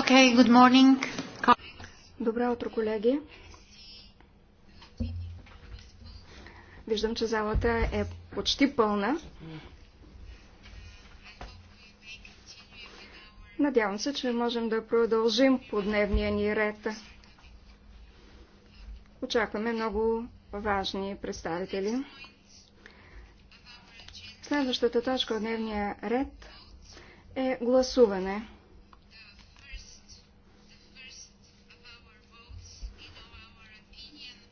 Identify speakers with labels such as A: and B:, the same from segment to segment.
A: Okay, good morning. Добро утро, колеги. Виждам, че залата е почти пълна. Надявам се, че можем да продължим по дневния ни ред. Очакваме много важни представители. Следващата точка от дневния ред е гласуване.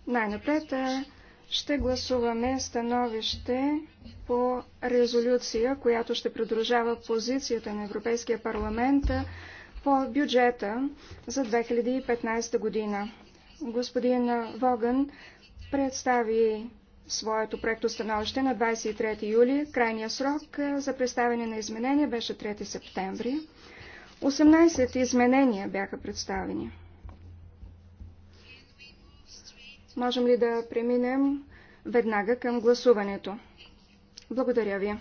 A: Най-напред ще гласуваме становище по резолюция, която ще придружава позицията на Европейския парламент по бюджета за 2015 година. Господин Воган представи своето проекто становище на 23 юли. Крайният срок за представяне на изменения беше 3 септември. 18 изменения бяха представени. Можем ли да преминем веднага към гласуването? Благодаря ви.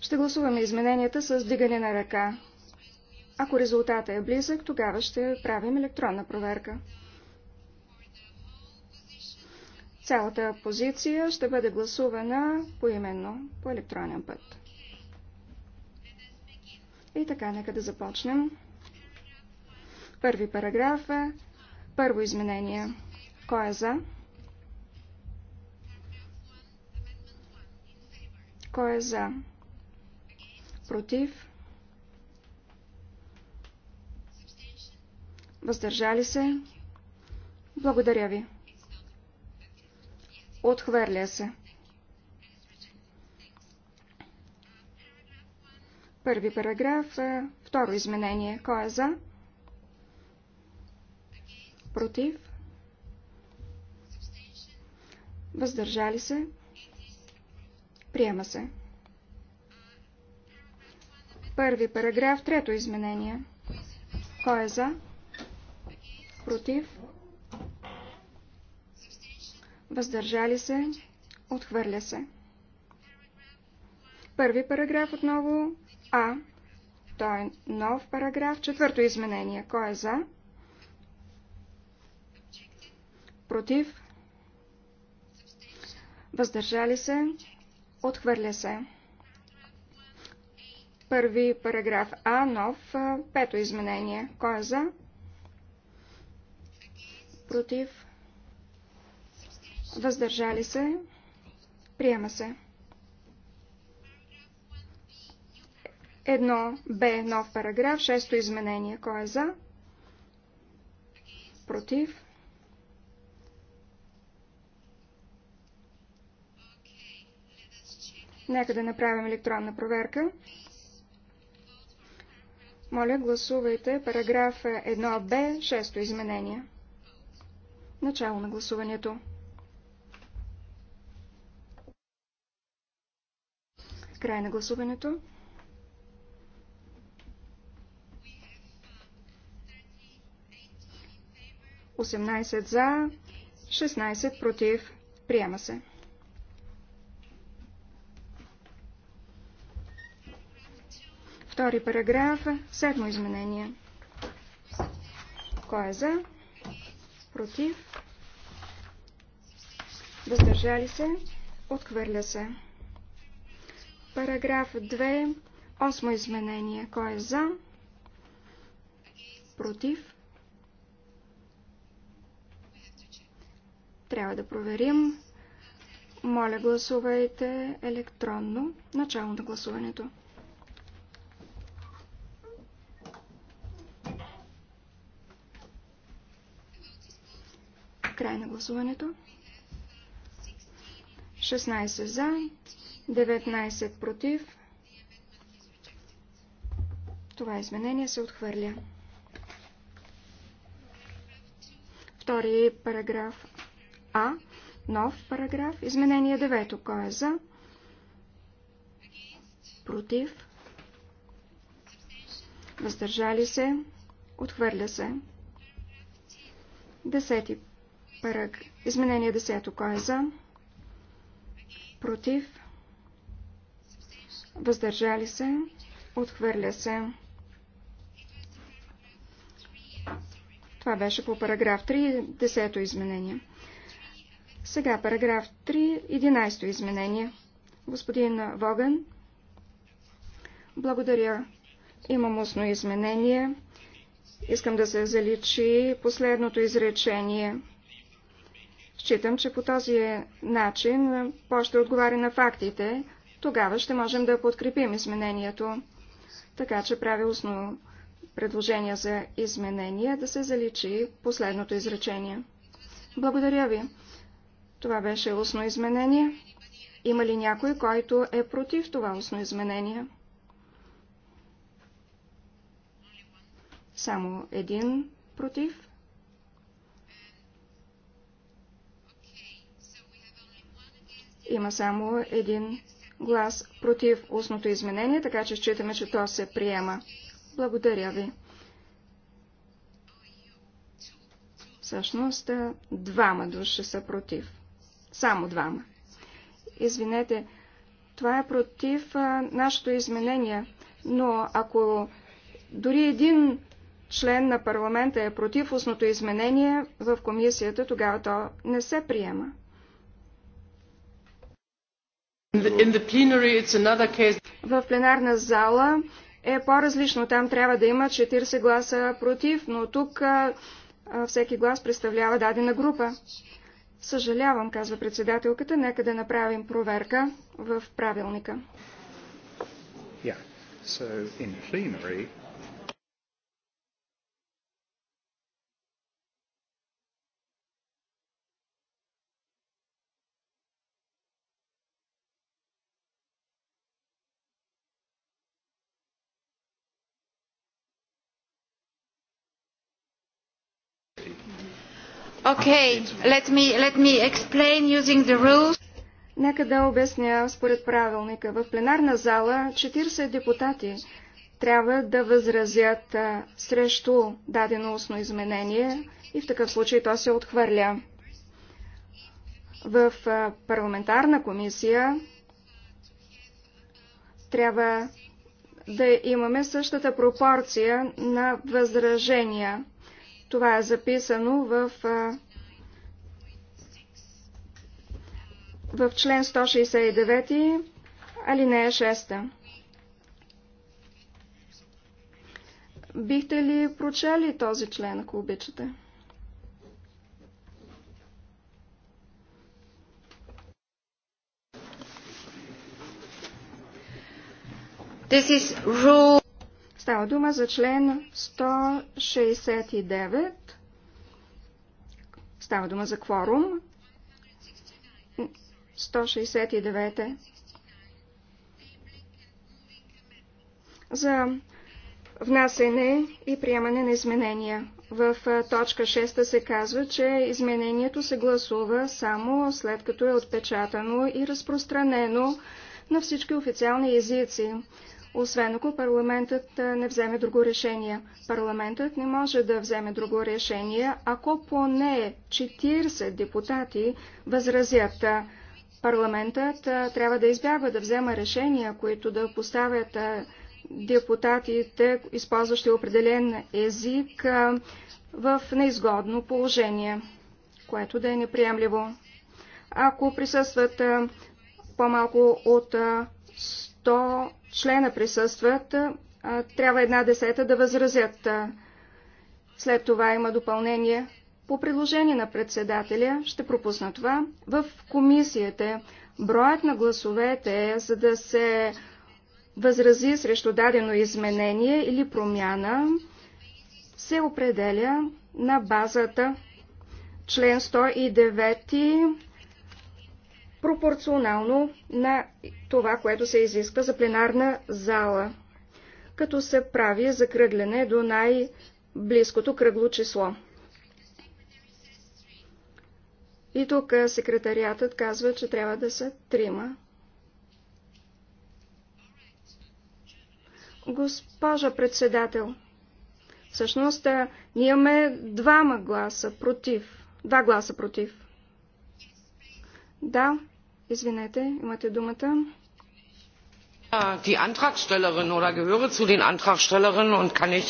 A: Ще гласуваме измененията с дигане на ръка. Ако резултата е близък, тогава ще правим електронна проверка. Цялата позиция ще бъде гласувана поименно по електронен път. И така, нека да започнем. Първи параграф е първо изменение. Кой е за? Кой е за? Против? Въздържали се? Благодаря ви. Отхвърля се. Първи параграф, е, второ изменение. Кой е за? Против? Въздържали се? Приема се. Първи параграф, трето изменение. Кой е за? Против? Въздържали се? Отхвърля се. Първи параграф отново, а. Той е нов параграф. Четвърто изменение. Кой е за? Против? Въздържали се? Отхвърля се. Първи параграф А, нов, пето изменение. Кой е за? Против?
B: Въздържали се?
A: Приема се. Едно Б, нов параграф, шесто изменение. Кой е за? Против? Нека да направим електронна проверка. Моля, гласувайте параграф 1Б, 6 изменение. Начало на гласуването. Край на гласуването. 18 за, 16 против. Приема се. Втори параграф, седмо изменение. Кой е за? Против? Въздържали се? Отхвърля се. Параграф 2, осмо изменение. Кой е за? Против? Трябва да проверим. Моля, гласувайте електронно. Начало на гласуването. Край на гласуването. 16 за, 19 против. Това изменение се отхвърля. Втори параграф а, нов параграф, изменение 9. Кой е за? Против. Въздържали се. Отхвърля се. Десети параг. Изменение 10. Кой е за? Против. Въздържали се. Отхвърля се. Това беше по параграф 3, десето изменение. Сега параграф 3, 11 изменение. Господин Воган. Благодаря. Имам устно изменение. Искам да се заличи последното изречение. Считам, че по този начин по-ще отговаря на фактите. Тогава ще можем да подкрепим изменението. Така че правя устно предложение за изменение да се заличи последното изречение. Благодаря ви. Това беше устно изменение. Има ли някой, който е против това устно изменение? Само един против. Има само един глас против устното изменение, така че считаме, че то се приема. Благодаря ви. Всъщност, двама души са против. Само двама. Извинете, това е против а, нашето изменение, но ако дори един член на парламента е против устното изменение в комисията, тогава то не се приема. В пленарна зала е по-различно. Там трябва да има 40 гласа против, но тук а, всеки глас представлява дадена група. Съжалявам, казва председателката, нека да направим проверка в правилника. Yeah. So in plenary, Okay, let me, let me explain using the rules. Нека да обясня според правилника. В пленарна зала 40 депутати трябва да възразят а, срещу дадено устно изменение и в такъв случай то се отхвърля. В а, парламентарна комисия трябва да имаме същата пропорция на възражения това е записано в, в член 169, алинея 6. Бихте ли прочели този член, ако обичате? This is rule Става дума за член 169. Става дума за кворум. 169. Е. За внасене и приемане на изменения. В точка 6 се казва, че изменението се гласува само след като е отпечатано и разпространено на всички официални езици освен ако парламентът не вземе друго решение. Парламентът не може да вземе друго решение, ако поне 40 депутати възразят. Парламентът трябва да избягва да взема решения, които да поставят депутатите, използващи определен език, в неизгодно положение, което да е неприемливо. Ако присъстват по-малко от 100 члена присъстват, трябва една десета да възразят. След това има допълнение по предложение на председателя, ще пропусна това, в комисията броят на гласовете, е, за да се възрази срещу дадено изменение или промяна, се определя на базата член 109 пропорционално на това, което се изисква за пленарна зала, като се прави закръгляне до най-близкото кръгло число. И тук секретариатът казва, че трябва да са трима. Госпожа председател, всъщност ние имаме двама гласа против. Два гласа против. Да, Извинете, имате думата.
B: Die Antragstellerin oder gehöre zu den Antragstellerinnen und kann ich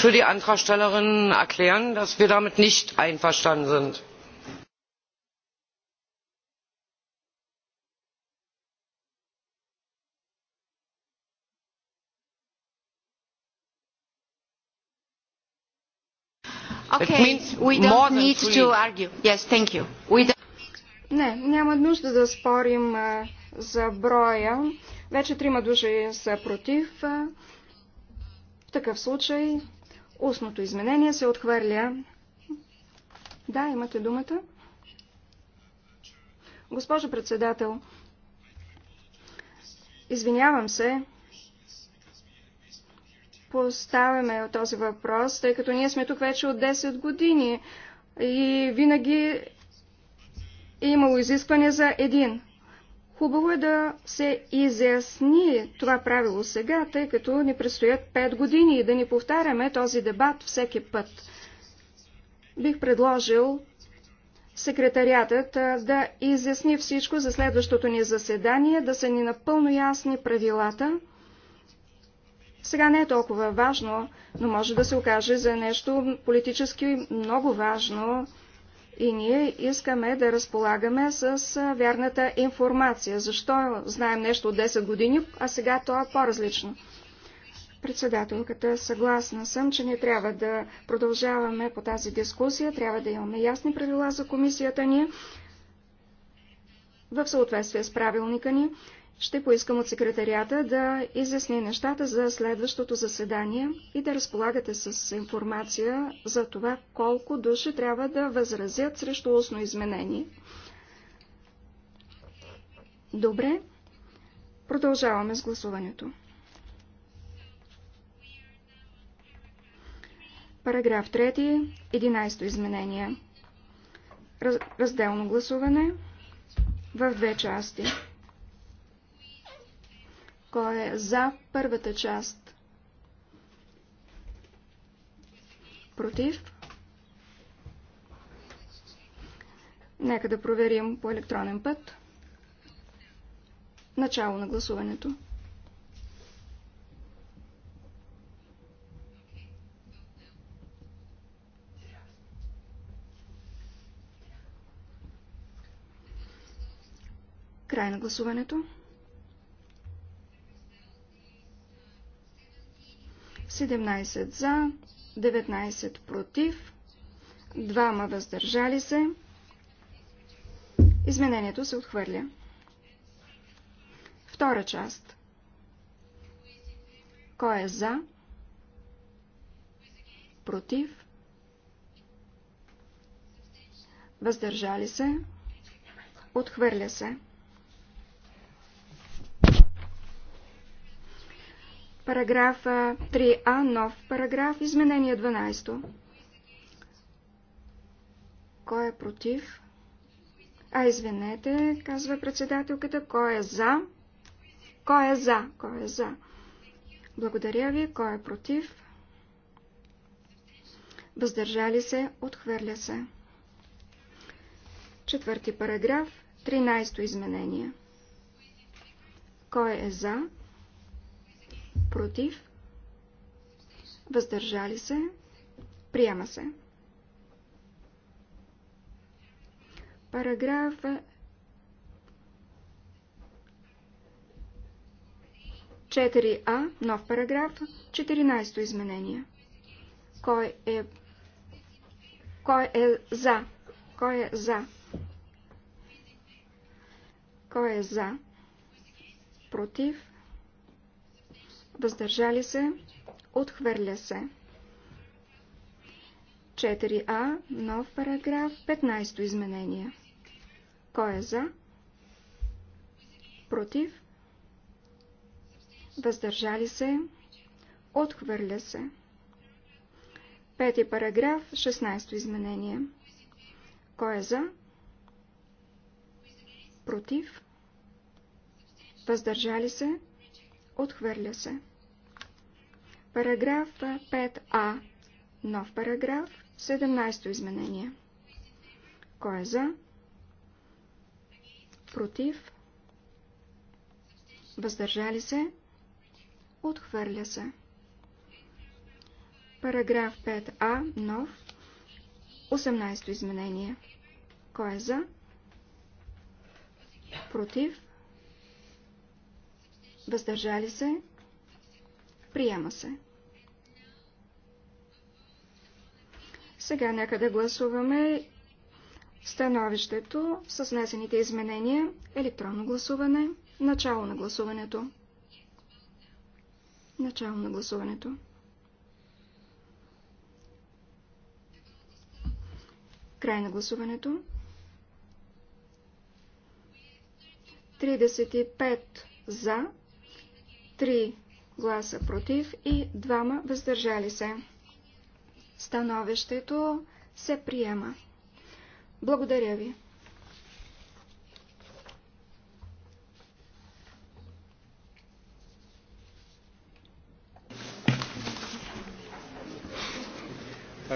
B: für die Antragstellerinnen erklären, dass wir damit nicht einverstanden sind.
A: Okay, we don't need to argue. Yes, thank you. We don't не, няма нужда да спорим за броя. Вече трима души са против. В такъв случай устното изменение се отхвърля. Да, имате думата. Госпожо председател, извинявам се, поставяме този въпрос, тъй като ние сме тук вече от 10 години и винаги е имало изискване за един. Хубаво е да се изясни това правило сега, тъй като ни предстоят пет години и да ни повтаряме този дебат всеки път. Бих предложил секретариатът да изясни всичко за следващото ни заседание, да са ни напълно ясни правилата. Сега не е толкова важно, но може да се окаже за нещо политически много важно. И ние искаме да разполагаме с вярната информация. Защо знаем нещо от 10 години, а сега то е по-различно? Председателката, съгласна съм, че не трябва да продължаваме по тази дискусия. Трябва да имаме ясни правила за комисията ни в съответствие с правилника ни. Ще поискам от секретарията да изясни нещата за следващото заседание и да разполагате с информация за това колко души трябва да възразят срещу устно изменение. Добре, продължаваме с гласуването. Параграф 3, 11 изменение. Раз, разделно гласуване в две части. Кой е за първата част? Против? Нека да проверим по електронен път. Начало на гласуването. Край на гласуването. 17 за, 19 против, 2 въздържали се. Изменението се отхвърля. Втора част. Кой е за? Против? Въздържали се? Отхвърля се. Параграф 3а, нов параграф, изменение 12. Кой е против? А, извинете, казва председателката, кой е за? Кой е за? Кой е за? Благодаря ви, кой е против? Въздържали се, отхвърля се. Четвърти параграф, 13 изменение. Кой е за? против, въздържали се, приема се. Параграф 4а, нов параграф, 14-то изменение. Кой е, кой е за? Кой е за? Кой е за? Против? въздържали се, отхвърля се. 4а, нов параграф, 15 изменение. Кой е за? Против? Въздържали се? Отхвърля се. Пети параграф, 16 изменение. Кой е за? Против? Въздържали се? Отхвърля се. Параграф 5а. Нов параграф. 17-то изменение. Кой е за? Против? Въздържали се? Отхвърля се. Параграф 5а. Нов. 18-то изменение. Кой е за? Против? Въздържали се? Приема се. Сега нека да гласуваме становището с внесените изменения, електронно гласуване, начало на гласуването. Начало на гласуването. Край на гласуването. 35 за, 3 гласа против и двама въздържали се. Становището се приема. Благодаря ви.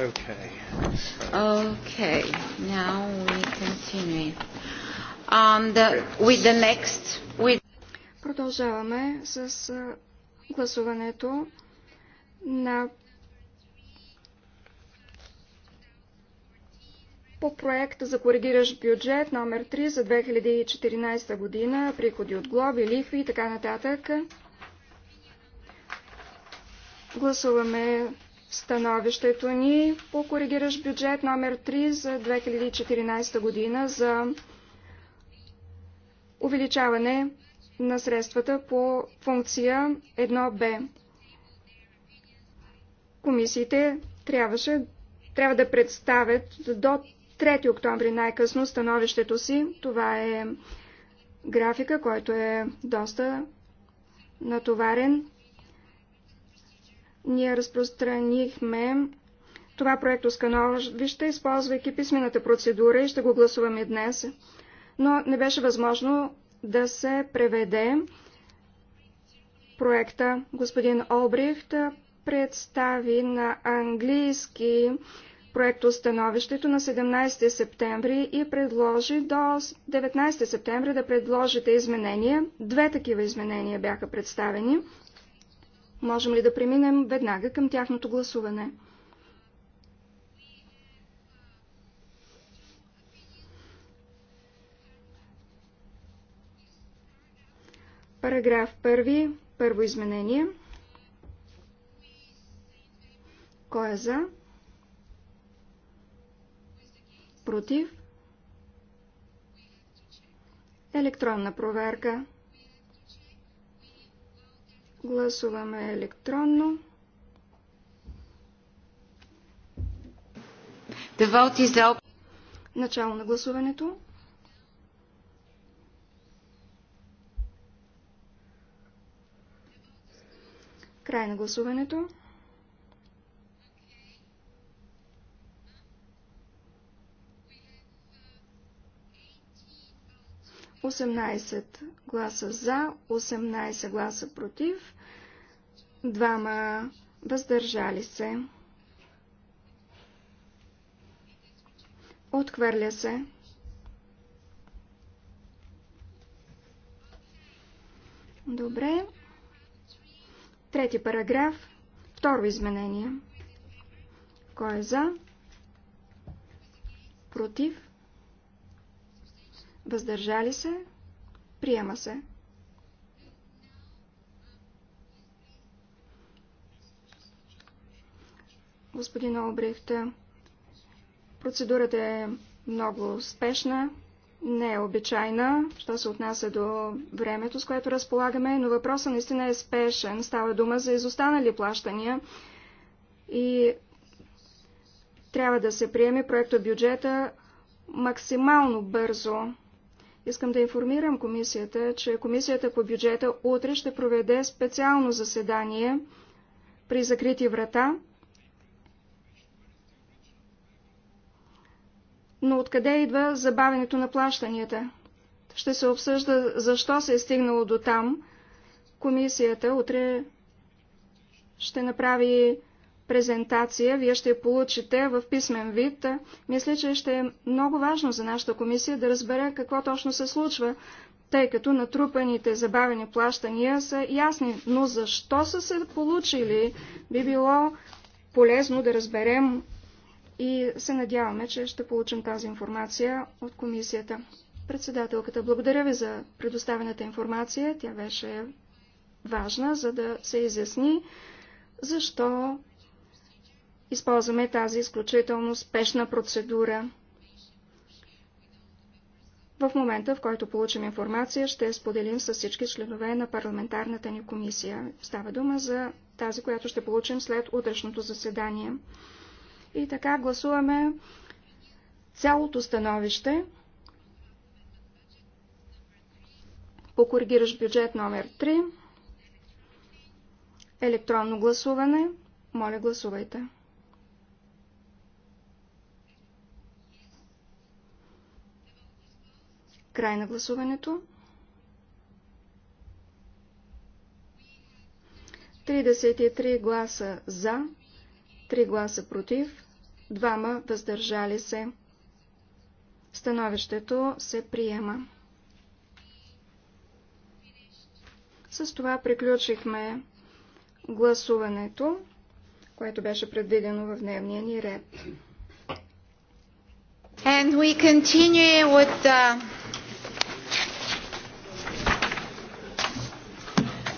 A: Okay.
C: Okay. Now we continue. Um, the, with the next,
A: with... Продължаваме с гласуването на по проект за коригиращ бюджет номер 3 за 2014 година, приходи от глоби, лихви и така нататък. Гласуваме становището ни по коригиращ бюджет номер 3 за 2014 година за увеличаване на средствата по функция 1Б. Комисиите трябваше, трябва да представят до 3 октомври най-късно становището си. Това е графика, който е доста натоварен. Ние разпространихме това проекто становище, използвайки писмената процедура и ще го гласуваме днес. Но не беше възможно да се преведе проекта. Господин Олбрихт представи на английски проектостановището на 17 септември и предложи до 19 септември да предложите изменения. Две такива изменения бяха представени. Можем ли да преминем веднага към тяхното гласуване? Параграф 1. Първо изменение. Кой е за? Против? Електронна проверка. Гласуваме електронно. Начало на гласуването. Край на гласуването. Осемнайсет гласа за, 18 гласа против, двама въздържали се. Отхвърля се. Добре. Трети параграф. Второ изменение. Кой е за? Против? Въздържали се? Приема се. Господин Олбрехт, процедурата е много спешна не е обичайна, що се отнася до времето, с което разполагаме, но въпросът наистина е спешен. Става дума за изостанали плащания и трябва да се приеме проекто бюджета максимално бързо. Искам да информирам комисията, че комисията по бюджета утре ще проведе специално заседание при закрити врата, Но откъде идва забавенето на плащанията? Ще се обсъжда защо се е стигнало до там. Комисията утре ще направи презентация. Вие ще я получите в писмен вид. Мисля, че ще е много важно за нашата комисия да разбере какво точно се случва, тъй като натрупаните забавени плащания са ясни. Но защо са се получили, би било полезно да разберем и се надяваме, че ще получим тази информация от комисията. Председателката, благодаря ви за предоставената информация. Тя беше важна, за да се изясни защо използваме тази изключително спешна процедура. В момента, в който получим информация, ще споделим с всички членове на парламентарната ни комисия. Става дума за тази, която ще получим след утрешното заседание. И така гласуваме цялото становище по коригираш бюджет номер 3. Електронно гласуване. Моля, гласувайте. Край на гласуването. 33 гласа за, 3 гласа против, двама въздържали се. Становището се приема. С това приключихме гласуването, което беше предвидено в дневния ни ред.
C: And we continue with the, uh,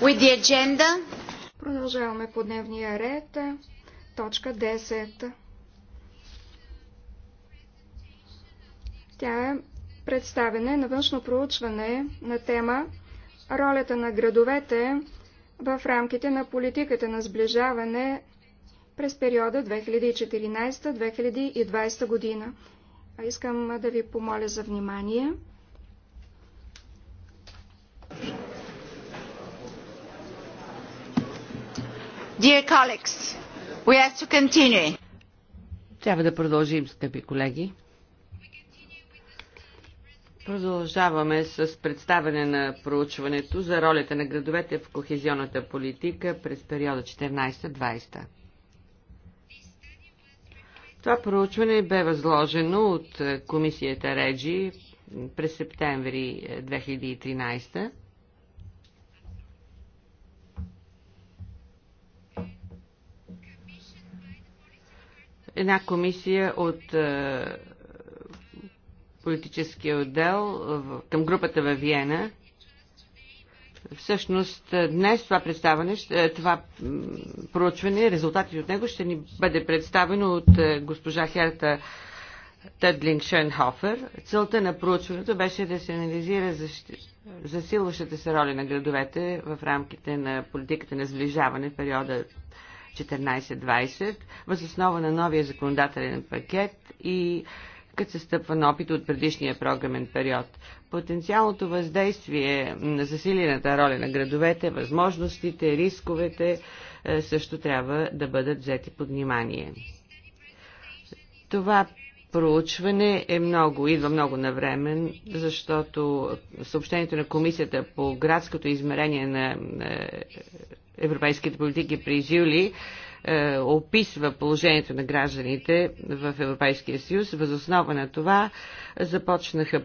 C: with the agenda.
A: Продължаваме по дневния ред. Точка 10. Тя е представене на външно проучване на тема «Ролята на градовете в рамките на политиката на сближаване през периода 2014-2020 година». Искам да ви помоля за внимание. Dear colleagues,
C: we have to continue.
D: Трябва да продължим, скъпи колеги. Продължаваме с представяне на проучването за ролята на градовете в кохезионната политика през периода 14-20. Това проучване бе възложено от комисията Реджи през септември 2013. Е, Една комисия от е, политическия отдел към групата във Виена. Всъщност днес това представане, е, това проучване, резултатите от него ще ни бъде представено от е, госпожа Херта Тедлинг Шенхофер. Целта на проучването беше да се анализира засилващата се роля на градовете в рамките на политиката на сближаване в периода 14-20, възоснова на новия законодателен пакет и като се стъпва на опит от предишния програмен период. Потенциалното въздействие на засилената роля на градовете, възможностите, рисковете е, също трябва да бъдат взети под внимание. Това проучване е много, идва много на време, защото съобщението на комисията по градското измерение на е, европейските политики през юли е, описва положението на гражданите в Европейския съюз. Възоснова на това започнаха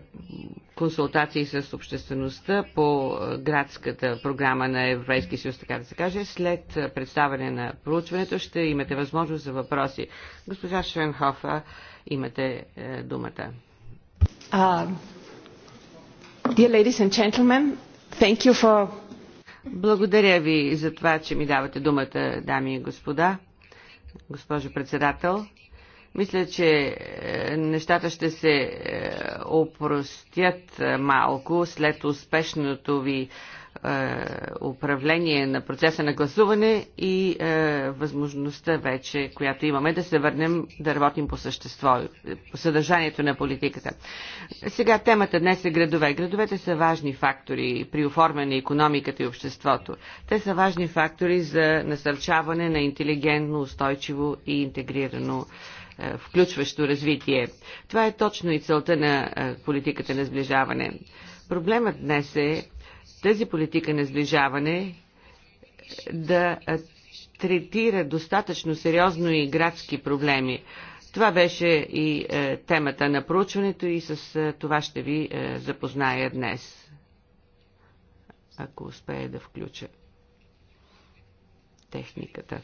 D: консултации с обществеността по е, градската програма на Европейския съюз, така да се каже. След представяне на проучването ще имате възможност за въпроси. Госпожа Швенхофа, имате е, думата. Uh, dear ladies and gentlemen, thank you for благодаря ви за това, че ми давате думата, дами и господа, госпожо председател. Мисля, че е, нещата ще се е, опростят е, малко след успешното ви е, управление на процеса на гласуване и е, възможността вече, която имаме, да се върнем да работим по същество, по съдържанието на политиката. Сега темата днес е градове. Градовете са важни фактори при оформяне на економиката и обществото. Те са важни фактори за насърчаване на интелигентно, устойчиво и интегрирано е, включващо развитие. Това е точно и целта на политиката на сближаване. Проблемът днес е, тази политика на сближаване е, да е, третира достатъчно сериозно и градски проблеми. Това беше и е, темата на проучването и с е, това ще ви е, запозная днес, ако успея да включа техниката.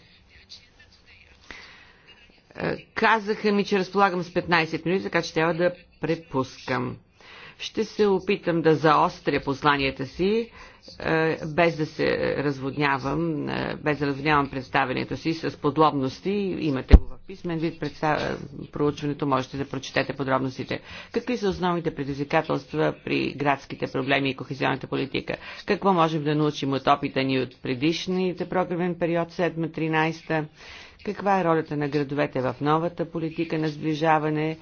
D: Е, казаха ми, че разполагам с 15 минути, така че трябва да препускам. Ще се опитам да заостря посланията си, е, без да се разводнявам, е, без да разводнявам представенето си с подробности. Имате го в писмен вид, представ... проучването можете да прочетете подробностите. Какви са основните предизвикателства при градските проблеми и кохезионната политика? Какво можем да научим от опита ни от предишните програмен период 7-13? Каква е ролята на градовете в новата политика на сближаване?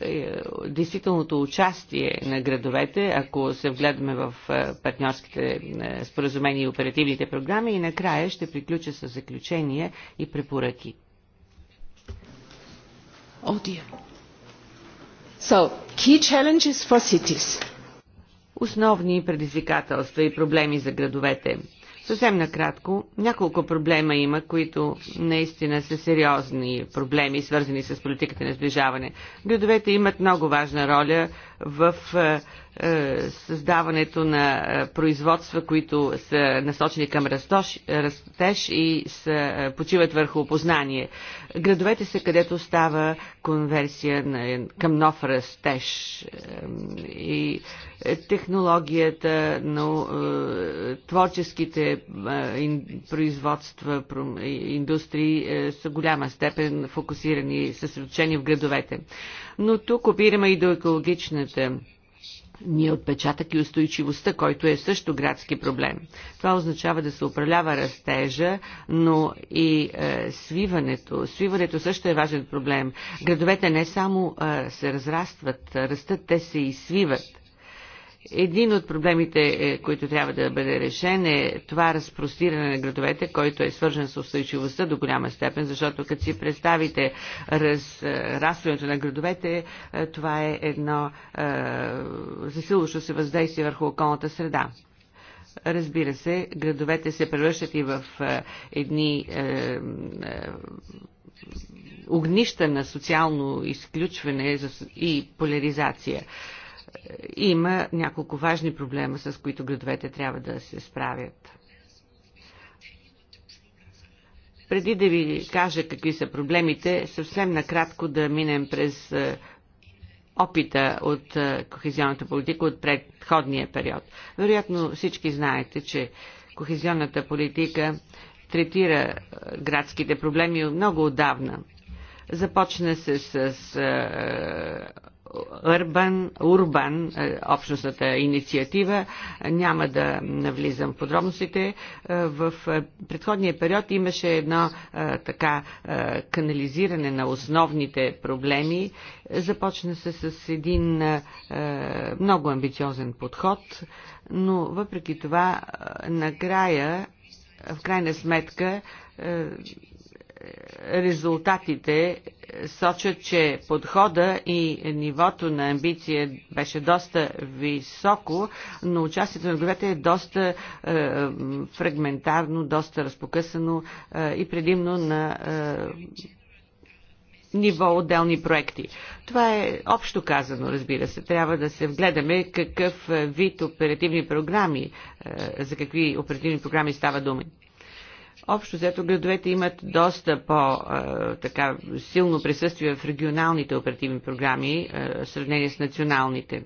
D: Е, действителното участие на градовете, ако се вгледаме в е, партньорските е, споразумения и оперативните програми. И накрая ще приключа с заключения и препоръки.
A: Oh So, key
D: challenges for cities. Основни предизвикателства и проблеми за градовете – Съвсем накратко, няколко проблема има, които наистина са сериозни проблеми, свързани с политиката на сближаване. Градовете имат много важна роля в е, е, създаването на е, производства, които са насочени към растеж и са, почиват върху опознание. Градовете са където става конверсия на, към нов растеж и технологията, но творческите производства, индустрии са голяма степен фокусирани, съсредоточени в градовете. Но тук опираме и до екологична културата ни отпечатък и устойчивостта, който е също градски проблем. Това означава да се управлява растежа, но и е, свиването. Свиването също е важен проблем. Градовете не само е, се разрастват, растат, те се и свиват. Един от проблемите, е, които трябва да бъде решен е това разпростиране на градовете, който е свържен с устойчивостта до голяма степен, защото като си представите раз, е, на градовете, е, това е едно е, засилващо се въздействие върху околната среда. Разбира се, градовете се превръщат и в едни е, е, огнища на социално изключване и поляризация има няколко важни проблема, с които градовете трябва да се справят. Преди да ви кажа какви са проблемите, съвсем накратко да минем през е, опита от е, кохезионната политика от предходния период. Вероятно всички знаете, че кохезионната политика третира е, градските проблеми много отдавна. Започна се с, с Urban, Urban, е, общностната инициатива. Няма да навлизам в подробностите. Е, в е, предходния период имаше едно така канализиране на основните проблеми. Започна се с един много амбициозен подход, но въпреки това накрая, в крайна сметка, резултатите сочат, че подхода и нивото на амбиция беше доста високо, но участието на градовете е доста е, фрагментарно, доста разпокъсано е, и предимно на е, ниво отделни проекти. Това е общо казано, разбира се. Трябва да се вгледаме какъв вид оперативни програми, е, за какви оперативни програми става дума. Общо взето градовете имат доста по-силно е, присъствие в регионалните оперативни програми е, в сравнение с националните.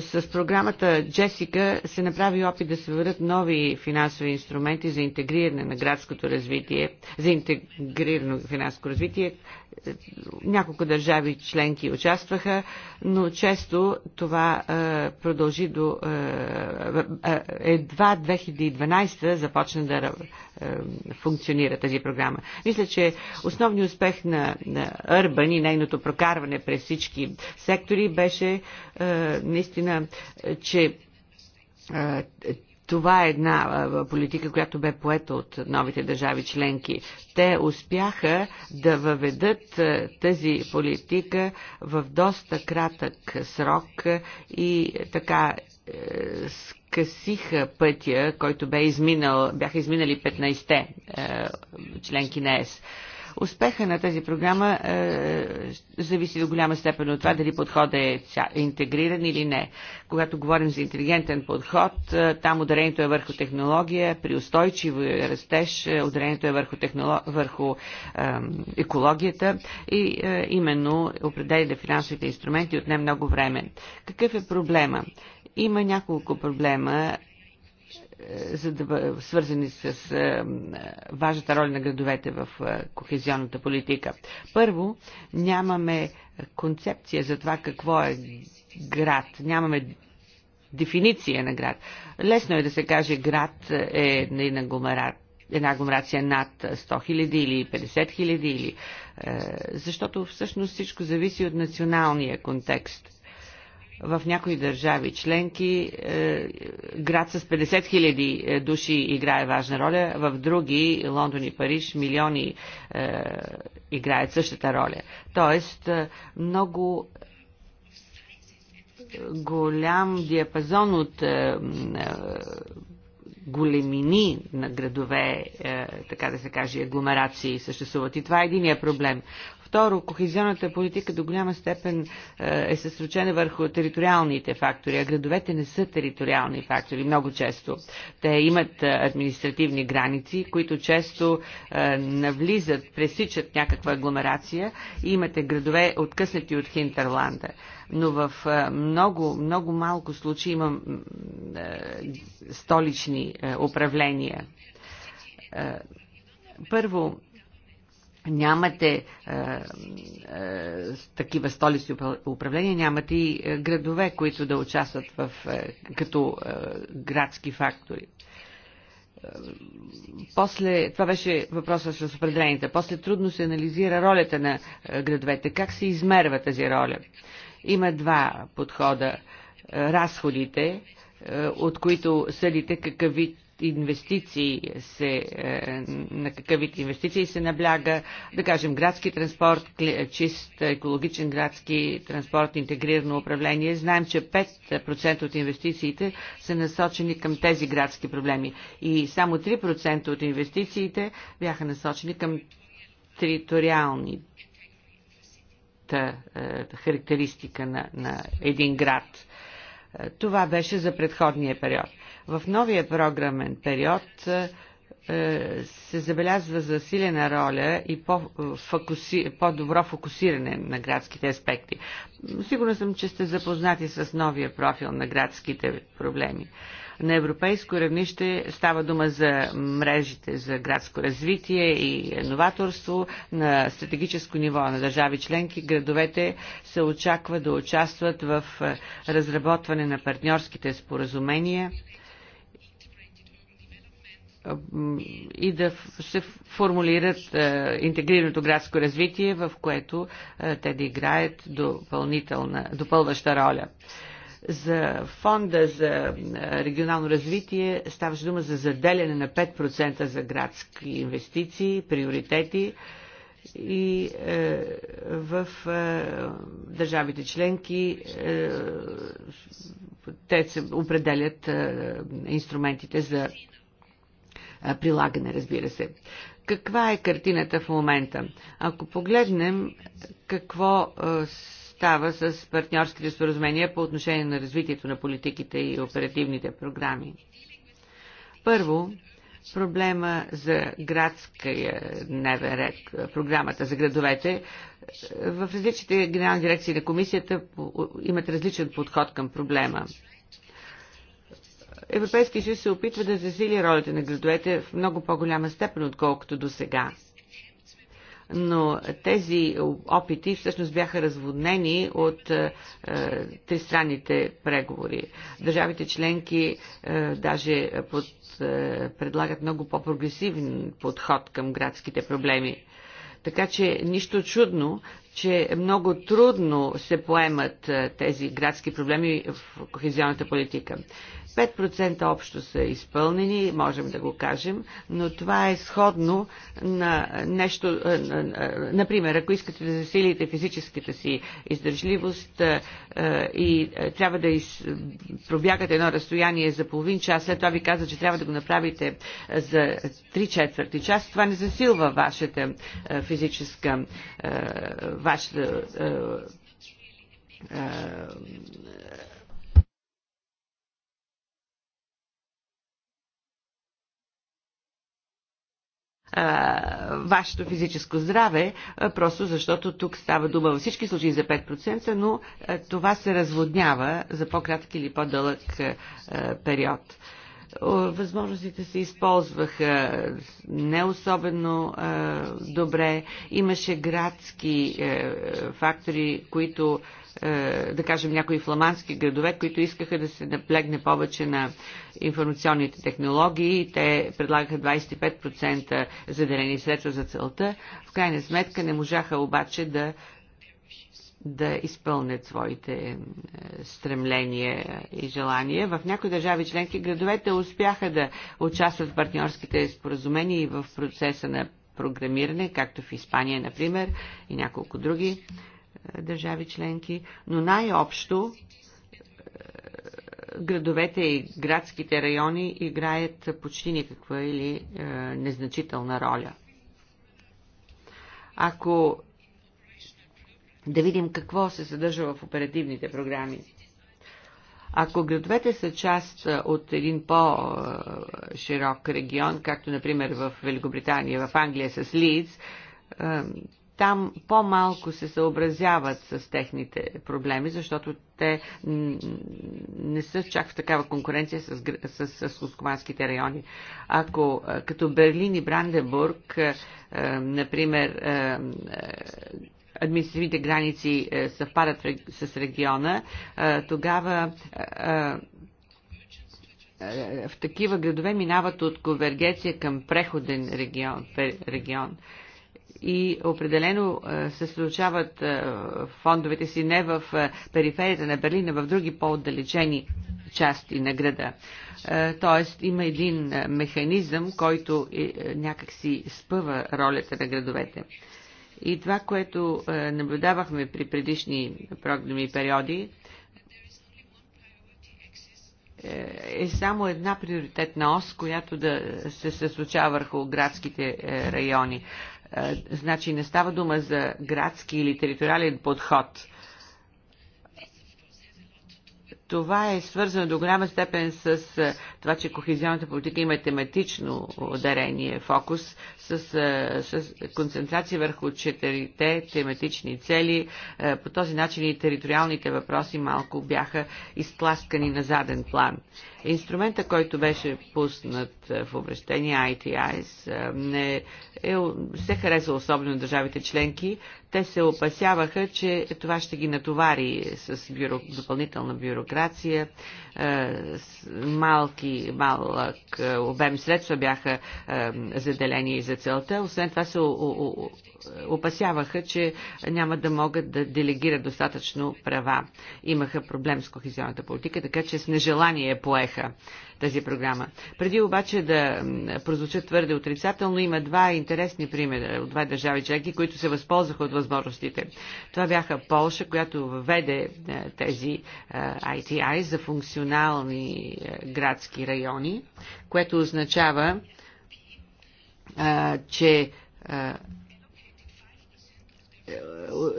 D: С програмата Джесика се направи опит да се върнат нови финансови инструменти за интегриране на градското развитие, за интегрирано финансово развитие. Няколко държави членки участваха, но често това е, продължи до е, е едва 2012 започна да е, функционира тази програма. Мисля, че основният успех на, на Urban и нейното прокарване през всички сектори беше е, наистина, че е, това е една политика, която бе поета от новите държави членки. Те успяха да въведат тази политика в доста кратък срок и така скъсиха пътя, който бе изминал, бяха изминали 15-те е, членки на ЕС. Успеха на тази програма е, зависи до голяма степен от това дали подходът е интегриран или не. Когато говорим за интелигентен подход, е, там ударението е върху технология, при устойчив растеж е, ударението е върху, технолог... върху е, екологията и е, именно определите финансовите инструменти отне много време. Какъв е проблема? Има няколко проблема, е, за да, свързани с е, важната роля на градовете в е, кохезионната политика. Първо, нямаме концепция за това какво е град. Нямаме дефиниция на град. Лесно е да се каже град е на агломерат една агломерация над 100 000 или 50 000, или, защото всъщност всичко зависи от националния контекст в някои държави членки е, град с 50 хиляди е, души играе важна роля, в други, Лондон и Париж, милиони е, играят същата роля. Тоест, много голям диапазон от големини на градове, така да се каже, агломерации съществуват. И това е единия проблем. Второ, кохезионната политика до голяма степен е, е съсрочена върху териториалните фактори, а градовете не са териториални фактори много често. Те имат е, административни граници, които често е, навлизат, пресичат някаква агломерация и имате градове откъснати от Хинтерланда но в много, много малко случаи имам столични управления. Първо, нямате е, е, такива столици управления, нямате и е, градове, които да участват в, е, като е, градски фактори. Е, после, това беше въпросът с определените. После трудно се анализира ролята на е, градовете. Как се измерва тази роля? Има два подхода. Разходите, от които съдите какъв вид инвестиции се, е, на какъв вид инвестиции се набляга, да кажем градски транспорт, чист екологичен градски транспорт, интегрирано управление. Знаем, че 5% от инвестициите са насочени към тези градски проблеми и само 3% от инвестициите бяха насочени към териториални е, характеристика на, на един град. Е, това беше за предходния период. В новия програмен период е, е, се забелязва засилена роля и по-добро -фокуси, по фокусиране на градските аспекти. Сигурна съм, че сте запознати с новия профил на градските проблеми. На европейско равнище става дума за мрежите за градско развитие и новаторство на стратегическо ниво на държави членки. Градовете се очаква да участват в разработване на партньорските споразумения и да се формулират интегрираното градско развитие, в което те да играят допълнителна, допълваща роля. За фонда за регионално развитие ставаше дума за заделяне на 5% за градски инвестиции, приоритети и е, в е, държавите членки е, те се определят е, инструментите за прилагане, разбира се. Каква е картината в момента? Ако погледнем какво става с партньорските споразумения по отношение на развитието на политиките и оперативните програми. Първо, проблема за градския дневен ред, програмата за градовете. В различните генерални дирекции на комисията имат различен подход към проблема. Европейския съюз се опитва да засили ролята на градовете в много по-голяма степен, отколкото до сега. Но тези опити всъщност бяха разводнени от е, тристранните преговори. Държавите членки е, даже под, е, предлагат много по-прогресивен подход към градските проблеми. Така че нищо чудно, че много трудно се поемат е, тези градски проблеми в кохезионната политика. 5% общо са изпълнени, можем да го кажем, но това е сходно на нещо, е, е, е, например, ако искате да засилите физическата си издържливост и трябва да из... пробягате едно разстояние за половин час, след това ви каза, че трябва да го направите за 3 четвърти час, това не засилва вашата физическа, вашата вашето физическо здраве, просто защото тук става дума във всички случаи за 5%, но това се разводнява за по-кратък или по-дълъг период. Възможностите се използваха не особено е, добре. Имаше градски е, фактори, които, е, да кажем, някои фламандски градове, които искаха да се наплегне повече на информационните технологии. Те предлагаха 25% заделени средства за целта. В крайна сметка не можаха обаче да да изпълнят своите е, стремления и желания. В някои държави членки градовете успяха да участват в партньорските споразумения и в процеса на програмиране, както в Испания, например, и няколко други е, държави членки. Но най-общо е, градовете и градските райони играят почти никаква или е, незначителна роля. Ако да видим какво се съдържа в оперативните програми. Ако градовете са част от един по-широк регион, както например в Великобритания, в Англия с Лидс, там по-малко се съобразяват с техните проблеми, защото те не са чак в такава конкуренция с, с, с, с ускоманските райони. Ако като Берлин и Бранденбург, например, административните граници е, съвпадат с региона, е, тогава е, в такива градове минават от конвергенция към преходен регион. регион и определено се случават фондовете си не в периферията на Берлин, а в други по-отдалечени части на града. Тоест има един механизъм, който някакси спъва ролята на градовете. И това, което е, наблюдавахме при предишни и периоди, е, е само една приоритетна ос, която да се съсочава върху градските е, райони. Значи не става дума за градски или териториален подход – това е свързано до голяма степен с това, че кохезионната политика има тематично ударение, фокус, с, с концентрация върху четирите тематични цели. По този начин и териториалните въпроси малко бяха изтласкани на заден план. Инструмента, който беше пуснат е, в обращение ITIs, е, не е, се хареса особено държавите членки. Те се опасяваха, че това ще ги натовари с бюро, допълнителна бюрокрация. Е, с малки, малък обем средства бяха заделени за целта. Освен това се опасяваха, че няма да могат да делегират достатъчно права. Имаха проблем с кохезионната политика, така че с нежелание поех успеха тази програма. Преди обаче да прозвучат твърде отрицателно, има два интересни примера от два държави членки, които се възползваха от възможностите. Това бяха Полша, която въведе е, тези ITI е, за функционални е, градски райони, което означава, че е,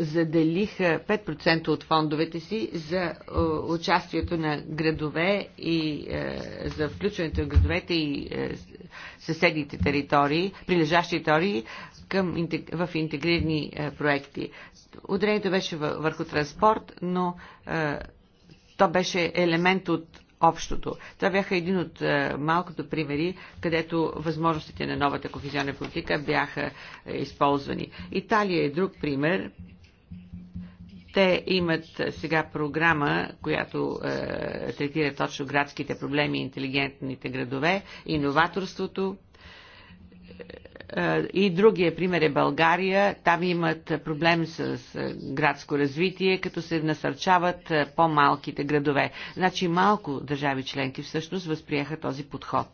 D: заделиха 5% от фондовете си за е, участието на градове и е, за включването на градовете и съседните територии, прилежащи територии към, в интегрирани проекти. Ударението беше върху транспорт, но то беше елемент от общото. Това бяха един от е, малкото примери, където възможностите на новата кохезионна политика бяха е, използвани. Италия е друг пример. Те имат сега програма, която е, третира точно градските проблеми, интелигентните градове, иноваторството, е, и другия пример е България. Там имат проблем с градско развитие, като се насърчават е, по-малките градове. Значи малко държави членки всъщност възприеха този подход.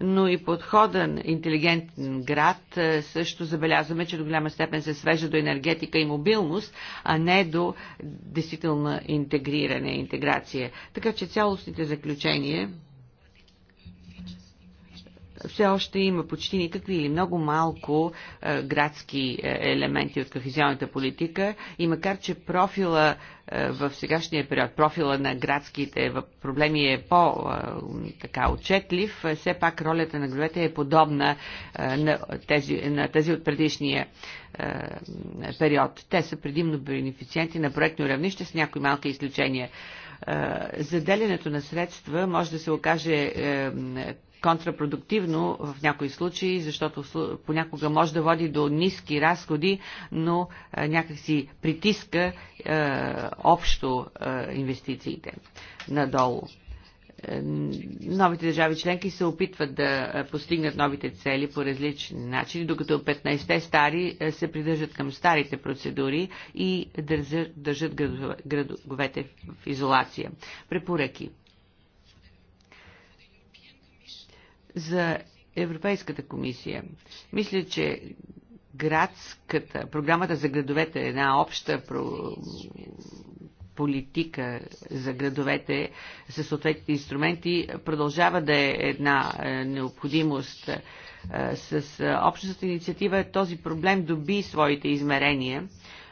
D: Но и подходен интелигентен град е, също забелязваме, че до голяма степен се свежда до енергетика и мобилност, а не до действителна интегриране, интеграция. Така че цялостните заключения все още има почти никакви или много малко а, е, градски е, елементи от кохезионната политика и макар, че профила а, е, в сегашния период, профила на градските проблеми е по отчетлив, все пак ролята на градовете е подобна а, на, тези, на тези от предишния а, период. Те са предимно бенефициенти на проектно равнище с някои малки изключения заделянето на средства може да се окаже контрапродуктивно в някои случаи, защото понякога може да води до ниски разходи, но е, някакси притиска е, общо е, инвестициите надолу новите държави членки се опитват да постигнат новите цели по различни начини, докато 15-те стари се придържат към старите процедури и държат градовете в изолация. Препоръки. за Европейската комисия. Мисля, че градската, програмата за градовете е една обща про... политика за градовете със съответните инструменти продължава да е една е, необходимост. Е, с е, общата инициатива този проблем доби своите измерения,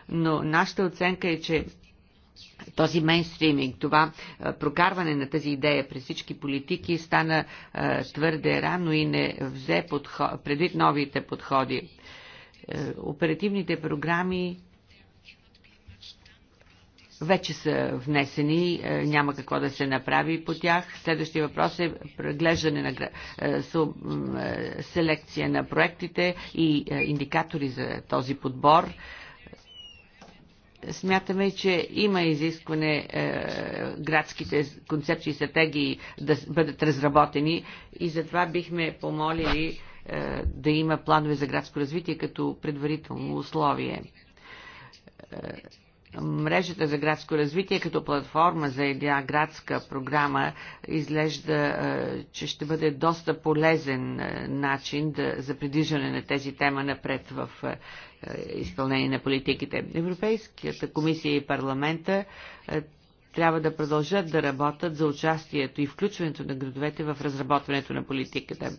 D: но нашата оценка е, че този мейнстриминг, това прокарване на тази идея през всички политики стана твърде рано и не взе подход, предвид новите подходи. Е, оперативните програми вече са внесени, е, няма какво да се направи по тях. Следващия въпрос е преглеждане на е, селекция на проектите и индикатори за този подбор Смятаме, че има изискване е, градските концепции и стратегии да бъдат разработени и затова бихме помолили е, да има планове за градско развитие като предварително условие е, Мрежата за градско развитие като платформа за една градска програма изглежда, е, че ще бъде доста полезен е, начин да, за придвижване на тези тема напред в е, изпълнение на политиките. Европейската комисия и парламента трябва да продължат да работят за участието и включването на градовете в разработването на политиката.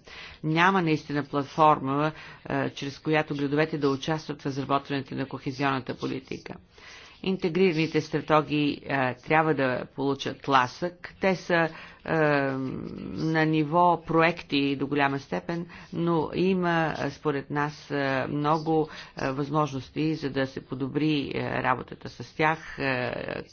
D: Няма наистина платформа, чрез която градовете да участват в разработването на кохезионната политика. Интегрираните стратегии е, трябва да получат ласък. Те са е, на ниво проекти до голяма степен, но има е, според нас е, много възможности за да се подобри работата с тях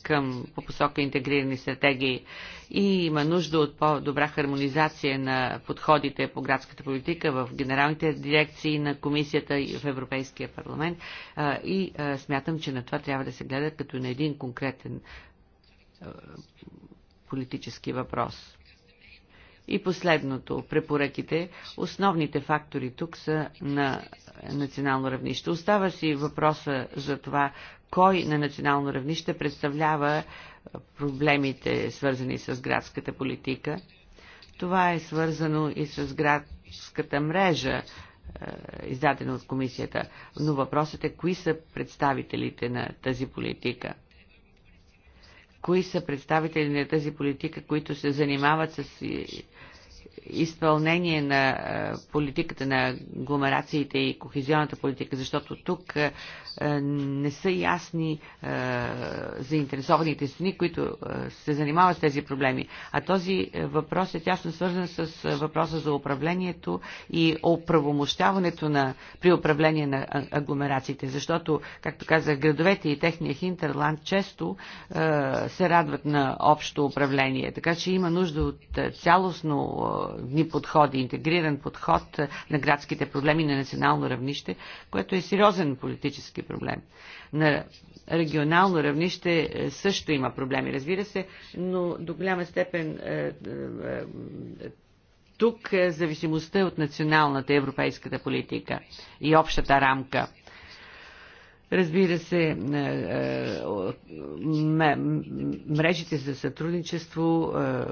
D: към по посока интегрирани стратегии и има нужда от по-добра хармонизация на подходите по градската политика в генералните дирекции на комисията и в Европейския парламент и смятам, че на това трябва да се гледа като на един конкретен политически въпрос. И последното, препоръките, основните фактори тук са на национално равнище. Остава си въпроса за това, кой на национално равнище представлява проблемите, свързани с градската политика. Това е свързано и с градската мрежа, е, издадена от комисията. Но въпросът е, кои са представителите на тази политика – кои са представители на тази политика, които се занимават с изпълнение на политиката на агломерациите и кохезионната политика, защото тук не са ясни заинтересованите страни, които се занимават с тези проблеми. А този въпрос е тясно свързан с въпроса за управлението и оправомощаването на, при управление на агломерациите, защото, както казах, градовете и техния хинтерланд често се радват на общо управление. Така че има нужда от цялостно ни подходи, интегриран подход е, на градските проблеми на национално равнище, което е сериозен политически проблем. На регионално равнище е, също има проблеми, разбира се, но до голяма степен е, тук зависимостта от националната европейската политика и общата рамка – Разбира се, е, е, мрежите за сътрудничество е,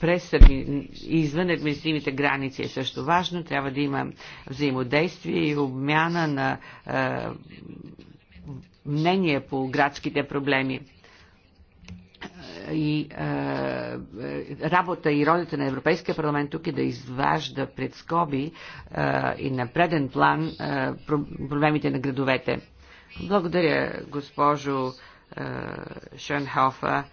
D: през и извън административните граници е също важно. Трябва да има взаимодействие и обмяна на мнение по градските проблеми и а, е, е, работа и ролята на Европейския парламент тук е да изважда пред скоби а, е, и на преден план а, проблемите на градовете. Благодаря, госпожо Шенхофа.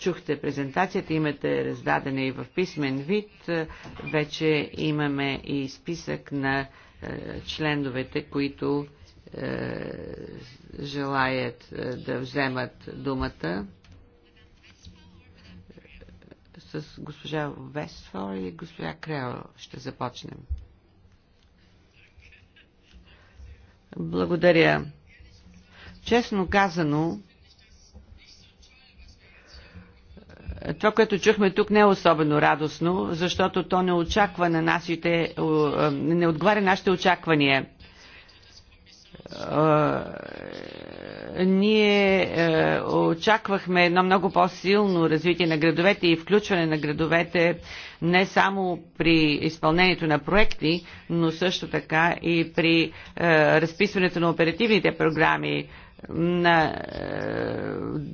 D: чухте презентацията, имате раздадена и в писмен вид. Вече имаме и списък на членовете, които желаят да вземат думата с госпожа Вестфол или госпожа Крео ще започнем. Благодаря. Честно казано, това, което чухме тук не е особено радостно, защото то не очаква на нашите, е, не отговаря нашите очаквания ние е, очаквахме едно много по-силно развитие на градовете и включване на градовете не само при изпълнението на проекти, но също така и при е, разписването на оперативните програми на е,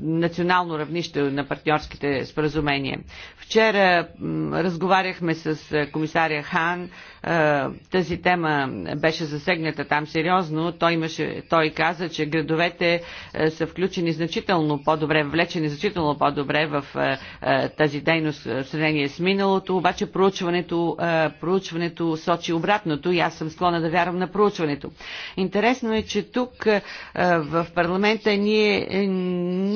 D: национално равнище на партньорските споразумения. Вчера е, разговаряхме с е, комисаря Хан. Е, тази тема беше засегната там сериозно. Той, имаше, той каза, че градовете е, са включени значително по-добре, влечени значително по-добре в е, е, тази дейност в сравнение с миналото. Обаче проучването, е, проучването сочи обратното и аз съм склона да вярвам на проучването. Интересно е, че тук е, в парламента ние е,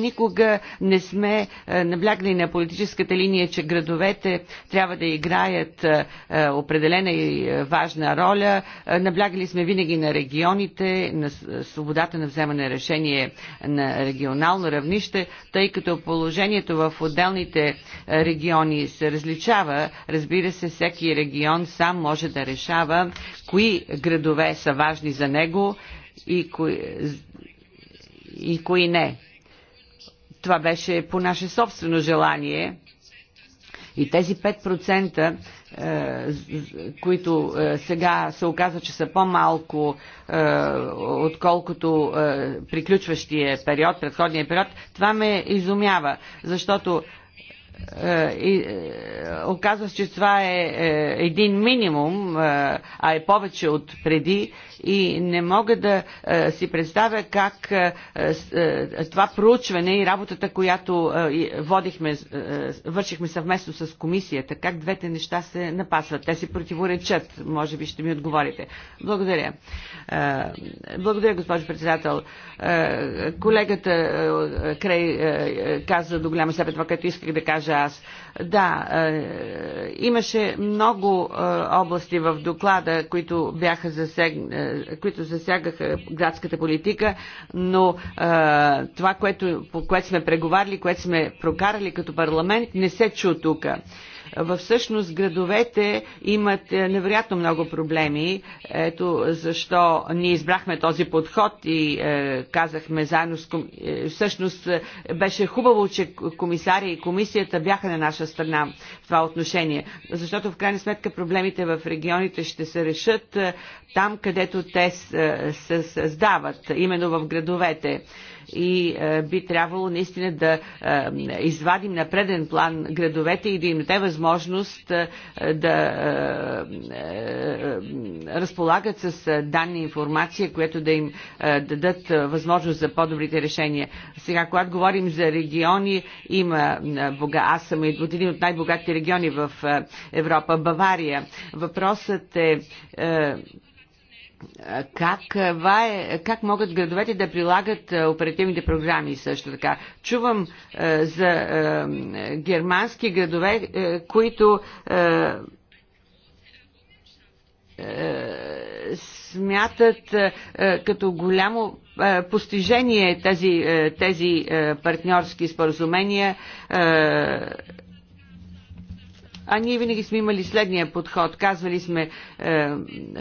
D: никога не сме е, наблягали на политическата линия, че градовете трябва да играят е, определена и важна роля. Наблягали сме винаги на регионите, на свободата на вземане решение на регионално равнище, тъй като положението в отделните региони се различава. Разбира се, всеки регион сам може да решава кои градове са важни за него и кои, и кои не. Това беше по наше собствено желание. И тези 5%, е, които е, сега се оказва, че са по-малко, е, отколкото приключващия период, предходния период, това ме изумява, защото и, оказва се, че това е един минимум, а е повече от преди и не мога да а, е, си представя как а, е, а, е, това проучване и работата, която а, водихме, а, вършихме съвместно с комисията, как двете неща се напасват. Те си противоречат, може би ще ми отговорите. Благодаря. А, благодаря, госпожо председател. А, колегата а, Крей а, каза до голяма степен това, което исках да кажа аз. Да, а, имаше много а, области в доклада, които бяха засегнати които засягаха градската политика, но това, което, по което сме преговарили, което сме прокарали като парламент, не се чу тук. Във всъщност градовете имат е, невероятно много проблеми. Ето защо ние избрахме този подход и е, казахме заедно с... Ком... Е, всъщност беше хубаво, че комисария и комисията бяха на наша страна в това отношение. Защото в крайна сметка проблемите в регионите ще се решат там, където те се създават, именно в градовете и е, би трябвало наистина да е, извадим на преден план градовете и да им даде възможност е, да разполагат с данни и информация, което да им дадат възможност за по-добрите решения. Сега, когато говорим за региони, има бога. Аз съм от един от най-богатите региони в Европа, Бавария. Въпросът е как, е, е, как могат градовете да прилагат е, оперативните програми също така. Чувам е, за е, германски градове, е, които е, е смятат като голямо постижение тези, тези партньорски споразумения а ние винаги сме имали следния подход. Казвали сме, е,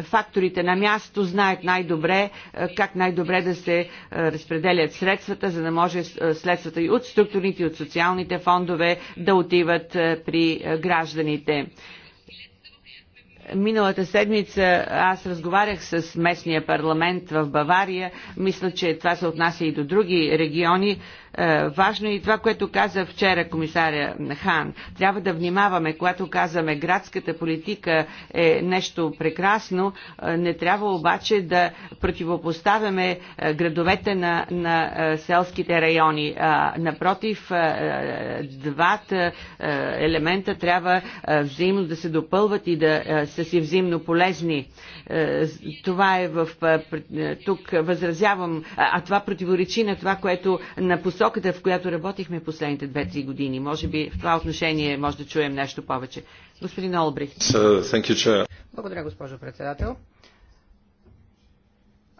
D: факторите на място знаят най-добре е, как най-добре да се е, разпределят средствата, за да може е, следствата и от структурните, и от социалните фондове да отиват е, при е, гражданите. Миналата седмица аз разговарях с местния парламент в Бавария. Мисля, че това се отнася и до други региони. Е, е, важно е и това, което каза вчера комисаря Хан. Трябва да внимаваме, когато казваме градската политика е нещо прекрасно, е, не трябва обаче да противопоставяме е, градовете на, на селските райони. Напротив, двата елемента трябва взаимно да се допълват и да са си взаимно полезни. Това е в... Тук възразявам, а това противоречи на това, което на посоката, в която работихме последните 2-3 години. Може би в това отношение може да чуем нещо
B: повече. Господин Олбрихт. So, Благодаря, госпожо председател.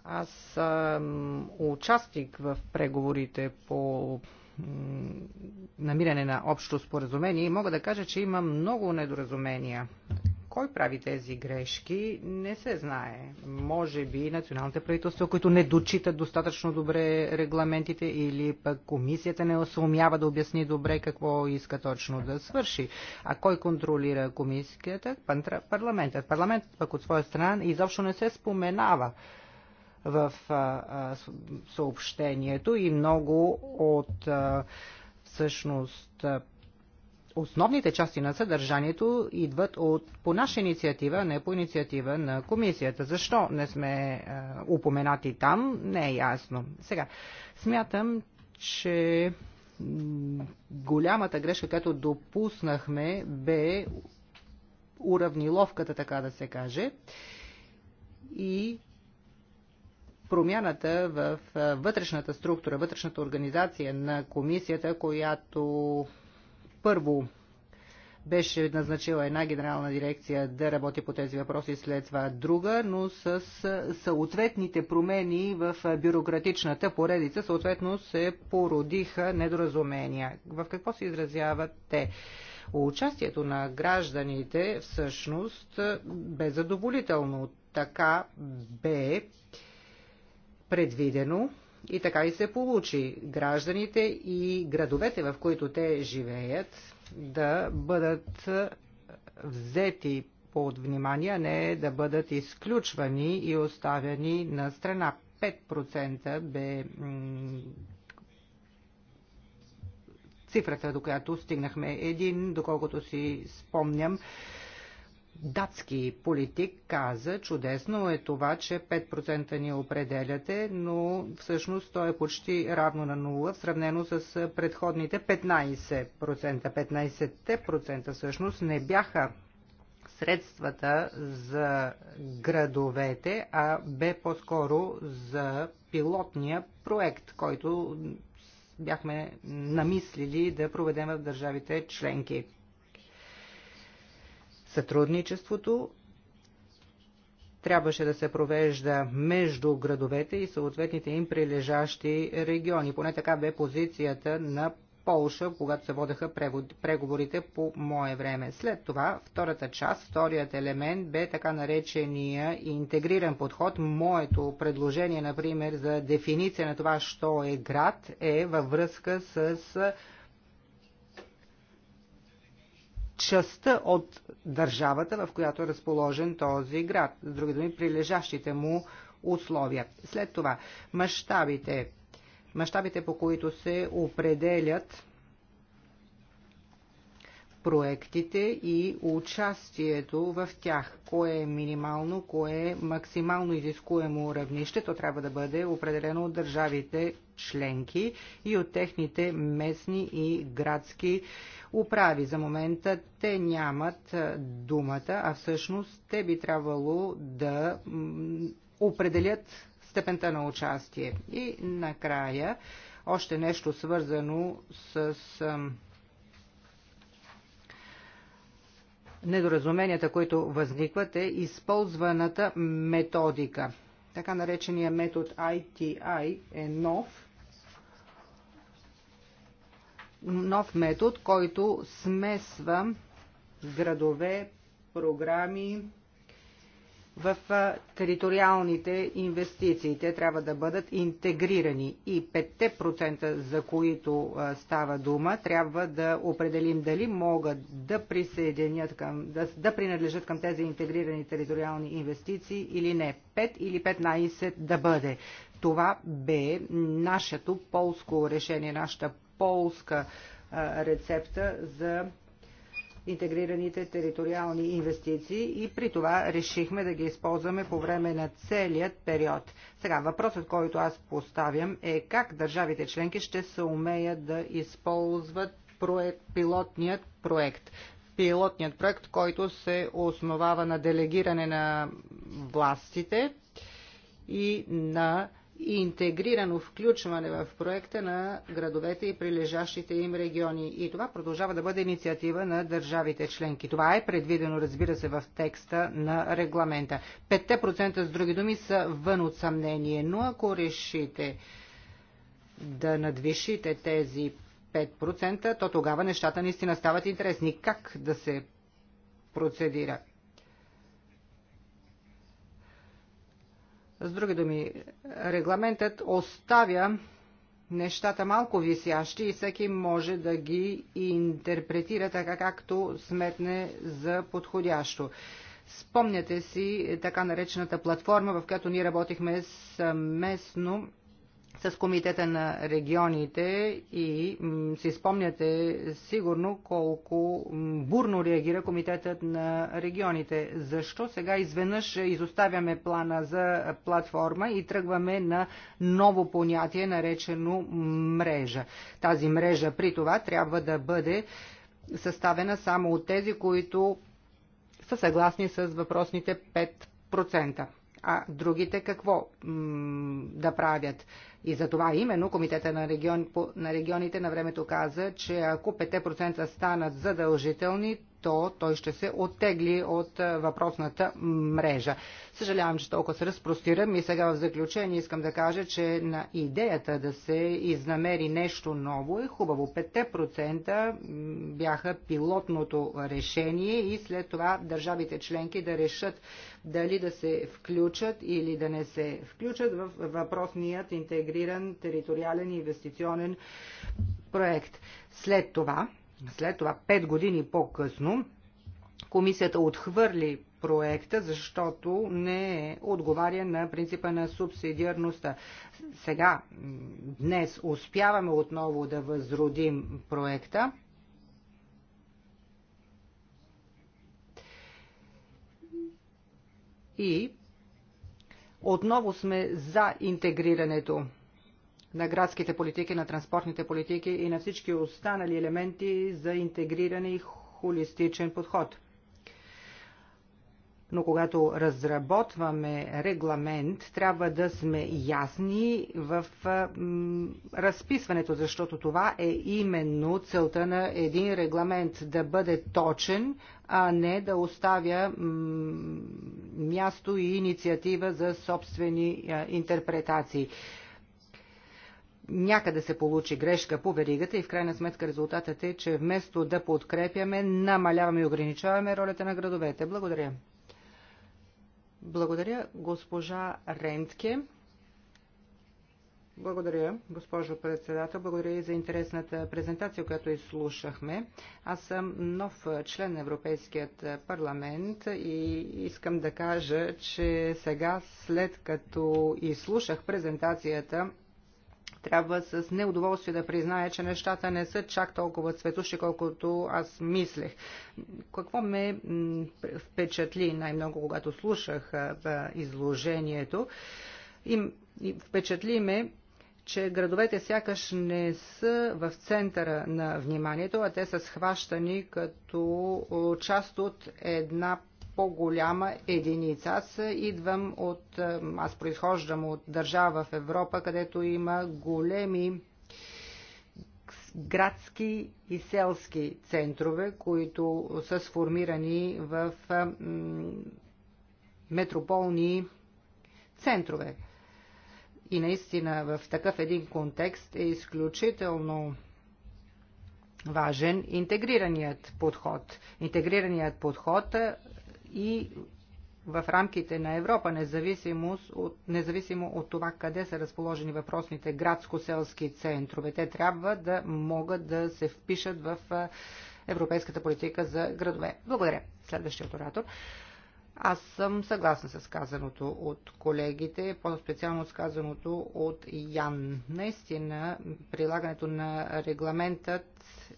B: Аз съм участник в преговорите по намиране на общо споразумение и мога да кажа, че има много недоразумения кой прави тези грешки, не се знае. Може би националните правителства, които не дочитат достатъчно добре регламентите или пък комисията не осумява да обясни добре какво иска точно да свърши. А кой контролира комисията? Парламентът. Парламентът пък от своя страна изобщо не се споменава в а, а, съобщението и много от а, всъщност основните части на съдържанието идват от, по наша инициатива, не по инициатива на комисията. Защо не сме е, упоменати там, не е ясно. Сега, смятам, че голямата грешка, която допуснахме, бе уравниловката, така да се каже, и промяната в е, вътрешната структура, вътрешната организация на комисията, която първо, беше назначила една генерална дирекция да работи по тези въпроси, след това друга, но с съответните промени в бюрократичната поредица, съответно се породиха недоразумения. В какво се изразяват те? Участието на гражданите всъщност бе задоволително. Така бе предвидено и така и се получи гражданите и градовете, в които те живеят, да бъдат взети под внимание, не да бъдат изключвани и оставяни на страна. 5% бе цифрата, до която стигнахме. Един, доколкото си спомням, датски политик каза, чудесно е това, че 5% ни определяте, но всъщност то е почти равно на 0, сравнено с предходните 15%. 15% всъщност не бяха средствата за градовете, а бе по-скоро за пилотния проект, който бяхме намислили да проведем в държавите членки. Сътрудничеството трябваше да се провежда между градовете и съответните им прилежащи региони. Поне така бе позицията на Полша, когато се водеха преговорите по мое време. След това, втората част, вторият елемент бе така наречения интегриран подход. Моето предложение, например, за дефиниция на това, що е град, е във връзка с частта от държавата, в която е разположен този град. С други думи, прилежащите му условия. След това, мащабите, мащабите по които се определят проектите и участието в тях. Кое е минимално, кое е максимално изискуемо равнище, то трябва да бъде определено от държавите членки и от техните местни и градски управи. За момента те нямат думата, а всъщност те би трябвало да определят степента на участие. И накрая още нещо свързано с недоразуменията, които възникват, е използваната методика. Така наречения метод ITI е нов, нов метод, който смесва градове, програми, в териториалните инвестиции. Те трябва да бъдат интегрирани и 5% за които става дума трябва да определим дали могат да присъединят към, да, да принадлежат към тези интегрирани териториални инвестиции или не. 5 или 15 да бъде. Това бе нашето полско решение, нашата полска рецепта за интегрираните териториални инвестиции и при това решихме да ги използваме по време на целият период. Сега въпросът, който аз поставям е как държавите членки ще се умеят да използват проект, пилотният проект пилотният проект, който се основава на делегиране на властите и на и интегрирано включване в проекта на градовете и прилежащите им региони. И това продължава да бъде инициатива на държавите членки. Това е предвидено, разбира се, в текста на регламента. 5% с други думи са вън от съмнение, но ако решите да надвишите тези 5%, то тогава нещата наистина стават интересни. Как да се процедира? С други думи, регламентът оставя нещата малко висящи и всеки може да ги интерпретира така както сметне за подходящо. Спомняте си така наречената платформа, в която ние работихме съместно с Комитета на регионите и си спомняте сигурно колко бурно реагира Комитетът на регионите. Защо сега изведнъж изоставяме плана за платформа и тръгваме на ново понятие, наречено мрежа. Тази мрежа при това трябва да бъде съставена само от тези, които са съгласни с въпросните 5% а другите какво да правят. И за това именно Комитета на, регион, на регионите на времето каза, че ако 5% станат задължителни, то той ще се оттегли от е, въпросната мрежа. Съжалявам, че толкова се разпростирам и сега в заключение искам да кажа, че на идеята да се изнамери нещо ново е хубаво. 5% бяха пилотното решение и след това държавите членки да решат дали да се включат или да не се включат в въпросният интегриран териториален инвестиционен проект. След това след това, пет години по-късно, комисията отхвърли проекта, защото не отговаря на принципа на субсидиарността. Сега, днес, успяваме отново да възродим проекта. И отново сме за интегрирането на градските политики, на транспортните политики и на всички останали елементи за интегриран и холистичен подход. Но когато разработваме регламент, трябва да сме ясни в разписването, защото това е именно целта на един регламент да бъде точен, а не да оставя място и инициатива за собствени интерпретации някъде се получи грешка по веригата и в крайна сметка резултатът е, че вместо да подкрепяме, намаляваме и ограничаваме ролята на градовете. Благодаря. Благодаря, госпожа Рентке. Благодаря, госпожо председател. Благодаря и за интересната презентация, която изслушахме. Аз съм нов член на Европейският парламент и искам да кажа, че сега, след като изслушах презентацията трябва с неудоволствие да призная, че нещата не са чак толкова цветущи, колкото аз мислех. Какво ме впечатли най-много, когато слушах изложението? Им впечатли ме че градовете сякаш не са в центъра на вниманието, а те са схващани като част от една по-голяма единица. Аз идвам от, е, аз произхождам от държава в Европа, където има големи градски и селски центрове, които са сформирани в е, метрополни центрове. И наистина в такъв един контекст е изключително важен интегрираният подход. Интегрираният подход е, и в рамките на Европа, независимо от, независимо от това къде са разположени въпросните градско-селски центрове. Те трябва да могат да се впишат в европейската политика за градове. Благодаря. Следващият оратор. Аз съм съгласна с казаното от колегите, по-специално с казаното от Ян. Наистина, прилагането на регламентът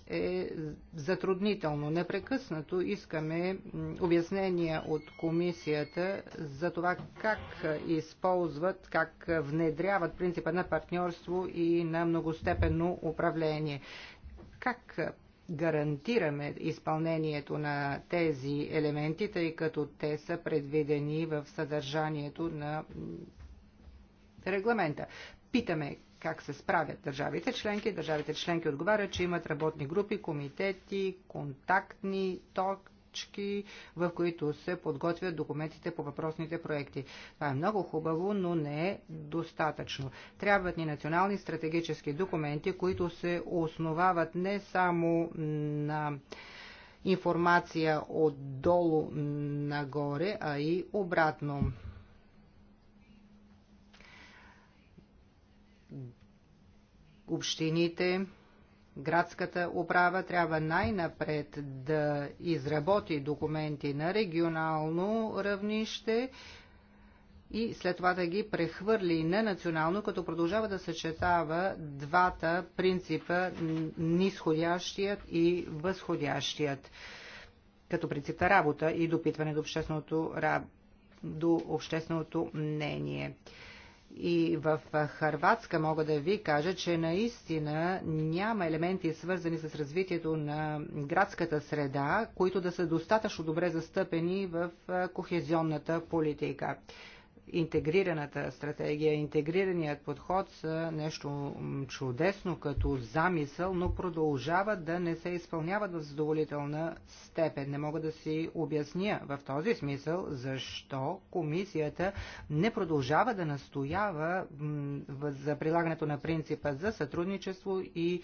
B: е затруднително. Непрекъснато искаме обяснения от комисията за това как използват, как внедряват принципа на партньорство и на многостепенно управление. Как гарантираме изпълнението на тези елементи, тъй като те са предвидени в съдържанието на регламента. Питаме как се справят държавите членки. Държавите членки отговарят, че имат работни групи, комитети, контактни ток, точки, в които се подготвят документите по въпросните проекти. Това е много хубаво, но не е достатъчно. Трябват ни национални стратегически документи, които се основават не само на информация отдолу нагоре, а и обратно. Общините, Градската управа трябва най-напред да изработи документи на регионално равнище и след това да ги прехвърли на национално, като продължава да съчетава двата принципа нисходящият и възходящият като принципна работа и допитване до общественото, до общественото мнение и в Харватска мога да ви кажа, че наистина няма елементи свързани с развитието на градската среда, които да са достатъчно добре застъпени в кохезионната политика интегрираната стратегия, интегрираният подход са нещо чудесно като замисъл, но продължават да не се изпълняват в задоволителна степен. Не мога да си обясня в този смисъл защо комисията не продължава да настоява за прилагането на принципа за сътрудничество и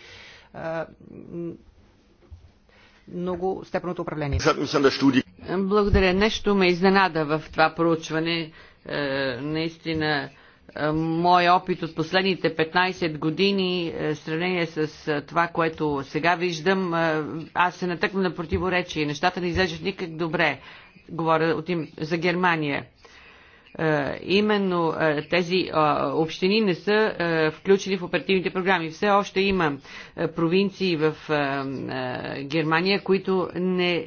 B: много степеното управление.
D: Благодаря. Нещо ме изненада в това проучване. Е, наистина, е, мой опит от последните 15 години, е, в сравнение с това, което сега виждам, аз се натъкна на противоречие. Нещата не излежат никак добре. Говоря от им, за Германия. Е, именно е, тези е, общини не са включени в оперативните програми. Все още има провинции в Германия, които не,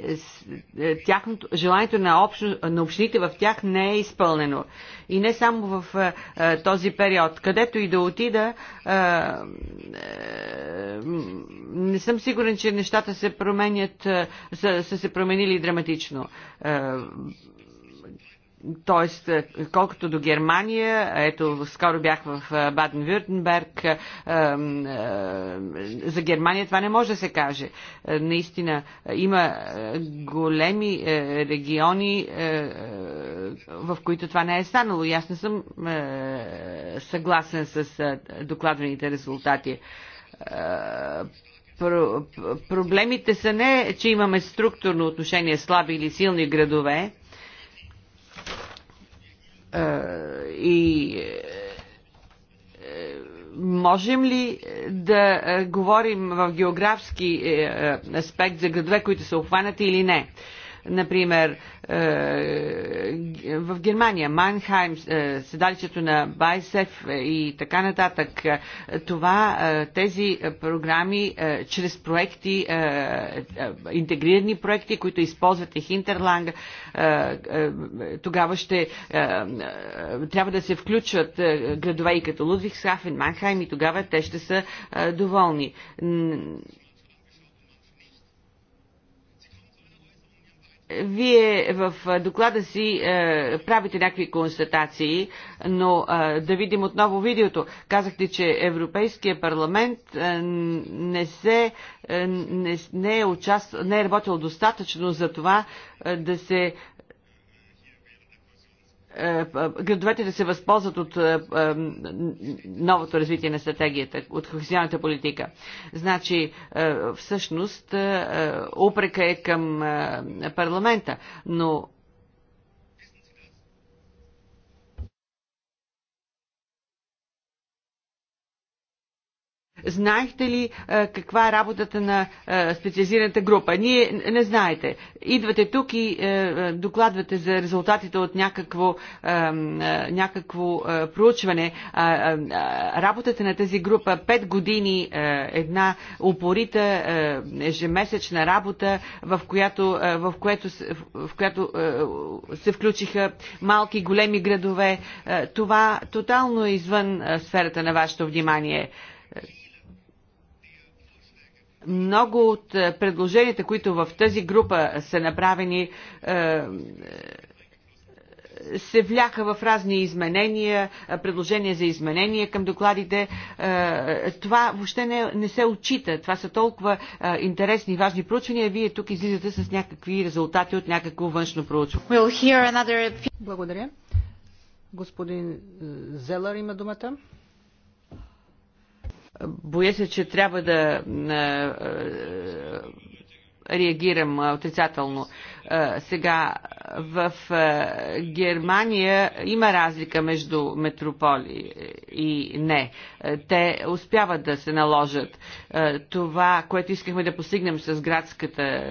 D: тяхното, желанието на, общ... на общините в тях не е изпълнено. И не само в този период. Където и да отида, не съм сигурен, че нещата се променят, са, са се променили драматично т.е. колкото до Германия, ето, скоро бях в е, Баден-Вюртенберг, е, е, за Германия това не може да се каже. Наистина, има големи региони, в които това не е станало. И аз не съм съгласен с докладваните резултати проблемите са не, че имаме структурно отношение слаби или силни градове, е, и е, можем ли да е, говорим в географски аспект за градове, които са обхванати или не? Например, е, в Германия, Манхайм, е, седалището на Байсеф и така нататък. Това, е, тези програми чрез проекти, интегрирани проекти, които използват и Хинтерланг, тогава ще трябва да се включват градове и като Лудвигсхафен, Манхайм и тогава те ще са доволни. Вие в доклада си е, правите някакви констатации, но е, да видим отново видеото. Казахте, че Европейския парламент е, не, се, е, не, не, е участ... не е работил достатъчно за това е, да се е, градовете да се възползват от е, е, новото развитие на стратегията, от кохезионната политика. Значи, всъщност, упрека е към парламента, но Знаехте ли каква е работата на специализираната група? Ние не знаете. Идвате тук и докладвате за резултатите от някакво, някакво проучване. Работата на тази група 5 години, една упорита ежемесечна работа, в която, в което, в която се включиха малки и големи градове. Това тотално е извън сферата на вашето внимание. Много от е, предложенията, които в тази група са направени, е, се вляха в разни изменения, е, предложения за изменения към докладите. Това въобще не, не се отчита. Това са толкова интересни и важни проучвания. Вие тук излизате с някакви резултати от някакво външно проучване.
B: We'll another... Благодаря. Господин
D: Зелър има думата. Боя се, че трябва да реагирам отрицателно. Сега в Германия има разлика между метрополи и не. Те успяват да се наложат. Това, което искахме да постигнем с градската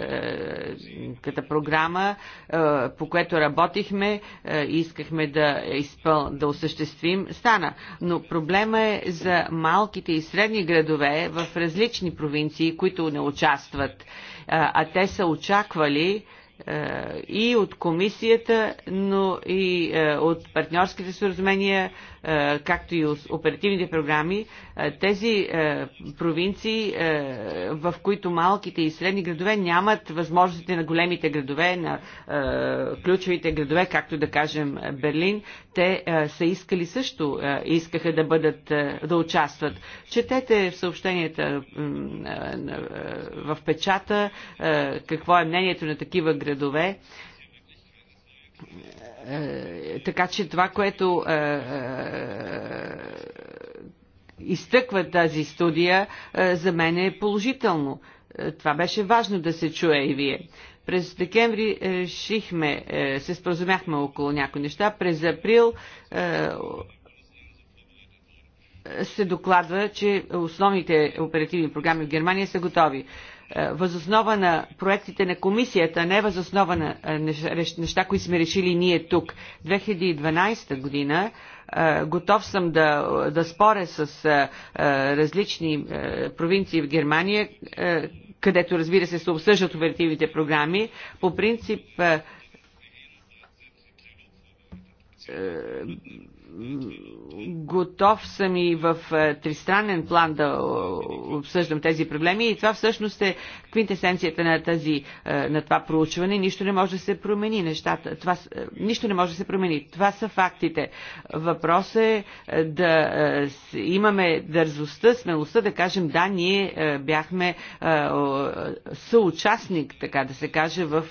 D: като програма, по което работихме, искахме да, изпъл, да осъществим, стана. Но проблема е за малките и средни градове в различни провинции, които не участват а те са очаквали е, и от комисията, но и е, от партньорските споразумения е, както и оперативните програми, е, тези е, провинции, в които малките и средни градове нямат възможностите на големите градове, на ключовите градове, както да кажем Берлин, те са искали също, искаха да бъдат, да участват. Четете в съобщенията в печата какво е мнението на такива градове е, така че това, което е, е, изтъква тази студия, е, за мен е положително. Е, това беше важно да се чуе и вие. През декември решихме, е, се споразумяхме около някои неща. През април се докладва, че основните оперативни програми в Германия са готови. Е, възоснова на проектите на комисията, не възоснова на е, неща, които сме решили ние тук. 2012 година е, готов съм да, да споря с различни провинции в Германия, където разбира се се обсъждат оперативните програми. По принцип готов съм и в е, тристранен план да е, обсъждам тези проблеми и това всъщност е квинтесенцията на, тази, е, на това проучване. Нищо не може да се промени нещата. Това, нищо не може да се промени. Това са фактите. Въпрос е да имаме дързостта, смелостта да кажем да, ние бяхме съучастник, така да се каже, в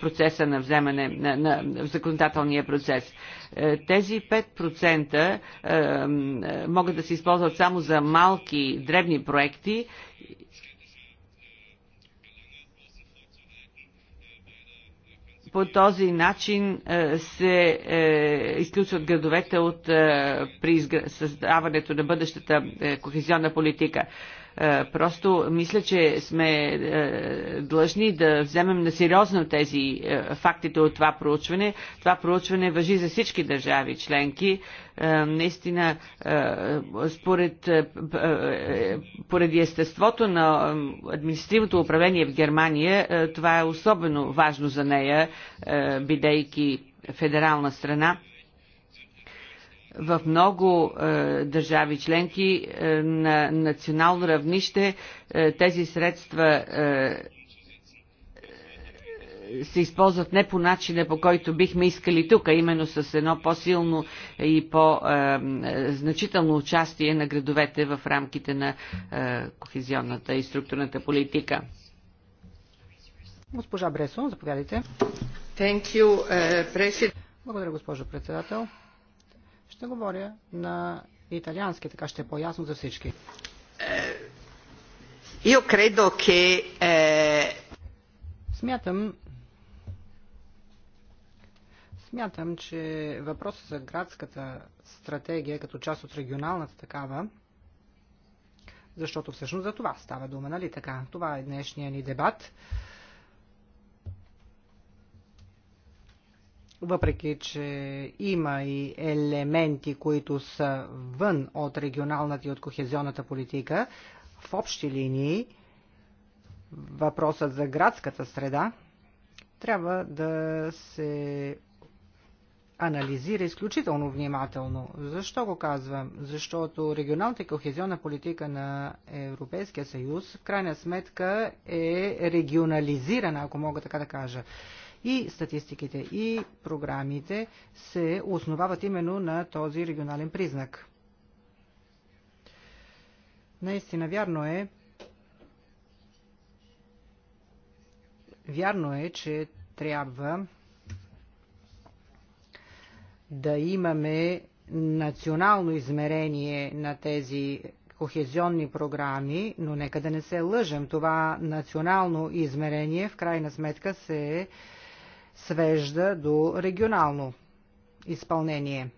D: процеса на вземане, на, на, в законодателния процес. Е, тези 5% е, е, могат да се използват само за малки, дребни проекти по този начин се изключват градовете от създаването на бъдещата кохезионна политика. Е, просто мисля, че сме е, длъжни да вземем на сериозно тези е, фактите от това проучване. Това проучване въжи за всички държави членки. Наистина, според, поради естеството на административното управление в Германия, това е особено важно за нея, бидейки федерална страна в много е, държави членки е, на национално равнище е, тези средства е, се използват не по начина, по който бихме искали тук, а именно с едно по-силно и по-значително е, участие на градовете в рамките на е, кохезионната и структурната политика.
B: Госпожа Бресо, заповядайте. Thank you, uh, Благодаря, госпожо председател. Ще говоря на италиански, така ще е по-ясно за всички. Е, io credo che... Е, смятам, смятам, че въпросът за градската стратегия като част от регионалната такава, защото всъщност за това става дума, нали така? Това е днешния ни дебат. Uh, въпреки че има и елементи, които са вън от регионалната и от кохезионната политика, в общи линии въпросът за градската среда трябва да се анализира изключително внимателно. Защо го казвам? Защото регионалната и кохезионна политика на Европейския съюз в крайна сметка е регионализирана, ако мога така да кажа. И статистиките, и програмите се основават именно на този регионален признак. Наистина, вярно е, вярно е, че трябва да имаме национално измерение на тези кохезионни програми, но нека да не се лъжем. Това национално измерение в крайна сметка се е свежда до регионално изпълнение.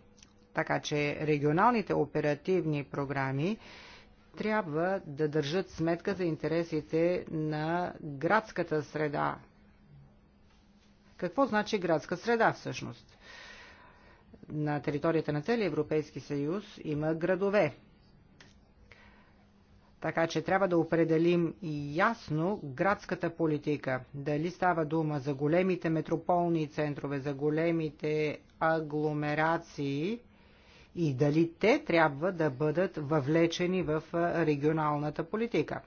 B: Така че регионалните оперативни програми трябва да държат сметка за интересите на градската среда. Какво значи градска среда всъщност? На територията на целия Европейски съюз има градове. Така че трябва да определим ясно градската политика. Дали става дума за големите метрополни центрове, за големите агломерации и дали те трябва да бъдат въвлечени в регионалната политика.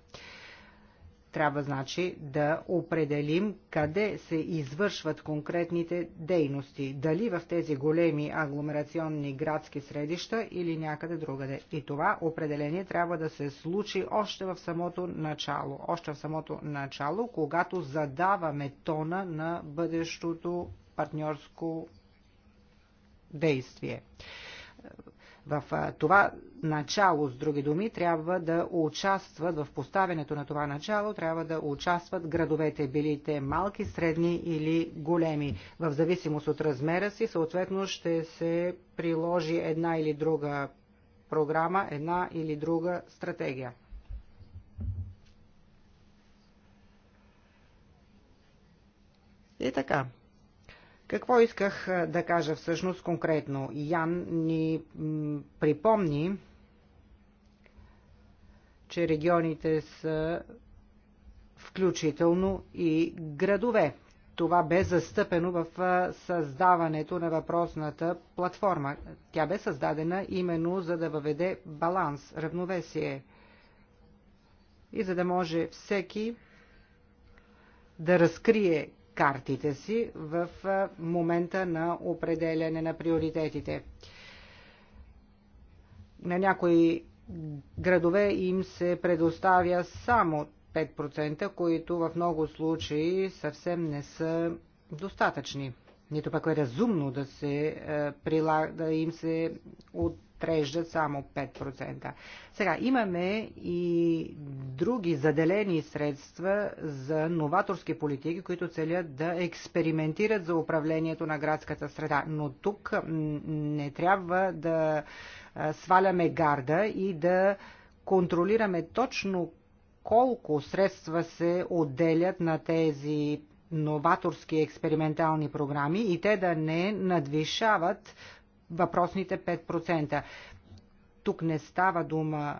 B: Трябва, значи, да определим къде се извършват конкретните дейности. Дали в тези големи агломерационни градски средища или някъде другаде. И това определение трябва да се случи още в самото начало. Още в самото начало, когато задаваме тона на бъдещото партньорско действие. В това начало, с други думи, трябва да участват в поставянето на това начало, трябва да участват градовете, били те малки, средни или големи. В зависимост от размера си, съответно ще се приложи една или друга програма, една или друга стратегия. И така, какво исках да кажа всъщност конкретно? Ян ни припомни, че регионите са включително и градове. Това бе застъпено в създаването на въпросната платформа. Тя бе създадена именно за да въведе баланс, равновесие и за да може всеки да разкрие картите си в момента на определяне на приоритетите. На някои градове им се предоставя само 5%, които в много случаи съвсем не са достатъчни. Нито пък е разумно да, се, да им се от отреждат само 5%. Сега имаме и други заделени средства за новаторски политики, които целят да експериментират за управлението на градската среда. Но тук не трябва да сваляме гарда и да контролираме точно колко средства се отделят на тези новаторски експериментални програми и те да не надвишават въпросните 5%. Тук не става дума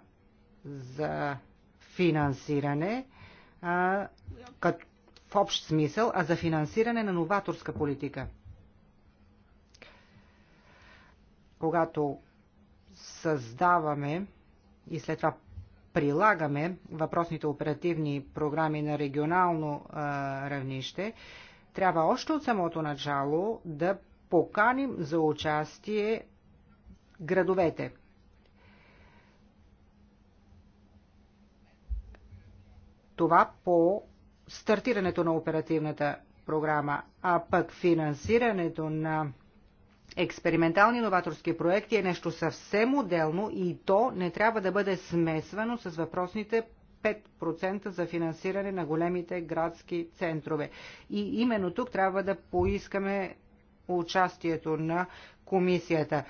B: за финансиране, а, като, в общ смисъл, а за финансиране на новаторска политика. Когато създаваме и след това прилагаме въпросните оперативни програми на регионално а, равнище, трябва още от самото начало да поканим за участие градовете. Това по стартирането на оперативната програма, а пък финансирането на експериментални новаторски проекти е нещо съвсем отделно и то не трябва да бъде смесвано с въпросните 5% за финансиране на големите градски центрове. И именно тук трябва да поискаме участието на комисията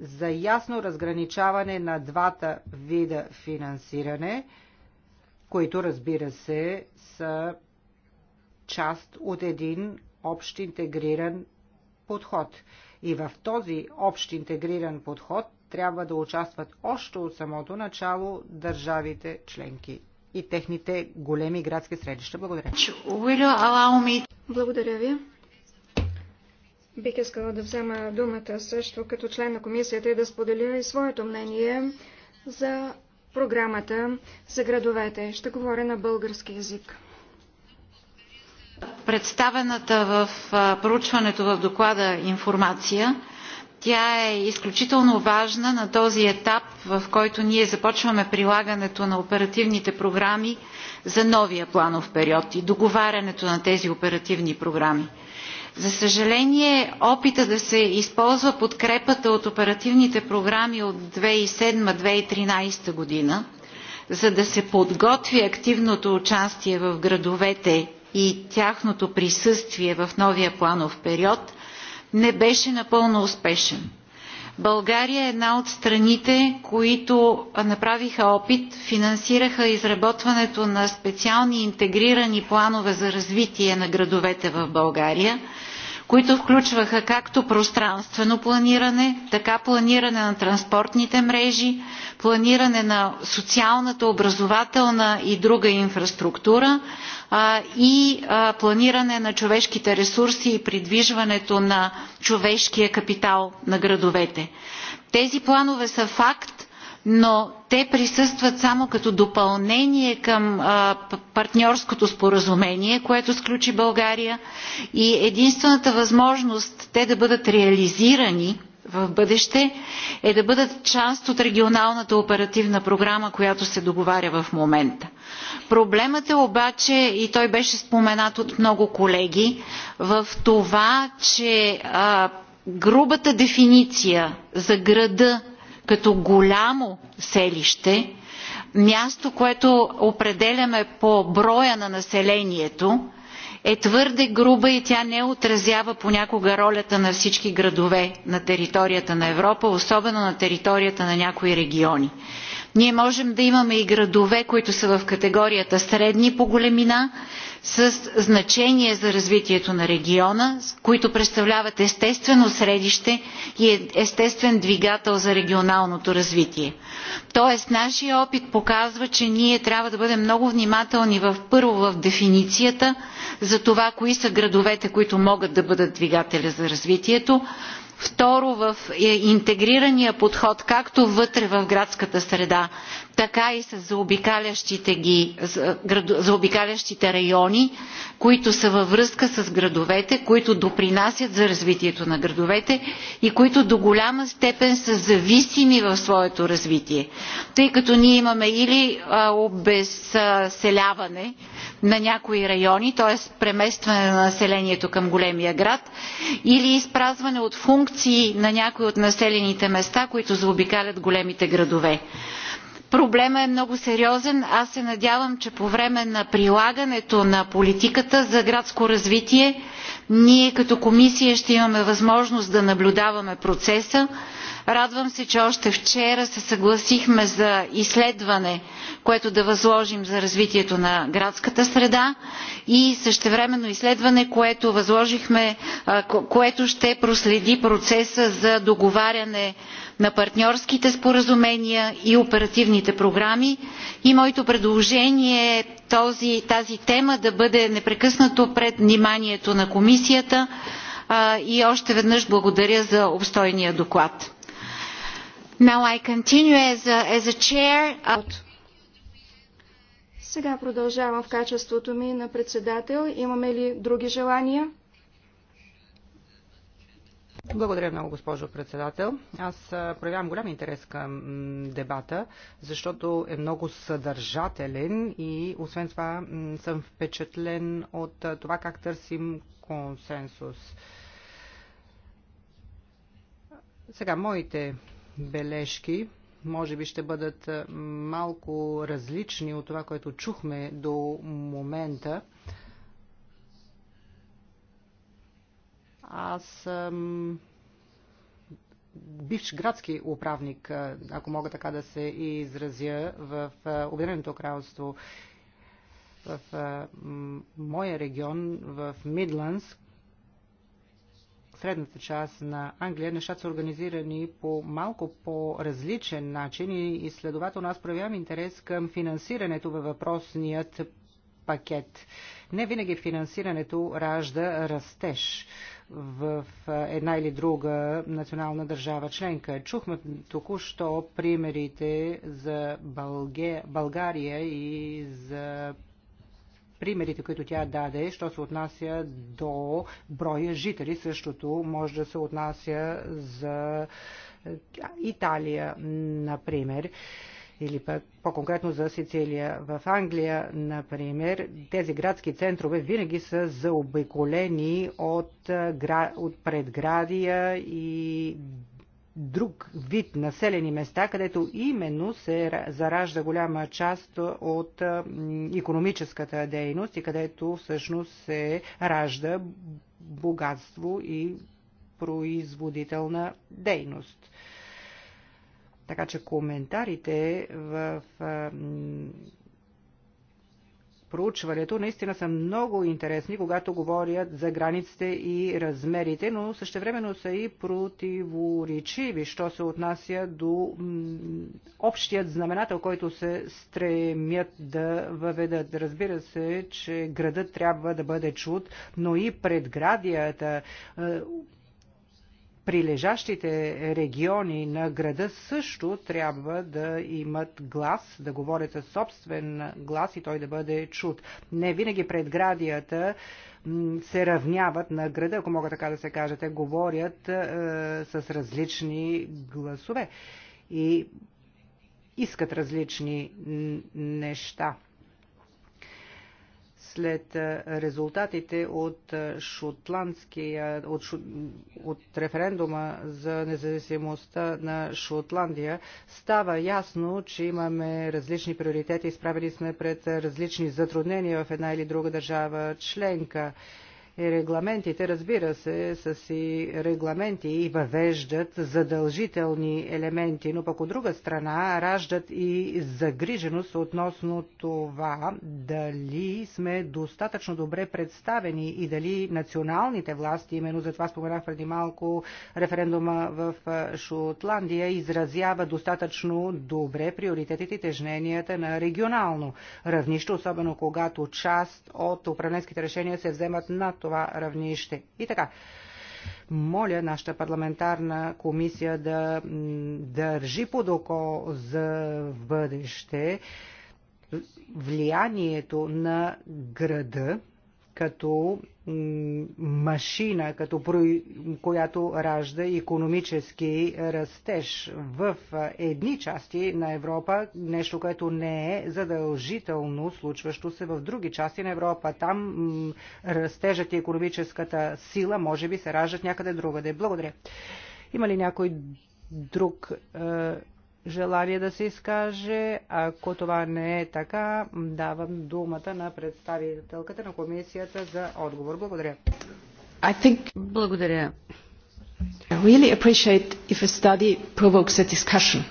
B: за ясно разграничаване на двата вида финансиране, които разбира се са част от един общ интегриран подход. И в този общ интегриран подход трябва да участват още от самото начало държавите членки и техните големи градски средища. Благодаря.
A: Благодаря ви. Бих искала да взема думата също като член на комисията и да споделя и своето мнение за програмата за градовете. Ще говоря на български язик.
C: Представената в проучването в доклада информация, тя е изключително важна на този етап, в който ние започваме прилагането на оперативните програми за новия планов период и договарянето на тези оперативни програми. За съжаление, опита да се използва подкрепата от оперативните програми от 2007-2013 година, за да се подготви активното участие в градовете и тяхното присъствие в новия планов период, не беше напълно успешен. България е една от страните, които направиха опит, финансираха изработването на специални интегрирани планове за развитие на градовете в България – които включваха както пространствено планиране, така планиране на транспортните мрежи, планиране на социалната, образователна и друга инфраструктура и планиране на човешките ресурси и придвижването на човешкия капитал на градовете. Тези планове са факт но те присъстват само като допълнение към а, партньорското споразумение, което сключи България и единствената възможност те да бъдат реализирани в бъдеще е да бъдат част от регионалната оперативна програма, която се договаря в момента. Проблемът е обаче, и той беше споменат от много колеги, в това, че а, грубата дефиниция за града като голямо селище, място, което определяме по броя на населението, е твърде груба и тя не отразява понякога ролята на всички градове на територията на Европа, особено на територията на някои региони. Ние можем да имаме и градове, които са в категорията средни по големина, със значение за развитието на региона, които представляват естествено средище и е естествен двигател за регионалното развитие. Тоест, нашия опит показва, че ние трябва да бъдем много внимателни в, първо в дефиницията за това, кои са градовете, които могат да бъдат двигателя за развитието, Второ, в е, интегрирания подход, както вътре в градската среда, така и с заобикалящите, ги, заобикалящите райони, които са във връзка с градовете, които допринасят за развитието на градовете и които до голяма степен са зависими в своето развитие. Тъй като ние имаме или обезселяване на някои райони, т.е. преместване на населението към големия град, или изпразване от функции на някои от населените места, които заобикалят големите градове. Проблема е много сериозен. Аз се надявам, че по време на прилагането на политиката за градско развитие ние като комисия ще имаме възможност да наблюдаваме процеса. Радвам се, че още вчера се съгласихме за изследване, което да възложим за развитието на градската среда и същевременно изследване, което възложихме, което ще проследи процеса за договаряне на партньорските споразумения и оперативните програми и моето предложение е този, тази тема да бъде непрекъснато пред вниманието на комисията и още веднъж благодаря за обстойния доклад. Now I continue as a, as a chair.
A: Сега продължавам в качеството ми на председател. Имаме ли други желания?
B: Благодаря много, госпожо председател. Аз проявявам голям интерес към дебата, защото е много съдържателен и освен това съм впечатлен от това как търсим консенсус. Сега, моите бележки може би ще бъдат малко различни от това, което чухме до момента. Аз съм бивш градски управник, ако мога така да се изразя, в Обединеното кралство, в моя регион, в Мидландс, средната част на Англия, нещата са организирани по малко по-различен начин и, следователно аз проявявам интерес към финансирането във въпросният пакет. Не винаги финансирането ражда растеж в една или друга национална държава членка. Чухме току-що примерите за Бълге, България и за примерите, които тя даде, що се отнася до броя жители. Същото може да се отнася за Италия, например или пък по-конкретно за Сицилия. В Англия, например, тези градски центрове винаги са заобиколени от, от предградия и друг вид населени места, където именно се заражда голяма част от економическата дейност и където всъщност се ражда богатство и производителна дейност. Така че коментарите в проучването наистина са много интересни, когато говорят за границите и размерите, но същевременно са и противоречиви, що се отнася до общият знаменател, който се стремят да въведат. Разбира се, че градът трябва да бъде чут, но и предградията, прилежащите региони на града също трябва да имат глас, да говорят със собствен глас и той да бъде чут. Не винаги предградията се равняват на града, ако мога така да се кажа. Те говорят е, с различни гласове и искат различни неща след резултатите от шотландския, от, шо, от референдума за независимостта на Шотландия, става ясно, че имаме различни приоритети, изправили сме пред различни затруднения в една или друга държава членка регламентите, разбира се, са си регламенти и въвеждат задължителни елементи, но пък от друга страна раждат и загриженост относно това дали сме достатъчно добре представени и дали националните власти, именно за това споменах преди малко референдума в Шотландия, изразява достатъчно добре приоритетите и тежненията на регионално равнище, особено когато част от управленските решения се вземат над това равнище. И така, моля нашата парламентарна комисия да държи под око за бъдеще влиянието на града като машина, като която ражда економически растеж в едни части на Европа, нещо, което не е задължително случващо се в други части на Европа. Там растежът и економическата сила може би се раждат някъде другаде. Благодаря. Има ли някой друг желание да се изкаже. Ако това не е така, давам думата на представителката на комисията за отговор. Благодаря. I think...
C: Благодаря. I really appreciate if a study provokes a discussion.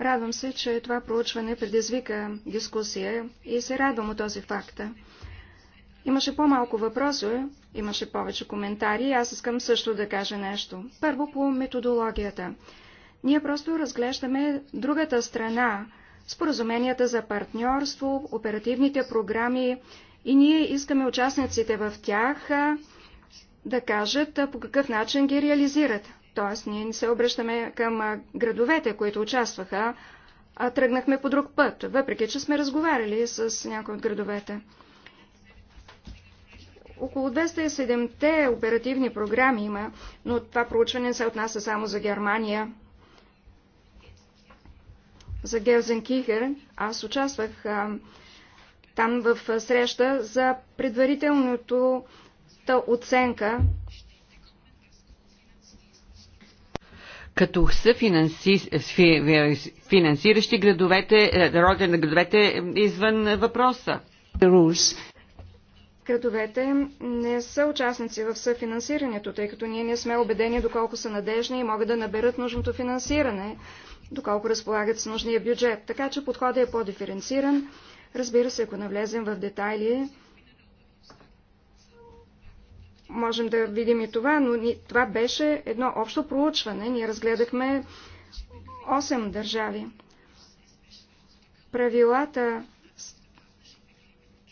A: Радвам се, че това проучване предизвика дискусия и се радвам от този факт. Имаше по-малко въпроси, имаше повече коментари и аз искам също да кажа нещо. Първо по методологията. Ние просто разглеждаме другата страна, споразуменията за партньорство, оперативните програми и ние искаме участниците в тях да кажат по какъв начин ги реализират. Тоест, ние не се обръщаме към градовете, които участваха, а тръгнахме по друг път, въпреки че сме разговаряли с някои от градовете. Около 207-те оперативни програми има, но това проучване се отнася само за Германия за Гелзенкихер. Аз участвах там в среща за предварителното оценка
D: като са финансиращи градовете, е, народите на градовете е, извън въпроса.
A: Градовете не са участници в съфинансирането, тъй като ние не сме убедени доколко са надежни и могат да наберат нужното финансиране доколко разполагат с нужния бюджет. Така че подходът е по-диференциран. Разбира се, ако навлезем в детайли, можем да видим и това, но това беше едно общо проучване. Ние разгледахме 8 държави. Правилата,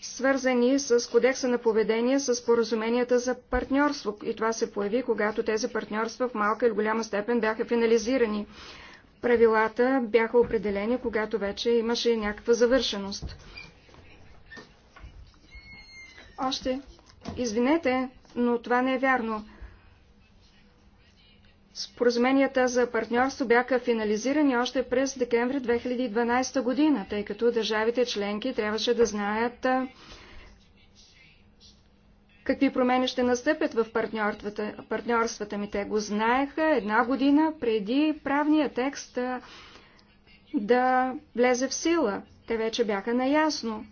A: свързани с кодекса на поведение, с поразуменията за партньорство. И това се появи, когато тези партньорства в малка или голяма степен бяха финализирани правилата бяха определени, когато вече имаше някаква завършеност. Още. Извинете, но това не е вярно. Споразуменията за партньорство бяха финализирани още през декември 2012 година, тъй като държавите членки трябваше да знаят какви промени ще настъпят в партньорствата, партньорствата ми. Те го знаеха една година преди правния текст да влезе в сила. Те вече бяха наясно.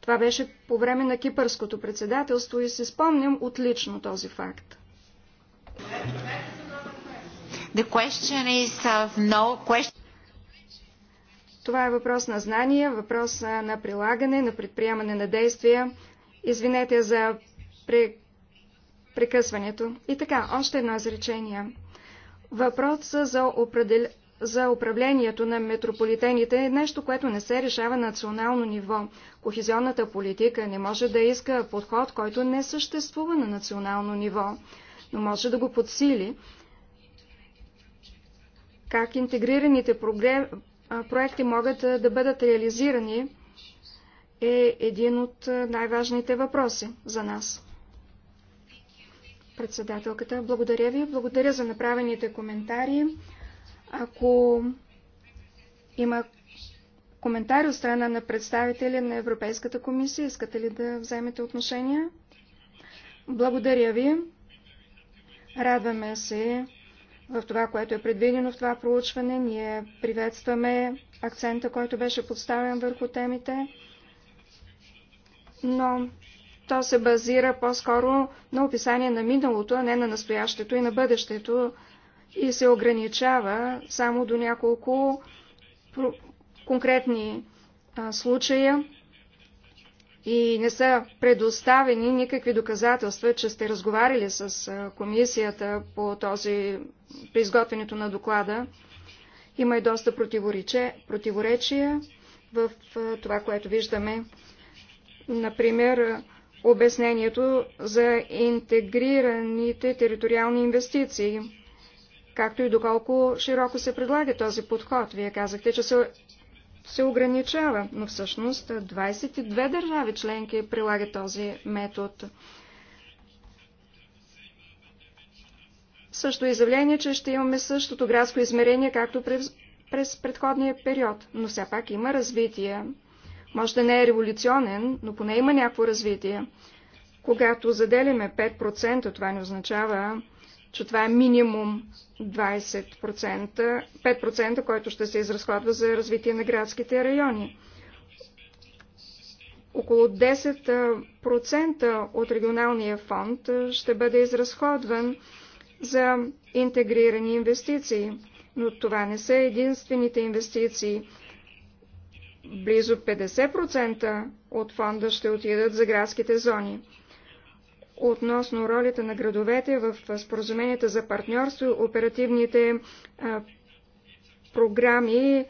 A: Това беше по време на кипърското председателство и си спомням отлично този факт. The question is of no question. Това е въпрос на знание, въпрос на прилагане, на предприемане на действия. Извинете за прекъсването. И така, още едно изречение. Въпросът за, определ... за управлението на метрополитените е нещо, което не се решава на национално ниво. Кохезионната политика не може да иска подход, който не съществува на национално ниво, но може да го подсили. Как интегрираните прогре... проекти могат да бъдат реализирани е един от най-важните въпроси за нас. Председателката, благодаря ви. Благодаря за направените коментари. Ако има коментари от страна на представители на Европейската комисия, искате ли да вземете отношение? Благодаря ви. Радваме се в това, което е предвидено в това проучване. Ние приветстваме акцента, който беше подставен върху темите но то се базира по-скоро на описание на миналото, а не на настоящето и на бъдещето и се ограничава само до няколко конкретни а, случая и не са предоставени никакви доказателства, че сте разговаряли с комисията по този, при изготвянето на доклада. Има и доста противоречия в това, което виждаме Например, обяснението за интегрираните териториални инвестиции, както и доколко широко се предлага този подход. Вие казахте, че се, се ограничава, но всъщност 22 държави членки прилагат този метод. Също изявление, че ще имаме същото градско измерение, както през, през предходния период, но все пак има развитие може да не е революционен, но поне има някакво развитие. Когато заделяме 5%, това не означава, че това е минимум 20%, 5%, който ще се изразходва за развитие на градските райони. Около 10% от регионалния фонд ще бъде изразходван за интегрирани инвестиции. Но това не са единствените инвестиции близо 50% от фонда ще отидат за градските зони. Относно ролята на градовете в споразуменията за партньорство, оперативните а, програми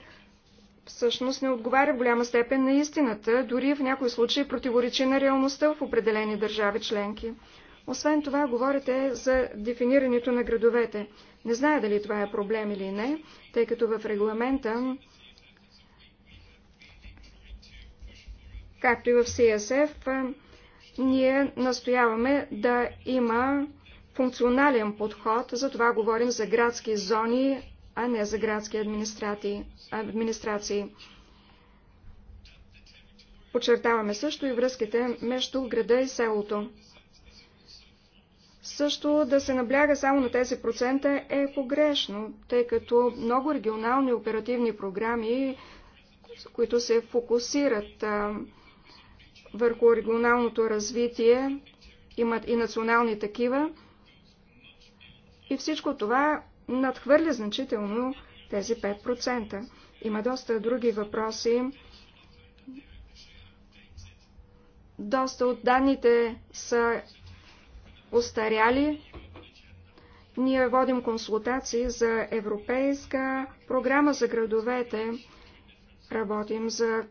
A: всъщност не отговаря в голяма степен на истината, дори в някои случаи противоречи на реалността в определени държави членки. Освен това, говорите за дефинирането на градовете. Не зная дали това е проблем или не, тъй като в регламента Както и в CSF, ние настояваме да има функционален подход, за това говорим за градски зони, а не за градски администрации. Подчертаваме също и връзките между града и селото. Също да се набляга само на тези процента е погрешно, тъй като много регионални оперативни програми, които се фокусират върху регионалното развитие, имат и национални такива. И всичко това надхвърля значително тези 5%. Има доста други въпроси. Доста от данните са устаряли. Ние водим консултации за Европейска програма за градовете. Работим за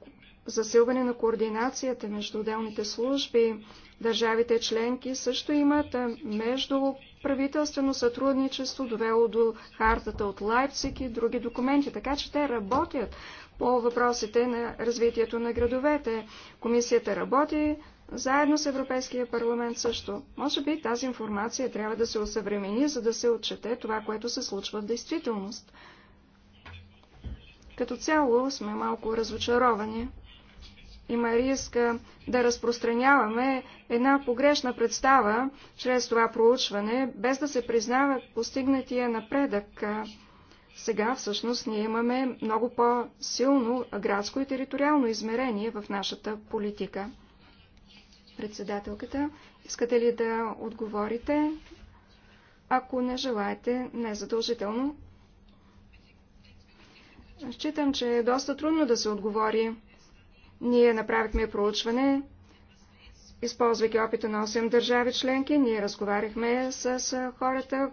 A: засилване на координацията между отделните служби. Държавите членки също имат между правителствено сътрудничество, довело до хартата от Лайпциг и други документи, така че те работят по въпросите на развитието на градовете. Комисията работи заедно с Европейския парламент също. Може би тази информация трябва да се осъвремени, за да се отчете това, което се случва в действителност. Като цяло сме малко разочаровани има риск да разпространяваме една погрешна представа чрез това проучване, без да се признава постигнатия напредък. Сега всъщност ние имаме много по-силно градско и териториално измерение в нашата политика. Председателката, искате ли да отговорите? Ако не желаете, не задължително. Считам, че е доста трудно да се отговори. Ние направихме проучване, използвайки опита на 8 държави членки. Ние разговаряхме с хората,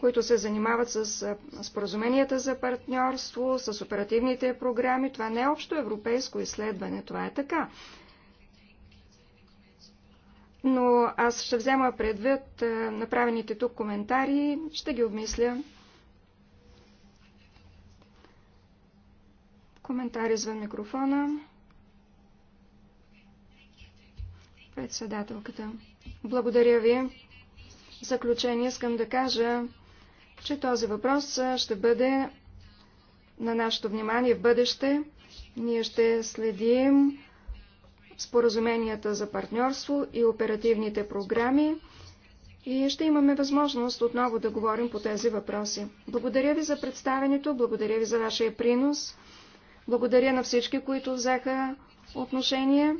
A: които се занимават с споразуменията за партньорство, с оперативните програми. Това не е общо европейско изследване, това е така. Но аз ще взема предвид е, направените тук коментари, ще ги обмисля. Коментари извън микрофона. Председателката. Благодаря ви. В заключение искам да кажа, че този въпрос ще бъде на нашето внимание в бъдеще. Ние ще следим споразуменията за партньорство и оперативните програми и ще имаме възможност отново да говорим по тези въпроси. Благодаря ви за представенето, благодаря ви за вашия принос, благодаря на всички, които взеха отношение.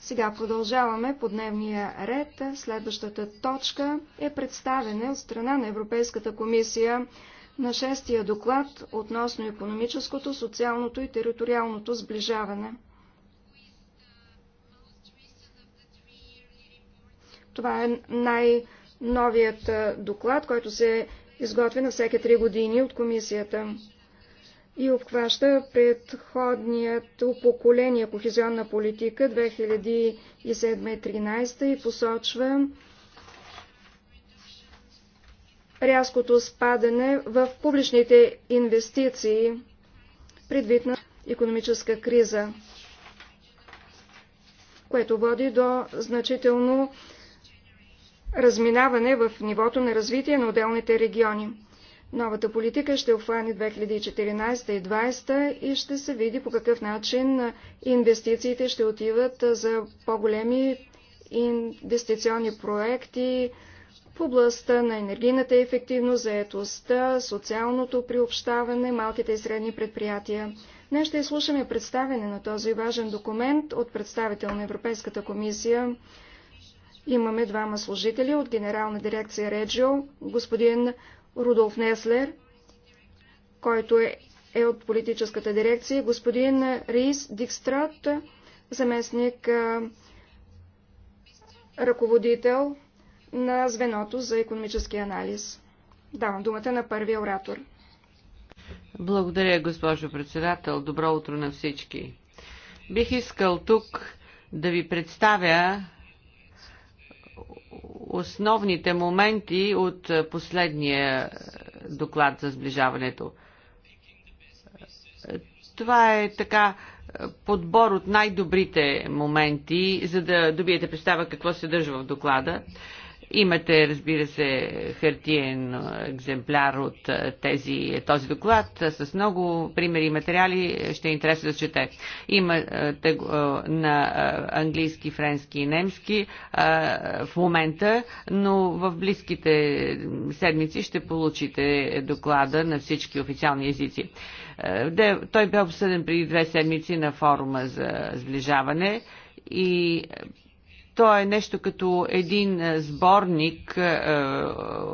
A: Сега продължаваме по дневния ред. Следващата точка е представене от страна на Европейската комисия на шестия доклад относно економическото, социалното и териториалното сближаване. Това е най-новият доклад, който се изготви на всеки три години от комисията и обхваща предходният поколение кохезионна политика 2007-2013 и посочва рязкото спадане в публичните инвестиции предвид на економическа криза, което води до значително разминаване в нивото на развитие на отделните региони. Новата политика ще обхване 2014 и 2020 и ще се види по какъв начин инвестициите ще отиват за по-големи инвестиционни проекти в областта на енергийната ефективност, заетостта, социалното приобщаване, малките и средни предприятия. Днес ще изслушаме представяне на този важен документ от представител на Европейската комисия. Имаме двама служители от Генерална дирекция Реджио, господин Рудолф Неслер, който е, е от политическата дирекция, господин Рис Дикстрат, заместник ръководител на звеното за економически анализ. Давам думата на първия оратор.
D: Благодаря, госпожо председател. Добро утро на всички. Бих искал тук да ви представя основните моменти от последния доклад за сближаването. Това е така подбор от най-добрите моменти, за да добиете представа какво се държа в доклада. Имате, разбира се, хартиен екземпляр от тези, този доклад с много примери и материали. Ще е интересно да чете. Имате на английски, френски и немски в момента, но в близките седмици ще получите доклада на всички официални езици. Той бе обсъден преди две седмици на форума за сближаване и то е нещо като един е, сборник е,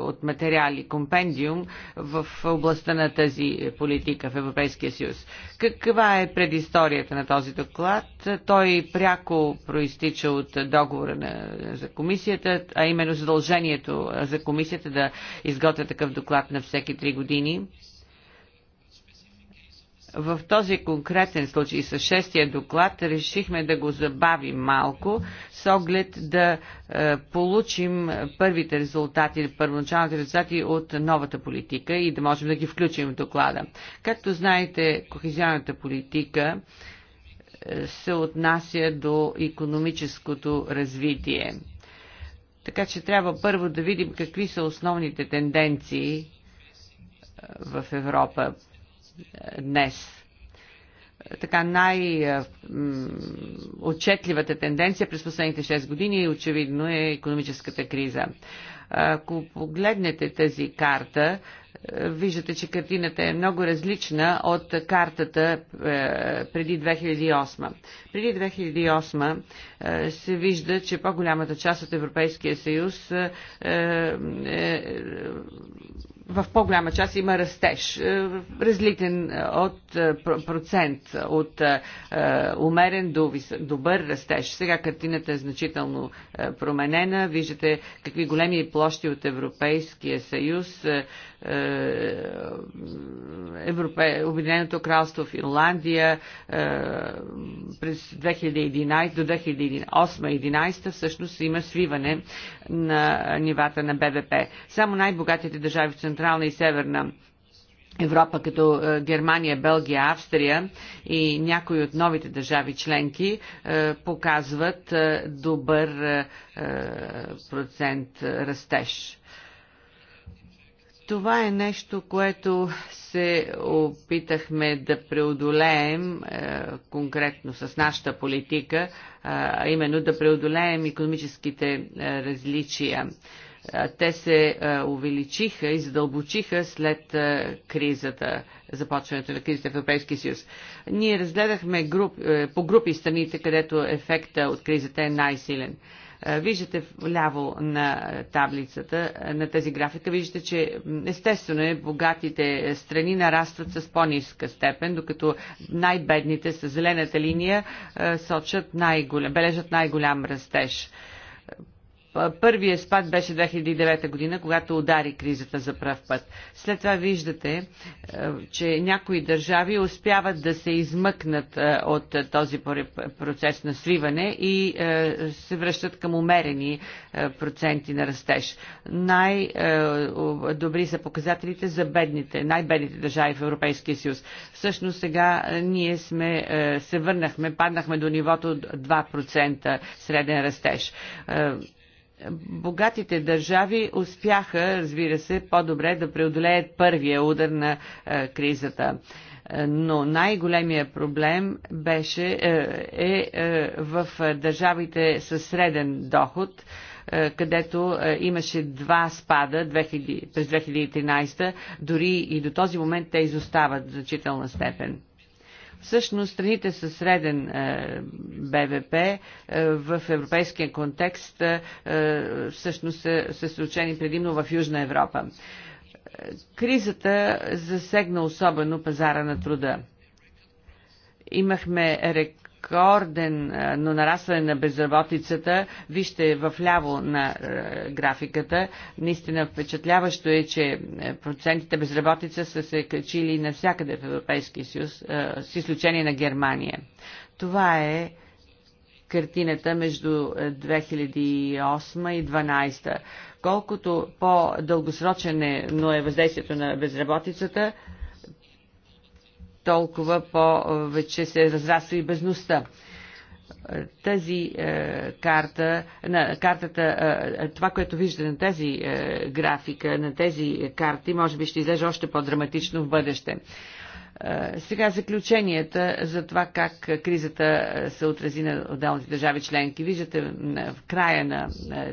D: от материали, компендиум в областта на тази политика в Европейския съюз. Каква е предисторията на този доклад? Той пряко проистича от договора на, за комисията, а именно задължението за комисията да изготвя такъв доклад на всеки три години в този конкретен случай с шестия доклад решихме да го забавим малко с оглед да е, получим първите резултати, първоначалните резултати от новата политика и да можем да ги включим в доклада. Както знаете, кохезионната политика е, се отнася до економическото развитие. Така че трябва първо да видим какви са основните тенденции е, в Европа днес така най-отчетливата тенденция през последните 6 години очевидно е економическата криза. Ако погледнете тази карта, виждате, че картината е много различна от картата е, преди 2008. Преди 2008 е, се вижда, че по-голямата част от Европейския съюз е, е в по-голяма част има растеж, е, различен е, от е, процент, от умерен до добър растеж. Сега картината е значително променена. Виждате какви големи площи от Европейския съюз, Европе... Обединеното кралство Финландия през 2011 до 2008-2011 всъщност има свиване на нивата на БВП. Само най-богатите държави в Централна и Северна Европа, като е, Германия, Белгия, Австрия и някои от новите държави членки е, показват е, добър процент растеж. Това е нещо, което се опитахме да преодолеем конкретно с нашата политика, а именно да преодолеем економическите различия. Те се увеличиха и задълбочиха след кризата, започването на кризата в Европейския съюз. Ние разгледахме груп, е, по групи страните, където ефекта от кризата е най-силен. Виждате вляво на таблицата, на тази графика, виждате, че естествено е, богатите страни нарастват с по-ниска степен, докато най-бедните с зелената линия сочат най-голям, бележат най-голям растеж. Е, първият спад беше 2009 година, когато удари кризата за пръв път. След това виждате, е, че някои държави успяват да се измъкнат е, от този процес на свиване и се връщат към умерени проценти на растеж. Най-добри са показателите за бедните, най-бедните държави в Европейския съюз. Всъщност сега ние сме, се върнахме, паднахме до нивото 2% среден растеж богатите държави успяха, разбира се, по-добре да преодолеят първия удар на е, кризата. Е, но най-големия проблем беше е, е, е в държавите със среден доход, е, където е, имаше два спада 2000, през 2013, дори и до този момент те изостават в значителна степен. Всъщност страните с среден е, БВП е, в европейския контекст е, всъщност са случени предимно в Южна Европа. Кризата засегна особено пазара на труда. Имахме рек рекорден но нарастване на безработицата. Вижте в ляво на графиката. Наистина впечатляващо е, че процентите безработица са се качили навсякъде в Европейския съюз, с изключение на Германия. Това е картината между 2008 и 2012. Колкото по-дългосрочен е, но е въздействието на безработицата, толкова повече се разраства и безността тази е, карта, на, картата, е, е, това, което вижда на тази е, графика, на тези карти, може би ще излезе още по-драматично в бъдеще. Е, сега заключенията за това как кризата се отрази на отделните държави членки. Виждате в края на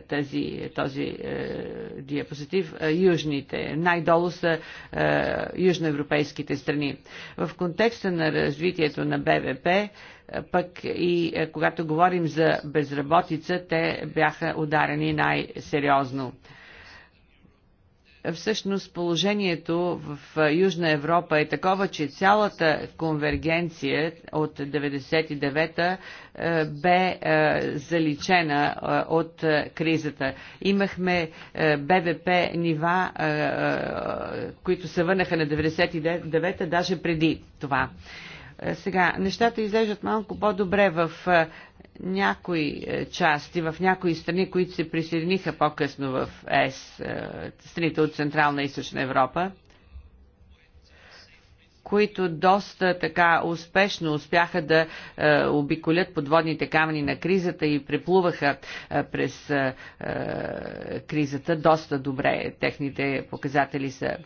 D: тези, този е, диапозитив е, южните. Най-долу са южноевропейските страни. В контекста на развитието на БВП пък и когато говорим за безработица, те бяха ударени най-сериозно всъщност положението в Южна Европа е такова, че цялата конвергенция от 99-та бе заличена от кризата. Имахме БВП нива, които се върнаха на 99-та, даже преди това. Сега, нещата излежат малко по-добре в някои е, части, в някои страни, които се присъединиха по-късно в ЕС, е, страните от Централна и Източна Европа, които доста така успешно успяха да е, обиколят подводните камъни на кризата и преплуваха е, през е, е кризата доста добре. Техните показатели са е,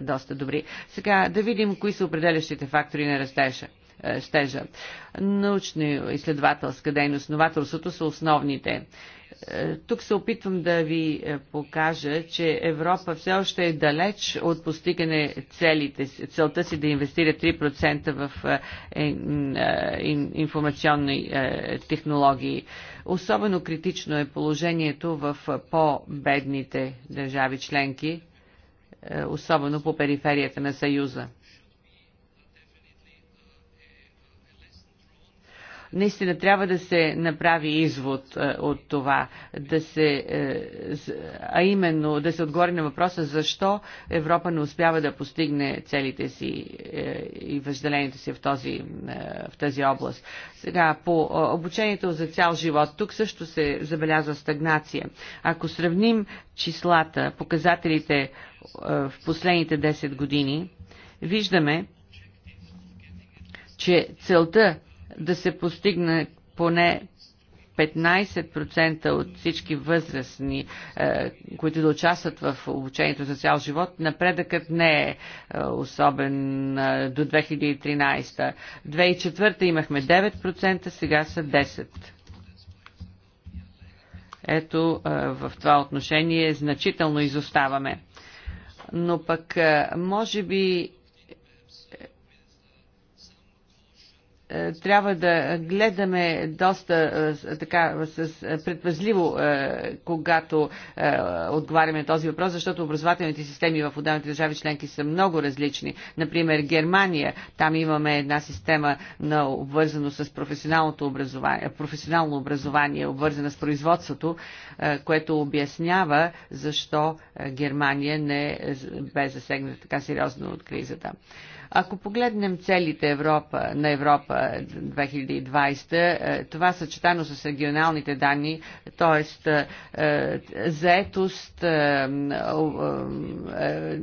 D: доста добри. Сега да видим кои са определящите фактори на растежа. Е, стежа. Научно-изследователска дейност, новаторството са основните. Е, тук се опитвам да ви е, покажа, че Европа все още е далеч от постигане целите, целта си да инвестира 3% в информационни технологии. Особено критично е положението в по-бедните държави членки, особено по периферията на Съюза. Наистина трябва да се направи извод е, от това, да се, е, а именно да се отговори на въпроса защо Европа не успява да постигне целите си е, и въжделението си в, този, в тази област. Сега, по обучението за цял живот, тук също се забелязва стагнация. Ако сравним числата, показателите в последните 10 години, виждаме, че целта да се постигне поне 15% от всички възрастни, е, които да участват в обучението за цял живот, напредъкът не е, е особен е, до 2013. 2004 имахме 9%, сега са 10%. Ето, в това отношение значително изоставаме. Но пък, може би, Е, трябва да гледаме доста е, така с е, предпазливо, когато отговаряме на този въпрос, защото образователните системи в отделните държави членки са много различни. Например, Германия, там имаме една система на обвързано с професионалното образование, професионално образование, обвързана с производството, което обяснява защо Германия не бе засегната така сериозно от кризата. Ако погледнем целите Европа, на Европа 2020, е, това съчетано с регионалните данни, т.е. Е, заетост, е,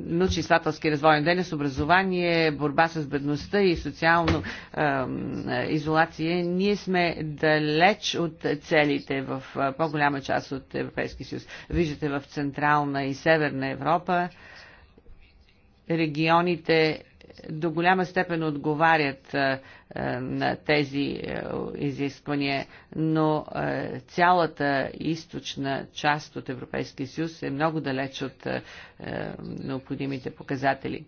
D: научно-изследователски развойен дейност, образование, борба с бедността и социално изолация, ние сме далеч от целите в по-голяма част от Европейския съюз. Виждате в Централна и Северна Европа регионите до голяма степен отговарят е, е, на тези е, изисквания, но цялата източна част от Европейския съюз е много далеч от необходимите показатели.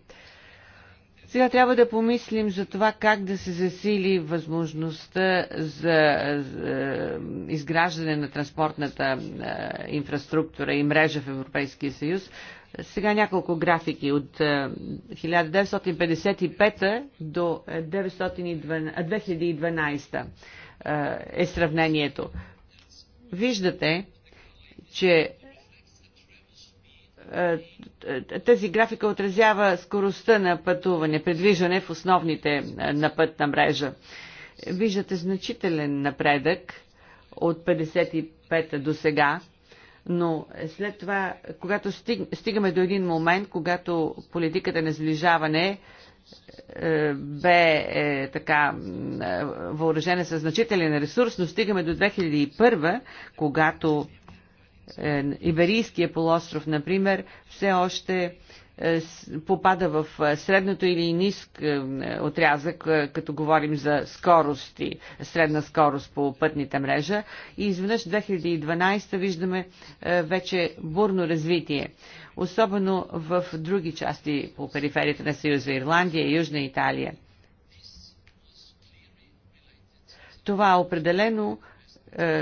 D: Сега трябва да помислим за това как да се засили възможността за, изграждане на транспортната инфраструктура и мрежа в Европейския съюз, сега няколко графики от 1955 е, до 2012 е, е, е сравнението. Виждате, че тази графика отразява скоростта на пътуване, предвижване в основните на пътна мрежа. Виждате значителен напредък от 55 до сега но е след това, когато стиг, стигаме до един момент, когато политиката на сближаване е, бе е, така е, въоръжена със значителен ресурс, но стигаме до 2001, когато Иберийския полуостров, например, все още е, попада в е, средното или ниск е, отрязък, като говорим за скорости, средна скорост по пътните мрежа. И изведнъж 2012 виждаме вече бурно развитие. Особено в други части по периферията на Съюза, Ирландия, и Южна Италия. Това определено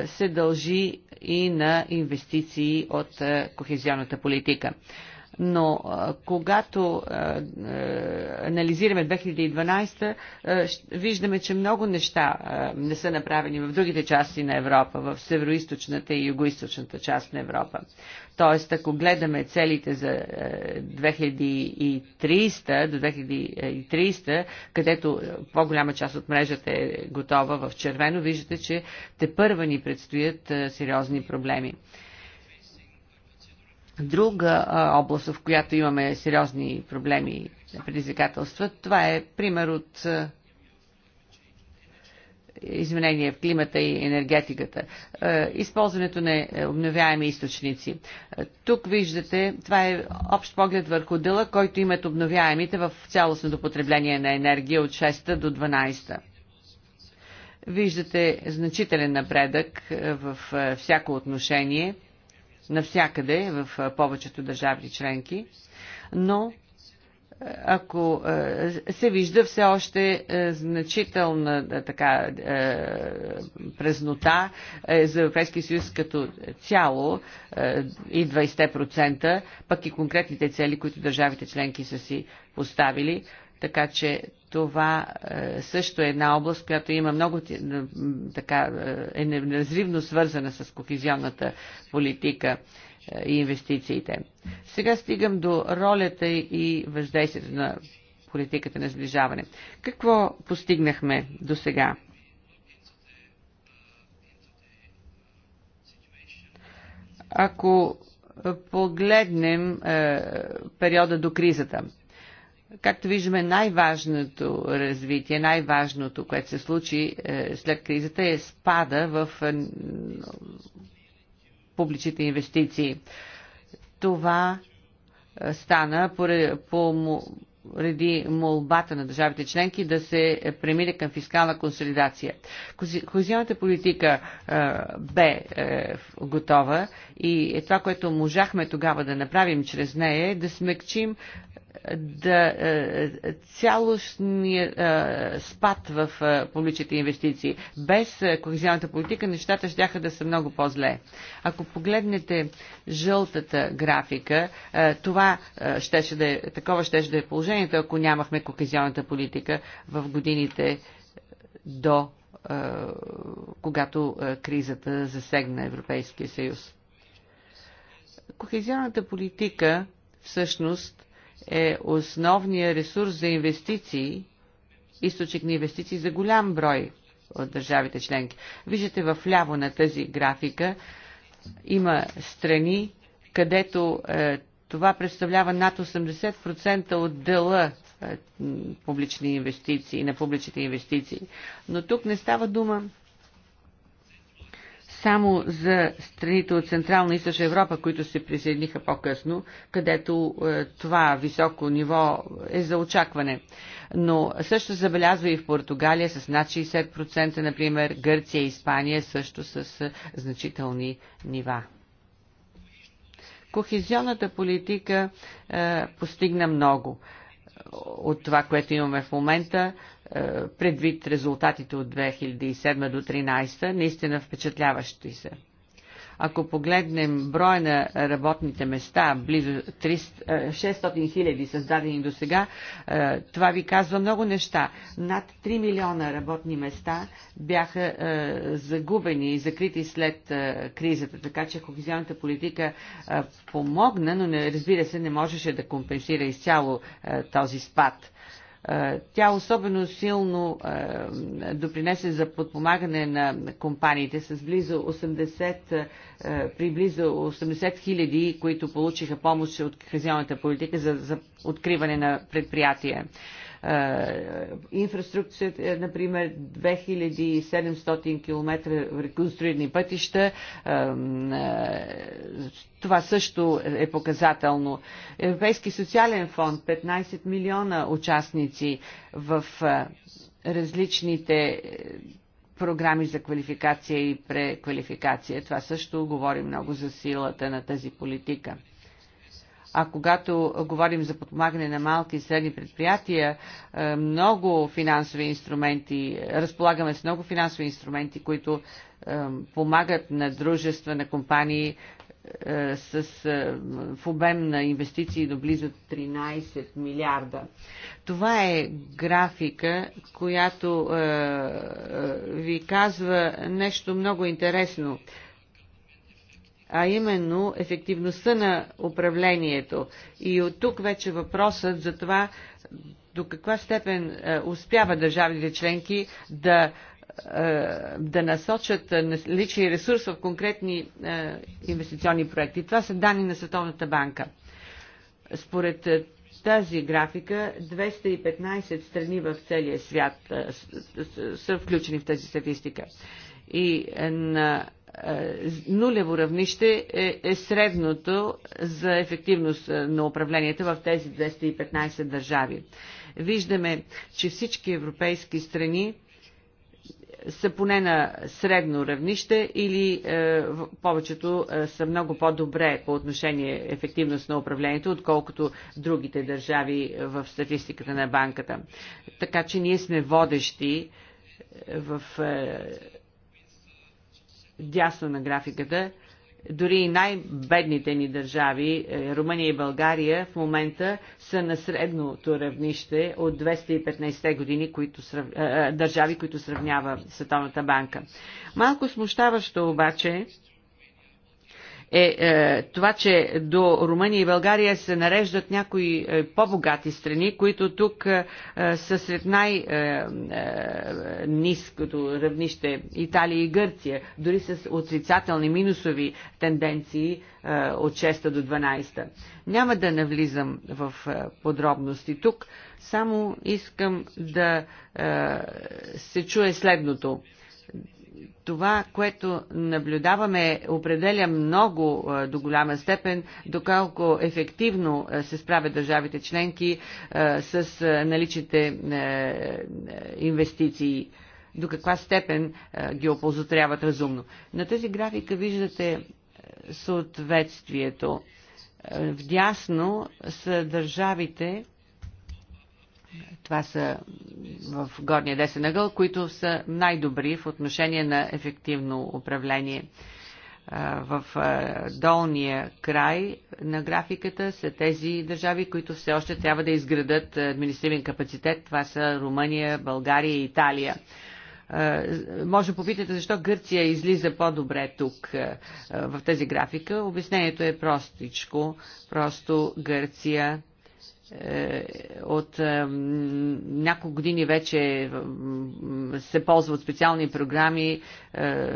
D: се дължи и на инвестиции от кохезионната политика но когато анализираме 2012, виждаме, че много неща не са направени в другите части на Европа, в североисточната и югоисточната част на Европа. Тоест, ако гледаме целите за 2300 до 2300, където по-голяма част от мрежата е готова в червено, виждате, че те първа ни предстоят сериозни проблеми друга област, в която имаме сериозни проблеми на предизвикателства. Това е пример от изменения в климата и енергетиката, използването на е, обновяеми източници. Тук виждате, това е общ поглед върху дела, който имат обновяемите в цялостното потребление на енергия от 6 до 12. Виждате значителен напредък в всяко отношение – навсякъде в повечето държави членки, но ако се вижда все още значителна така празнота за Европейския съюз като цяло и 20%, пък и конкретните цели, които държавите членки са си поставили, така че това е, също е една област, която има много е, така, е, е неразривно свързана с кохезионната политика и инвестициите. Сега стигам до ролята и въздействието на политиката на сближаване. Какво постигнахме до сега? Ако погледнем е, периода до кризата – както виждаме, най-важното развитие, най-важното, което се случи е, след кризата е спада в е, публичните инвестиции. Това е, стана поради, по, молбата на държавите членки да се премине към фискална консолидация. Козионната политика е, бе е, готова и е това, което можахме тогава да направим чрез нея е да смекчим да е, цялостния е, спад в е, публичните инвестиции. Без кохезионната политика нещата ще да са много по-зле. Ако погледнете жълтата графика, това щеше да е, такова щеше да е положението, ако нямахме кохезионната политика в годините до когато кризата засегна Европейския съюз. Кохезионната политика всъщност е основния ресурс за инвестиции, източник на инвестиции за голям брой от държавите членки. Виждате в ляво на тази графика има страни, където е, това представлява над 80% от дела е, публични инвестиции, на публичните инвестиции. Но тук не става дума само за страните от Централна и Източна Европа, които се присъединиха по-късно, където е, това високо ниво е за очакване. Но също забелязва и в Португалия с над 60%, например, Гърция и Испания също с е, значителни нива. Кохезионната политика е, постигна много. Е, от това, което имаме в момента, е, предвид резултатите от 2007 до 2013, наистина впечатляващи са. Ако погледнем брой на работните места, близо 300, 600 е, хиляди създадени до сега, е, това ви казва много неща. Над 3 милиона работни места бяха е, загубени и закрити след кризата, така че кохезионната политика помогна, но не, разбира се не можеше да компенсира изцяло този спад е, тя особено силно е, допринесе за подпомагане на компаниите с близо 80, е, при близо 80 хиляди, които получиха помощ от казионната политика за, за откриване на предприятия. Е, инфраструктурата, е, например 2700 км реконструирани пътища. Е, това също е показателно. Европейски социален фонд 15 милиона участници в различните програми за квалификация и преквалификация. Това също говори много за силата на тази политика. А когато говорим за подпомагане на малки и средни предприятия, е, много финансови инструменти, разполагаме с много финансови инструменти, които е, помагат на дружества, на компании е, с, в обем на инвестиции до близо 13 милиарда. Това е графика, която ви казва нещо много интересно а именно ефективността на управлението. И от тук вече въпросът за това до каква степен е, успява държавните членки да е, да насочат личния ресурс в конкретни е, инвестиционни проекти. Това са данни на Световната банка. Според тази графика 215 страни в целия свят са включени в тази статистика. И на е, нулево равнище е, е средното за ефективност е, на управлението в тези 215 държави. Виждаме, че всички европейски страни са поне на средно равнище или е, повечето е, са много по-добре по отношение ефективност на управлението, отколкото другите държави в статистиката на банката. Така че ние сме водещи е, в. Е, дясно на графиката, дори и най-бедните ни държави, е, Румъния и България, в момента са на средното равнище от 215 години които срав... Е, е, държави, които сравнява Световната банка. Малко смущаващо обаче е, е това, че до Румъния и България се нареждат някои е, по-богати страни, които тук е, е са сред най-низкото е, е, равнище Италия и Гърция, дори с отрицателни минусови тенденции от 6 до 12. Няма да навлизам в подробности тук, само искам да се чуе следното това, което наблюдаваме, определя много до голяма степен доколко ефективно се справят държавите членки с наличните инвестиции до каква степен ги оползотряват разумно. На тази графика виждате съответствието. Вдясно са държавите, това са в горния десен ъгъл, които са най-добри в отношение на ефективно управление. В долния край на графиката са тези държави, които все още трябва да изградат административен капацитет. Това са Румъния, България и Италия може да попитате защо Гърция излиза по-добре тук в тази графика. Обяснението е простичко. Просто Гърция е, от няколко години вече се ползва от специални програми. Е,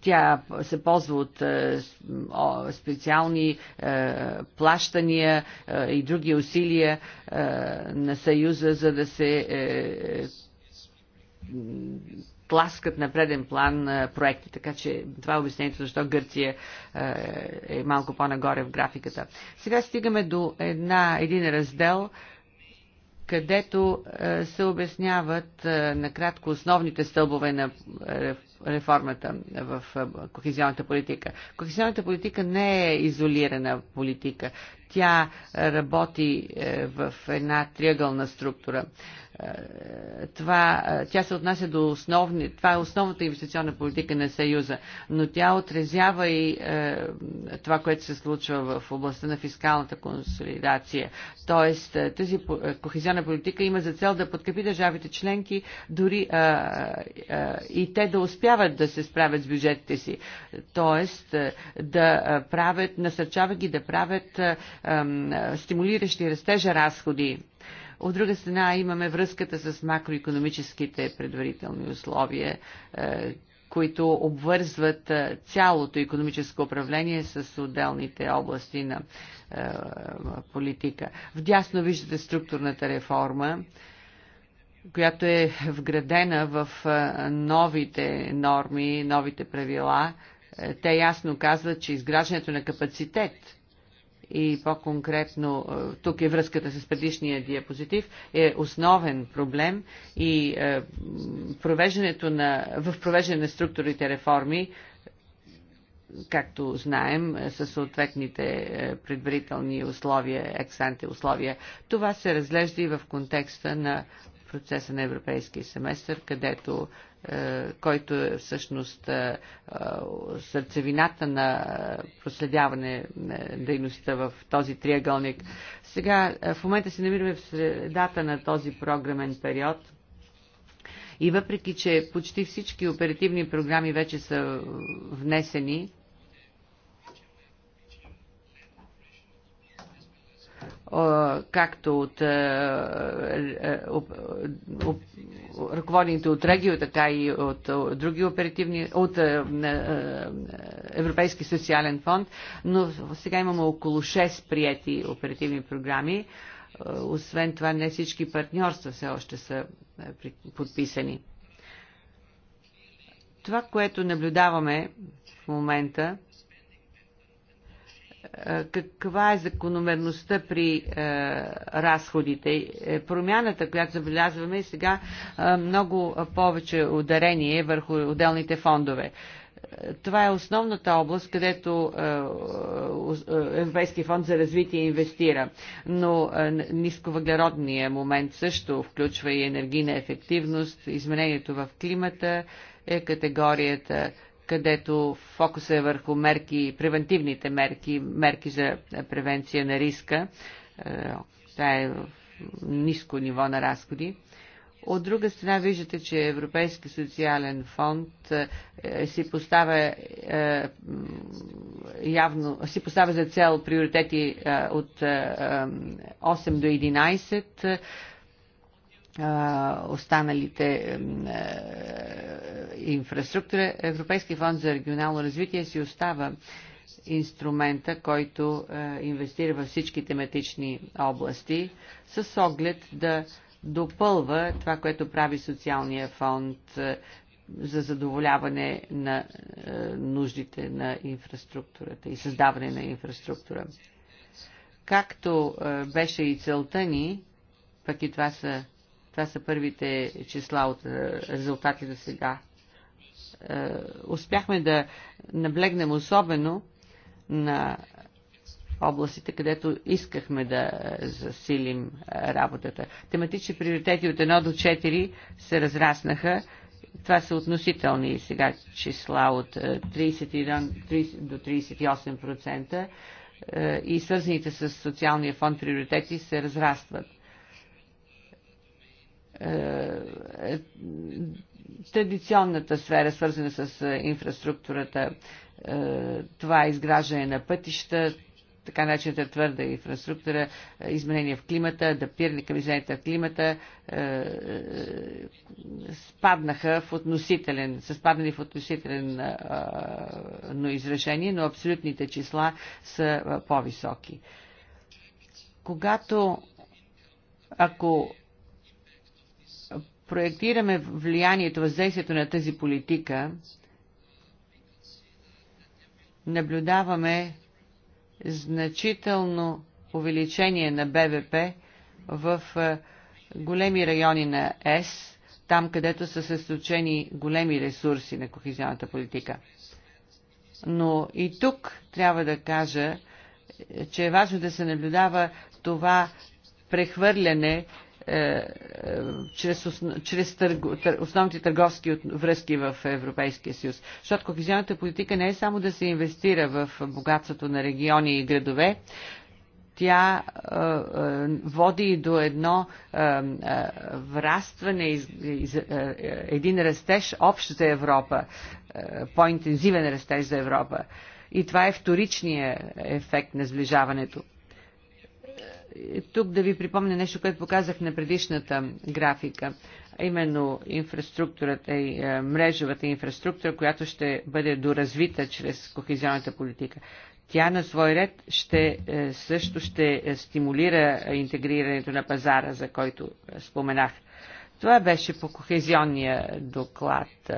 D: тя се ползва от е, специални плащания и други усилия на Съюза, за да се тласкат на преден план проекти. Така че това е обяснението защо Гърция е малко по-нагоре в графиката. Сега стигаме до една, един раздел, където се обясняват накратко основните стълбове на реформата в кохезионната политика. Кохезионната политика не е изолирана политика. Тя работи е, в една триъгълна структура. Е, това, е, тя се отнася до основни, това е основната инвестиционна политика на Съюза, но тя отрезява и е, това, което се случва в областта на фискалната консолидация. Тоест, е, тази кохезионна политика има за цел да подкрепи държавите членки, дори е, е, и те да успяват да се справят с бюджетите си. Тоест, да правят, насърчава ги да правят е, е, стимулиращи растежа разходи. От друга страна имаме връзката с макроекономическите предварителни условия, е, които обвързват е, цялото економическо управление с отделните области на е, политика. Вдясно виждате структурната реформа която е вградена в новите норми, новите правила. Те ясно казват, че изграждането на капацитет и по-конкретно е, тук е връзката с предишния диапозитив, е основен проблем и е, провеждането на, в провеждане на структурите реформи както знаем, е, със съответните предварителни условия, ексанте условия. Това се разглежда и в контекста на процеса на европейския семестър, където е, който е всъщност е, е, сърцевината на проследяване на дейността в този триъгълник. Сега, в момента се намираме в средата на този програмен период, и въпреки, че почти всички оперативни програми вече са внесени, както от ръководените от Регио, така и от други оперативни, от Европейски социален фонд, но сега имаме около 6 прияти оперативни програми. Освен това, не всички партньорства все още са подписани. Това, което наблюдаваме в момента, е, каква е закономерността при е, разходите. Е, промяната, която забелязваме е сега е, много повече ударение върху отделните фондове. Е, това е основната област, където Европейския фонд за развитие инвестира. Но нисковъглеродния момент също включва и енергийна ефективност, изменението в климата е категорията където фокуса е върху мерки, превентивните мерки, мерки за превенция на риска. Е, това е ниско ниво на разходи. От друга страна виждате, че Европейски социален фонд е, си поставя е, явно, си поставя за цел приоритети от 8 до 11 останалите инфраструктура. Европейски фонд за регионално развитие си остава инструмента, който инвестира във всички тематични области, с оглед да допълва това, което прави социалния фонд за задоволяване на нуждите на инфраструктурата и създаване на инфраструктура. Както беше и целта ни, пък и това са това са първите числа от е, резултати до сега. Е, успяхме да наблегнем особено на областите, където искахме да е, засилим работата. Тематични приоритети от 1 до 4 се разраснаха. Това са относителни сега числа от 31 до 38% и свързаните с социалния фонд приоритети се разрастват. Е, е, традиционната сфера, свързана с е, инфраструктурата, това е изграждане на пътища, така начината твърда инфраструктура, изменения в климата, адаптиране към изменения в климата, спаднаха в относителен, са спаднали в относителен но изрешение, но абсолютните числа са по-високи. Когато ако проектираме влиянието, въздействието на тази политика, наблюдаваме значително увеличение на БВП в е, големи райони на ЕС, там където са съсредоточени големи ресурси на кохезионната политика. Но и тук трябва да кажа, е, че е важно да се наблюдава това прехвърляне е, е, чрез, основ, чрез търго, тър, основните търговски връзки в Европейския съюз. Защото кохезионната политика не е само да се инвестира в богатството на региони и градове, тя е, е води до едно е, е, врастване, из, из, един растеж общ за Европа, по-интензивен растеж за Европа. И това е вторичният ефект на сближаването тук да ви припомня нещо, което показах на предишната графика, именно инфраструктурата и е, мрежовата инфраструктура, която ще бъде доразвита чрез кохезионната политика. Тя на свой ред ще, е, също ще е, стимулира интегрирането на пазара, за който споменах. Това беше по кохезионния доклад.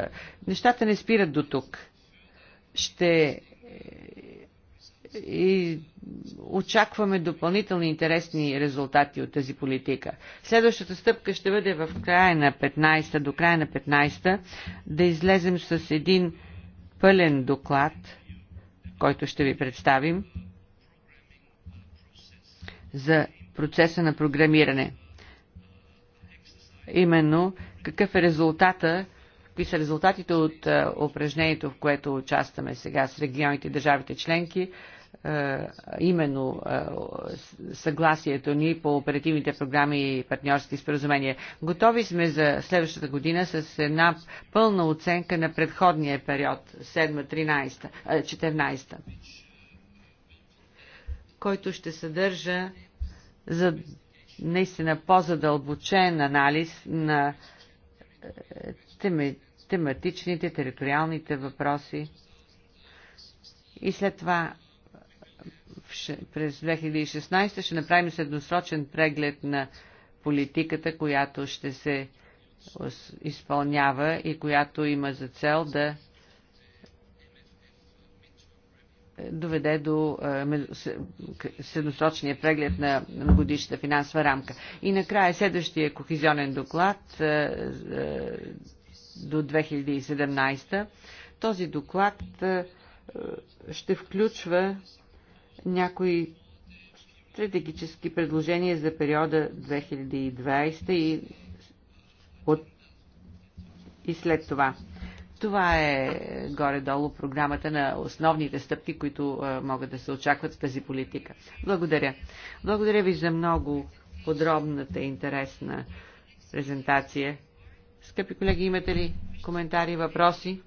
D: Нещата не спират до тук. Ще и очакваме допълнителни интересни резултати от тази политика. Следващата стъпка ще бъде в края на 15 та до края на 15 та да излезем с един пълен доклад, който ще ви представим за процеса на програмиране. Именно какъв е резултата какви са резултатите от упражнението, в което участваме сега с регионите и държавите членки, е, именно е, съгласието ни по оперативните програми и партньорски споразумения. Готови сме за следващата година с една пълна оценка на предходния период 7-14, е, който ще съдържа за наистина по-задълбочен анализ на тематичните, териториалните въпроси и след това през 2016 ще направим средносрочен преглед на политиката, която ще се изпълнява и която има за цел да е, доведе до е, средносрочния преглед на годишната финансова рамка. И накрая следващия кохизионен доклад е, до 2017. Този доклад ще включва някои стратегически предложения за периода 2020 и, от, и след това. Това е горе-долу програмата на основните стъпки, които а, могат да се очакват в тази политика. Благодаря. Благодаря ви за много подробната и интересна презентация. Скъпи колеги, имате ли коментари, въпроси?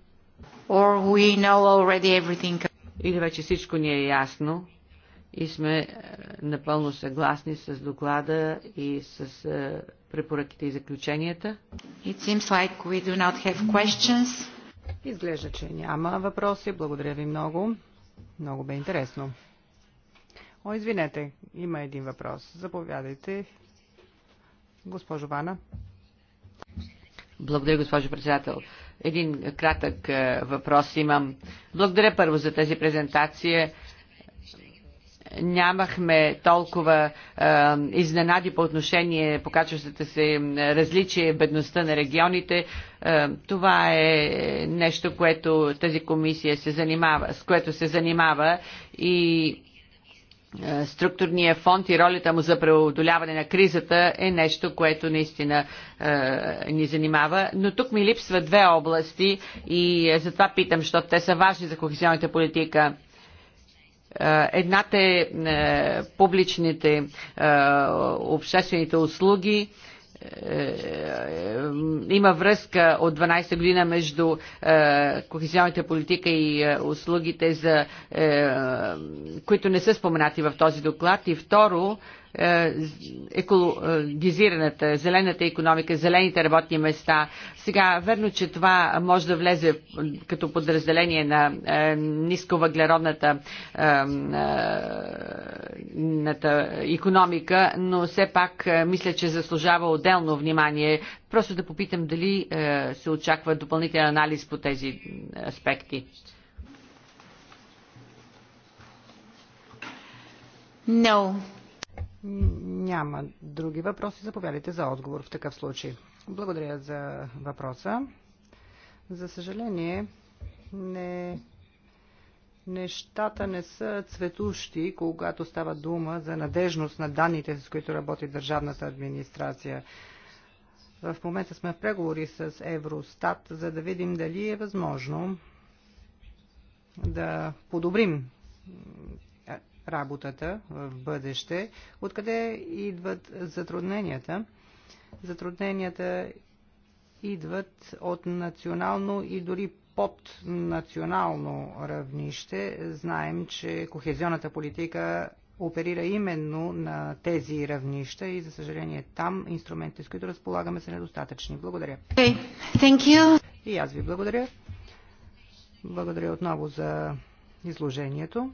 D: Or we know already everything. Или вече всичко ни е ясно и сме е, напълно съгласни с доклада и с е,
B: препоръките и заключенията. It seems like we do not have questions. Изглежда, че няма въпроси. Благодаря ви много. Много бе интересно. О, извинете, има един въпрос. Заповядайте,
D: госпожо Вана. Благодаря, госпожо председател. Един кратък е, въпрос имам. Благодаря първо за тази презентация нямахме толкова а, изненади по отношение качествата се различие бедността на регионите. А, това е нещо, което тази комисия се занимава, с което се занимава и структурния фонд и ролята му за преодоляване на кризата е нещо, което наистина е, ни занимава. Но тук ми липсват две области и затова питам, защото те са важни за кохезионната политика. Е, едната е, е публичните е, обществените услуги, има връзка от 12 година между кохезионната политика и услугите, за, които не са споменати в този доклад. И второ, е, екологизираната, зелената економика, зелените работни места. Сега, верно, че това може да влезе като подразделение на е, нисковъглеродната е, економика, но все пак мисля, че заслужава отделно внимание. Просто да попитам дали се очаква допълнителен анализ по тези аспекти.
B: No, няма други въпроси. Заповядайте за отговор в такъв случай. Благодаря за въпроса. За съжаление, не... нещата не са цветущи, когато става дума за надежност на данните, с които работи държавната администрация. В момента сме в преговори с Евростат, за да видим дали е възможно да подобрим работата в бъдеще. Откъде идват затрудненията? Затрудненията идват от национално и дори под национално равнище. Знаем, че кохезионната политика оперира именно на тези равнища и, за съжаление, там инструментите, с които разполагаме, са недостатъчни. Благодаря. Okay. Thank you. И аз ви благодаря. Благодаря отново за изложението.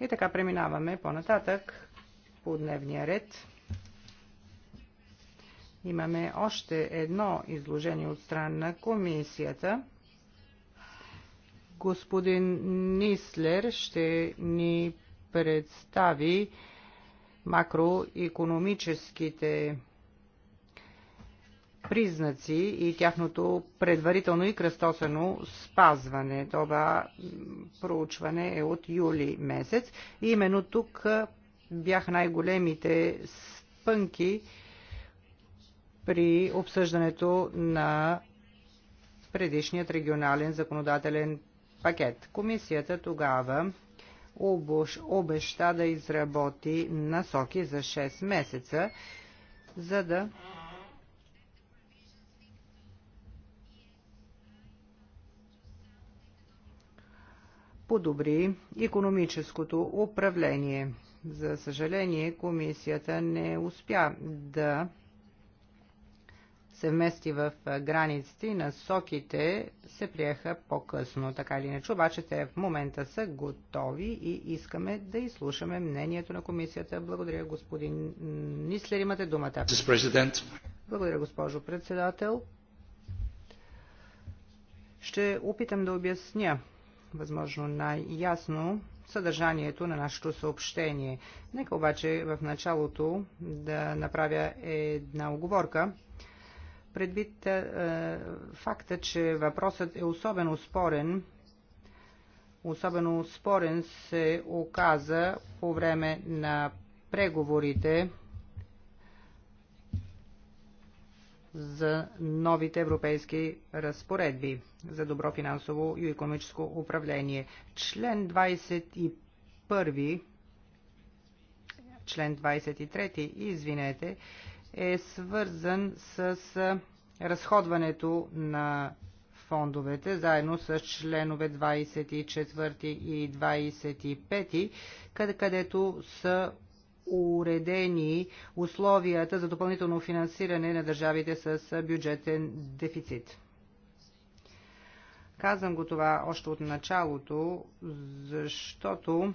B: И така преминаваме по-нататък по дневния ред. Имаме още едно изложение от страна на комисията. Господин Нислер ще ни представи макроекономическите признаци и тяхното предварително и кръстосано спазване. Това проучване е от юли месец. И именно тук бях най-големите спънки при обсъждането на предишният регионален законодателен пакет. Комисията тогава обеща да изработи насоки за 6 месеца, за да подобри економическото управление. За съжаление, комисията не успя да се вмести в границите насоките се приеха по-късно. Така или иначе, обаче те в момента са готови и искаме да изслушаме мнението на комисията. Благодаря, господин Нислер. Имате думата. Благодаря, госпожо председател. Ще опитам да обясня възможно най-ясно съдържанието на нашето съобщение. Нека обаче в началото да направя една оговорка. Предвид е, факта, че въпросът е особено спорен, особено спорен се оказа по време на преговорите за новите европейски разпоредби за добро финансово и економическо управление. Член 21, член 23, извинете, е свързан с разходването на фондовете, заедно с членове 24 и 25, където са уредени условията за допълнително финансиране на държавите с бюджетен дефицит. Казвам го това още от началото, защото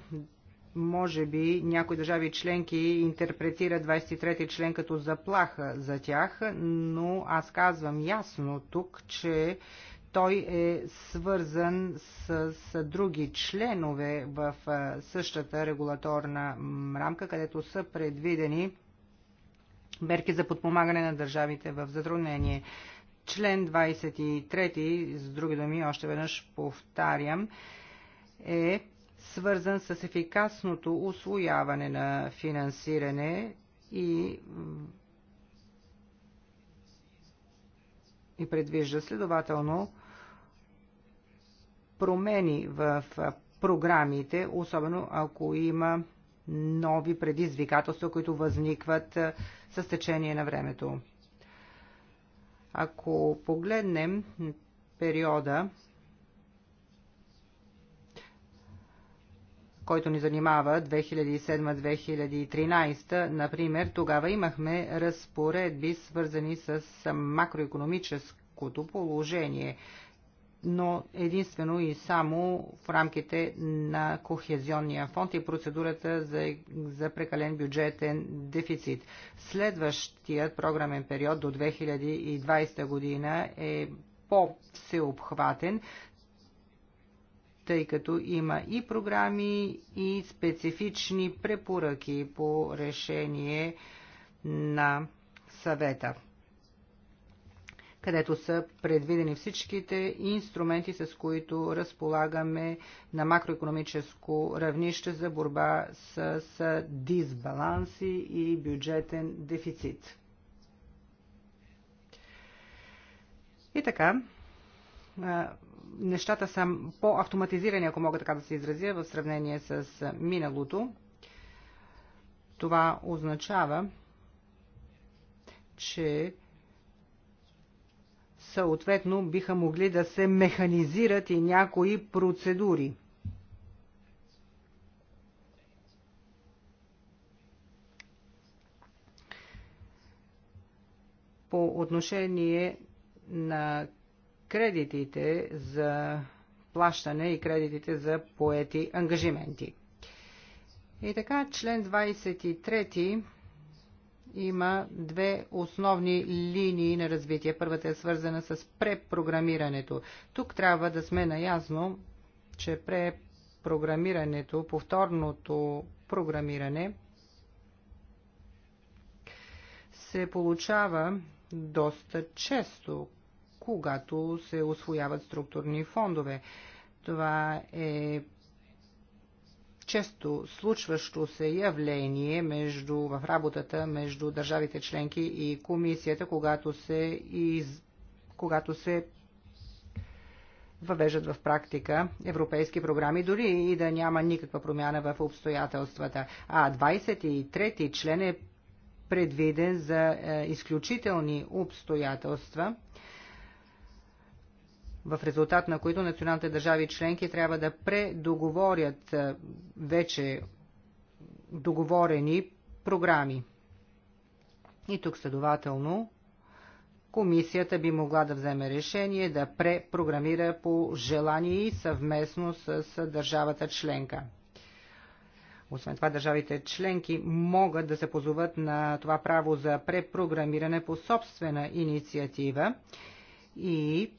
B: може би някои държави членки интерпретират 23 член като заплаха за тях, но аз казвам ясно тук, че той е свързан с, с други членове в същата регулаторна рамка, където са предвидени мерки за подпомагане на държавите в затруднение. Член 23, с други думи, още веднъж повтарям, е свързан с ефикасното освояване на финансиране и и предвижда следователно промени в програмите, особено ако има нови предизвикателства, които възникват с течение на времето. Ако погледнем периода, който ни занимава 2007-2013, например, тогава имахме разпоредби, свързани с макроекономическото положение – но единствено и само в рамките на Кохезионния фонд и процедурата за, за прекален бюджетен дефицит. Следващият програмен период до 2020 година е по-всеобхватен, тъй като има и програми, и специфични препоръки по решение на съвета където са предвидени всичките инструменти, с които разполагаме на макроекономическо равнище за борба с, дисбаланси и бюджетен дефицит. И така, нещата са по-автоматизирани, ако мога така да се изразя, в сравнение с миналото. Това означава, че съответно биха могли да се механизират и някои процедури. По отношение на кредитите за плащане и кредитите за поети ангажименти. И така, член 23 има две основни линии на развитие. Първата е свързана с препрограмирането. Тук трябва да сме наясно, че препрограмирането, повторното програмиране се получава доста често, когато се освояват структурни фондове. Това е често случващо се явление между, в работата между държавите членки и комисията, когато се, из, когато се въвеждат в практика европейски програми, дори и да няма никаква промяна в обстоятелствата. А 23-ти член е предвиден за е, изключителни обстоятелства – в резултат на които националните държави членки трябва да предоговорят е, вече договорени програми. И тук следователно комисията би могла да вземе решение да препрограмира по желание и съвместно с държавата членка. Освен това, държавите членки могат да се позоват на това право за препрограмиране по собствена инициатива и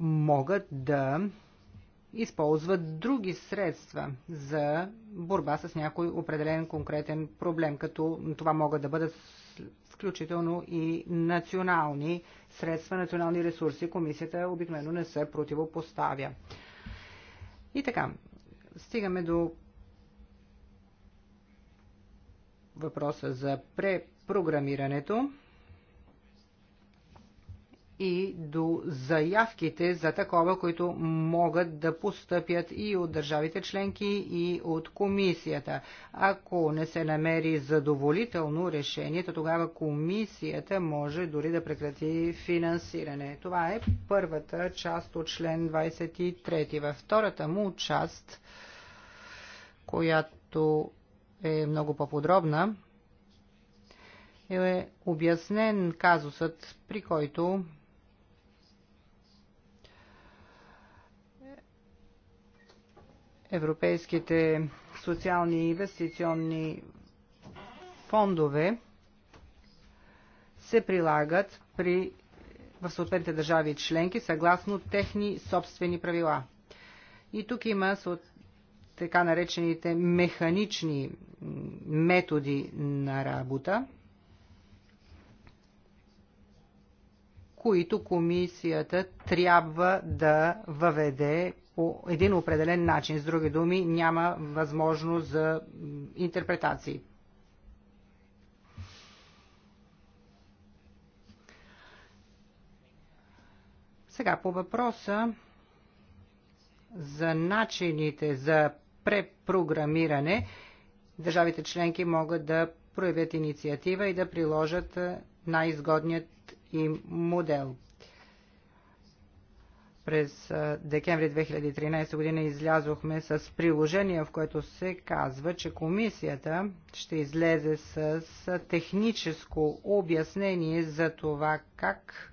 B: могат да използват други средства за борба с някой определен конкретен проблем, като това могат да бъдат включително и национални средства, национални ресурси. Комисията обикновено не се противопоставя. И така, стигаме до въпроса за препрограмирането и до заявките за такова, които могат да постъпят и от държавите членки, и от комисията. Ако не се намери задоволително решение, то тогава комисията може дори да прекрати финансиране. Това е първата част от член 23. Във втората му част, която е много по-подробна, е обяснен казусът, при който европейските социални и инвестиционни фондове се прилагат при, в съответните държави и членки съгласно техни собствени правила. И тук има така наречените механични методи на работа, които комисията трябва да въведе по един определен начин. С други думи, няма възможност за интерпретации. Сега по въпроса за начините за препрограмиране, държавите членки могат да проявят инициатива и да приложат най-изгодният им модел през декември 2013 година излязохме с приложение, в което се казва, че комисията ще излезе с техническо обяснение за това как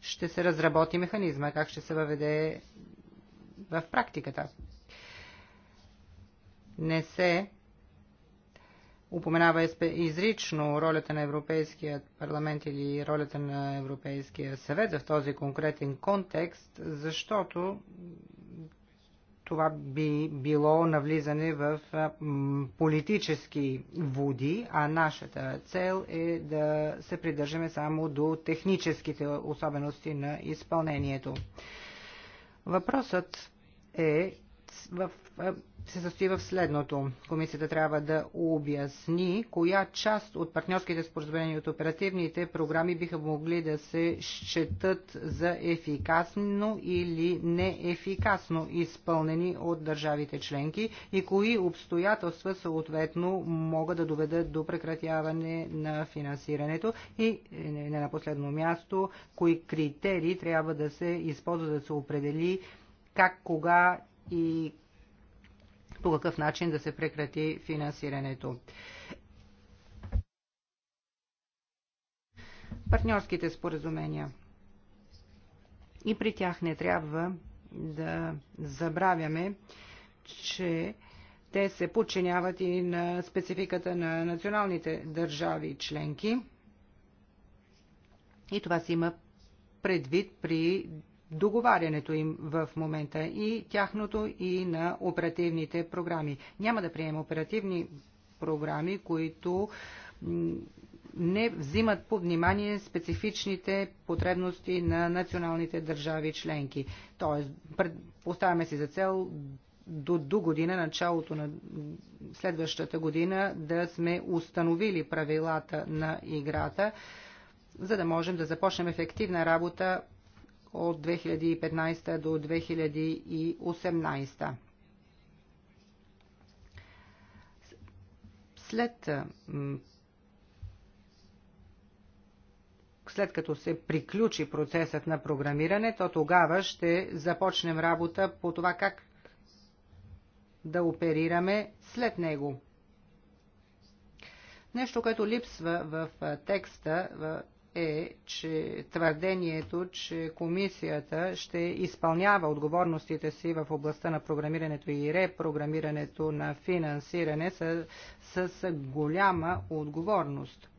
B: ще се разработи механизма, как ще се въведе в практиката. Не се упоменава изрично ролята на Европейския парламент или ролята на Европейския съвет в този конкретен контекст, защото това би било навлизане в политически води, а нашата цел е да се придържаме само до техническите особености на изпълнението. Въпросът е в, се състои в следното. Комисията трябва да обясни коя част от партньорските споразумения от оперативните програми биха могли да се счетат за ефикасно или неефикасно изпълнени от държавите членки и кои обстоятелства съответно могат да доведат до прекратяване на финансирането и не на последно място, кои критерии трябва да се използват да се определи как, кога и по какъв начин да се прекрати финансирането. Партньорските споразумения. И при тях не трябва да забравяме, че те се подчиняват и на спецификата на националните държави членки. И това се има предвид при договарянето им в момента и тяхното и на оперативните програми. Няма да приема оперативни програми, които не взимат под внимание специфичните потребности на националните държави членки. Тоест, поставяме си за цел до, до година, началото на следващата година, да сме установили правилата на играта, за да можем да започнем ефективна работа от 2015 до 2018. След след като се приключи процесът на програмиране, то тогава ще започнем работа по това как да оперираме след него. Нещо, което липсва в текста е, че твърдението, че комисията ще изпълнява отговорностите си в областта на програмирането и репрограмирането на финансиране с, с голяма отговорност.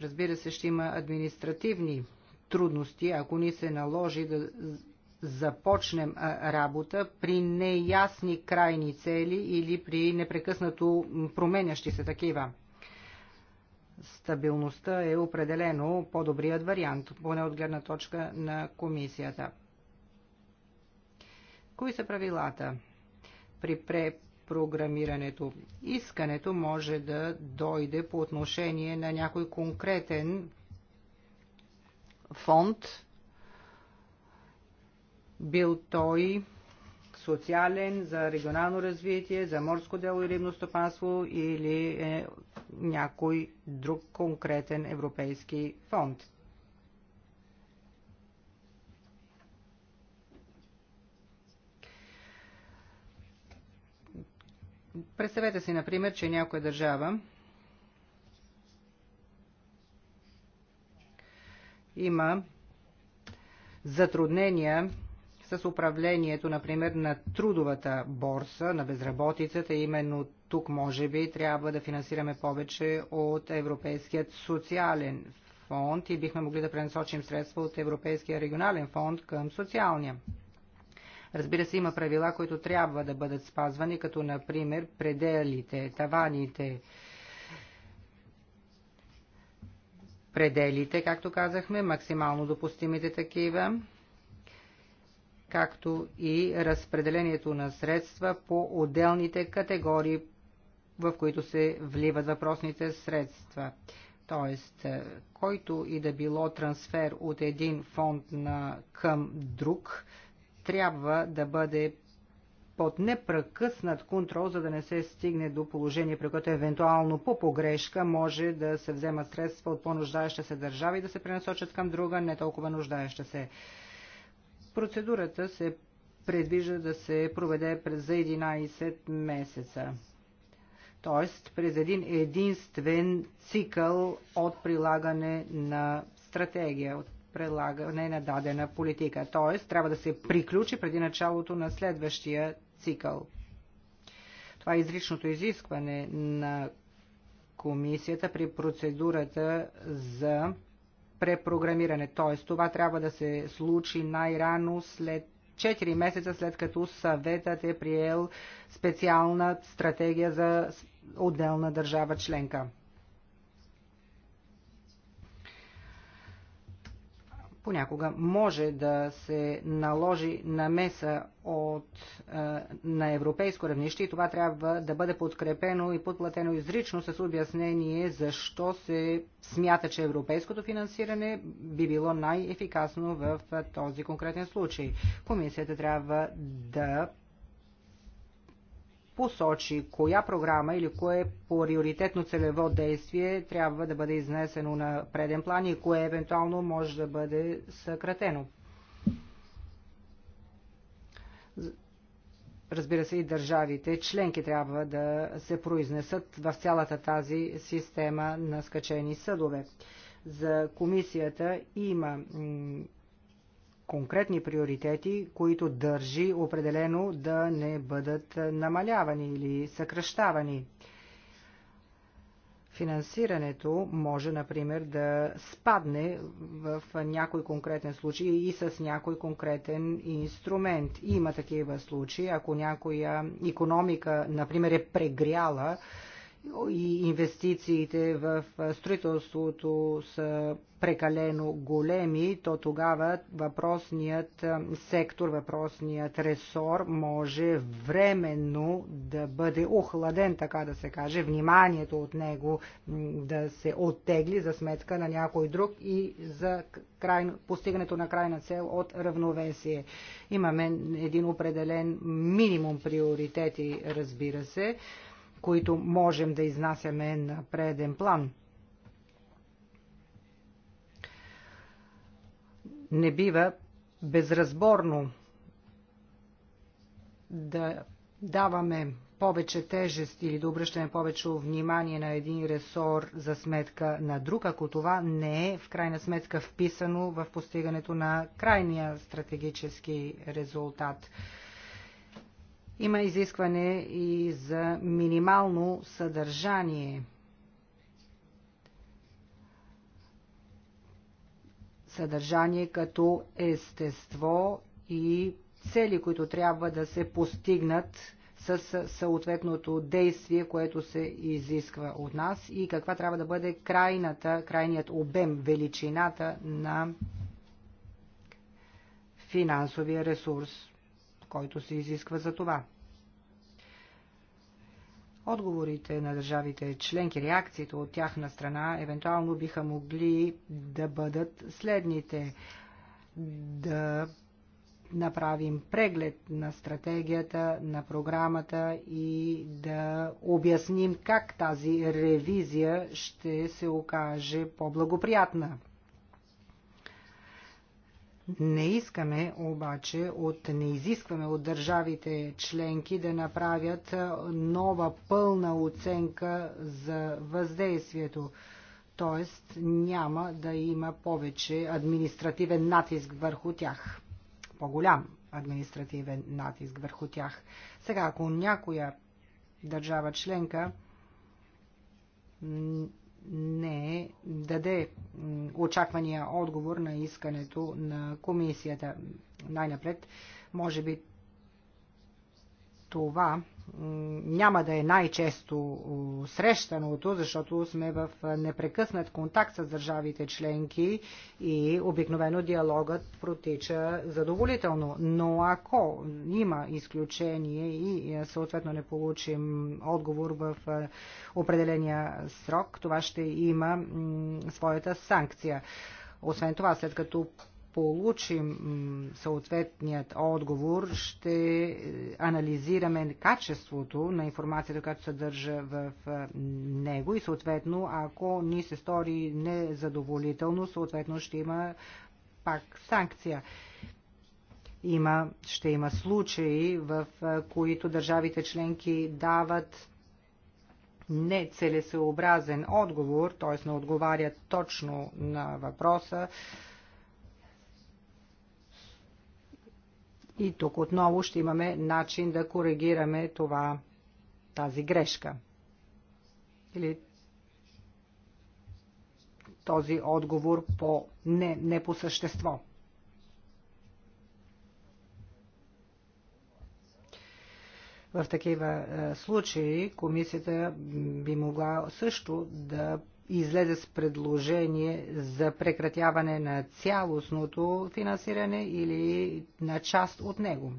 B: Разбира се, ще има административни трудности, ако ни се наложи да започнем работа при неясни крайни цели или при непрекъснато променящи се такива стабилността е определено по-добрият вариант, поне от гледна точка на комисията. Кои са правилата при препрограмирането? Искането може да дойде по отношение на някой конкретен фонд, бил той социален, за регионално развитие, за морско дело и рибно стопанство или е, някой друг конкретен европейски фонд. Представете си, например, че някоя държава има затруднения с управлението, например, на трудовата борса, на безработицата. Именно тук, може би, трябва да финансираме повече от Европейският социален фонд и бихме могли да пренасочим средства от Европейския регионален фонд към социалния. Разбира се, има правила, които трябва да бъдат спазвани, като например пределите, таваните, пределите, както казахме, максимално допустимите такива, както и разпределението на средства по отделните категории, в които се вливат въпросните средства. Тоест, е, който и да било трансфер от един фонд на, към друг, трябва да бъде под непрекъснат контрол, за да не се стигне до положение, при което евентуално по погрешка може да се вземат средства от по-нуждаеща се държава и да се пренасочат към друга, не толкова нуждаеща се Процедурата се предвижда да се проведе през 11 месеца, т.е. през един единствен цикъл от прилагане на стратегия, от прилагане на дадена политика. Т.е. трябва да се приключи преди началото на следващия цикъл. Това е изричното изискване на комисията при процедурата за препрограмиране. Т.е. това трябва да се случи най-рано след 4 месеца след като съветът е приел специална стратегия за отделна държава членка. понякога може да се наложи намеса от, е, на европейско равнище и това трябва да бъде подкрепено и подплатено изрично с обяснение защо се смята, че европейското финансиране би било най-ефикасно в този конкретен случай. Комисията трябва да посочи коя програма или кое приоритетно целево действие трябва да бъде изнесено на преден план и кое евентуално може да бъде съкратено. Разбира се, и държавите членки трябва да се произнесат в цялата тази система на скачени съдове. За комисията има конкретни приоритети, които държи определено да не бъдат намалявани или съкръщавани. Финансирането може, например, да спадне в някой конкретен случай и с някой конкретен инструмент. Има такива случаи, ако някоя економика, например, е прегряла, и инвестициите в строителството са прекалено големи, то тогава въпросният сектор, въпросният ресор може временно да бъде охладен, така да се каже, вниманието от него да се оттегли за сметка на някой друг и за край, постигането на крайна цел от равновесие. Имаме един определен минимум приоритети, разбира се които можем да изнасяме на преден план. Не бива безразборно да даваме повече тежест или да обръщаме повече внимание на един ресор за сметка на друг, ако това не е в крайна сметка вписано в постигането на крайния стратегически резултат. Има изискване и за минимално съдържание. Съдържание като естество и цели, които трябва да се постигнат с съответното действие, което се изисква от нас и каква трябва да бъде крайната, крайният обем, величината на финансовия ресурс, който се изисква за това. Отговорите на държавите членки, реакциите от тяхна страна, евентуално биха могли да бъдат следните. Да направим преглед на стратегията, на програмата и да обясним как тази ревизия ще се окаже по-благоприятна не искаме обаче, от, не изискваме от държавите членки да направят нова пълна оценка за въздействието. Тоест няма да има повече административен натиск върху тях. По-голям административен натиск върху тях. Сега, ако някоя държава членка не даде очаквания отговор на искането на комисията. Най-напред, може би това няма да е най-често срещаното, защото сме в непрекъснат контакт с държавите членки и обикновено диалогът протича задоволително. Но ако има изключение и съответно не получим отговор в определения срок, това ще има своята санкция. Освен това, след като получим съответният отговор, ще е, анализираме качеството на информацията, която съдържа в е, него и съответно, ако ни се стори незадоволително, съответно ще има пак санкция. Има, ще има случаи, в е, които държавите членки дават нецелесообразен отговор, т.е. не отговарят точно на въпроса И тук отново ще имаме начин да коригираме това, тази грешка. Или този отговор по не, не по същество. В такива е, случаи комисията би могла също да излезе с предложение за прекратяване на цялостното финансиране или на част от него.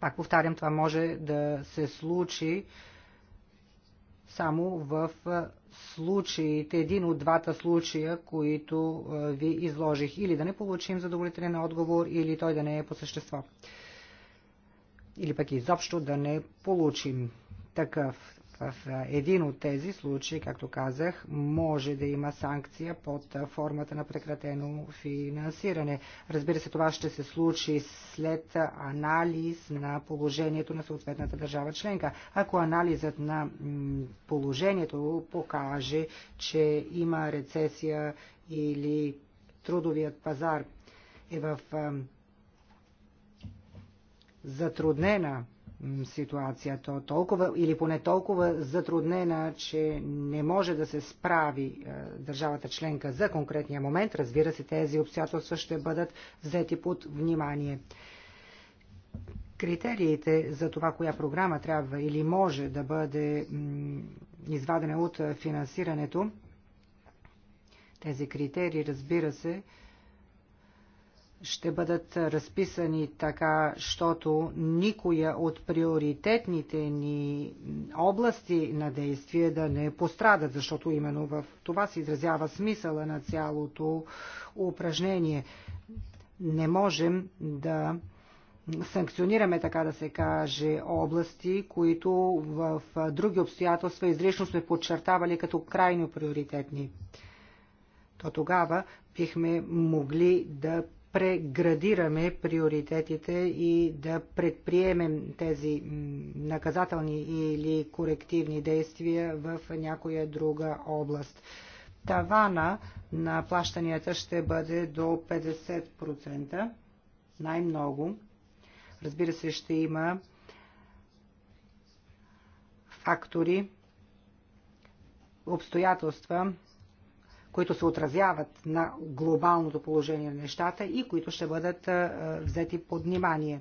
B: Пак повтарям, това може да се случи само в случаите, един от двата случая, които ви изложих. Или да не получим задоволителен отговор, или той да не е по същество. Или пък изобщо да не получим такъв. В един от тези случаи, както казах, може да има санкция под формата на прекратено финансиране. Разбира се, това ще се случи след анализ на положението на съответната държава членка. Ако анализът на положението покаже, че има рецесия или трудовият пазар е в затруднена ситуацията толкова или поне толкова затруднена, че не може да се справи е, държавата членка за конкретния момент. Разбира се, тези обстоятелства ще бъдат взети под внимание. Критериите за това, коя програма трябва или може да бъде извадена от финансирането, тези критерии, разбира се, ще бъдат разписани така, щото никоя от приоритетните ни области на действие да не пострадат, защото именно в това се изразява смисъла на цялото упражнение. Не можем да санкционираме, така да се каже, области, които в други обстоятелства изрично сме подчертавали като крайно приоритетни. То тогава бихме могли да преградираме приоритетите и да предприемем тези наказателни или корективни действия в някоя друга област. Тавана на плащанията ще бъде до 50%, най-много. Разбира се, ще има фактори, обстоятелства, които се отразяват на глобалното положение на нещата и които ще бъдат взети под внимание.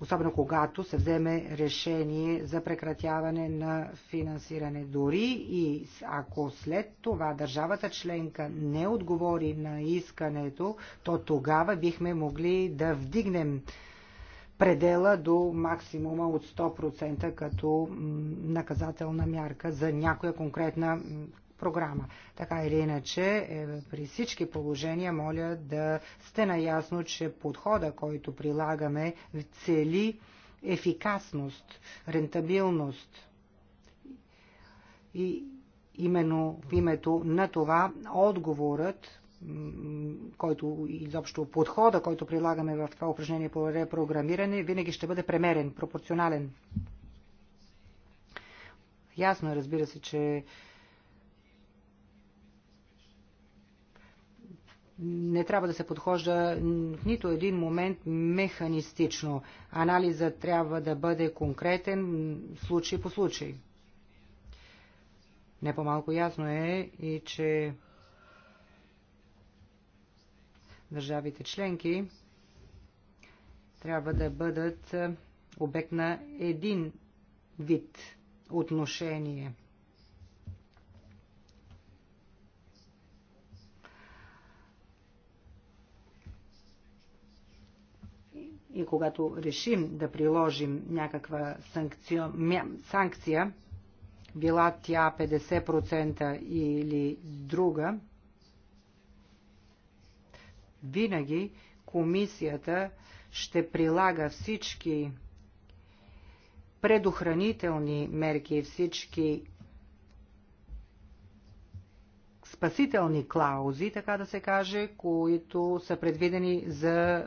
B: Особено когато се вземе решение за прекратяване на финансиране. Дори и ако след това държавата членка не отговори на искането, то тогава бихме могли да вдигнем предела до максимума от 100% като наказателна мярка за някоя конкретна програма. Така или иначе, е, при всички положения моля да сте наясно, че подхода, който прилагаме, цели ефикасност, рентабилност. И именно в името на това отговорът, който изобщо подхода, който прилагаме в това упражнение по репрограмиране, винаги ще бъде премерен, пропорционален. Ясно е, разбира се, че не трябва да се подхожда в нито един момент механистично. Анализът трябва да бъде конкретен случай по случай. Не по-малко ясно е и, че държавите членки трябва да бъдат обект на един вид отношение – и когато решим да приложим някаква санкция, санкция била тя 50% или друга, винаги комисията ще прилага всички предохранителни мерки, всички спасителни клаузи, така да се каже, които са предвидени за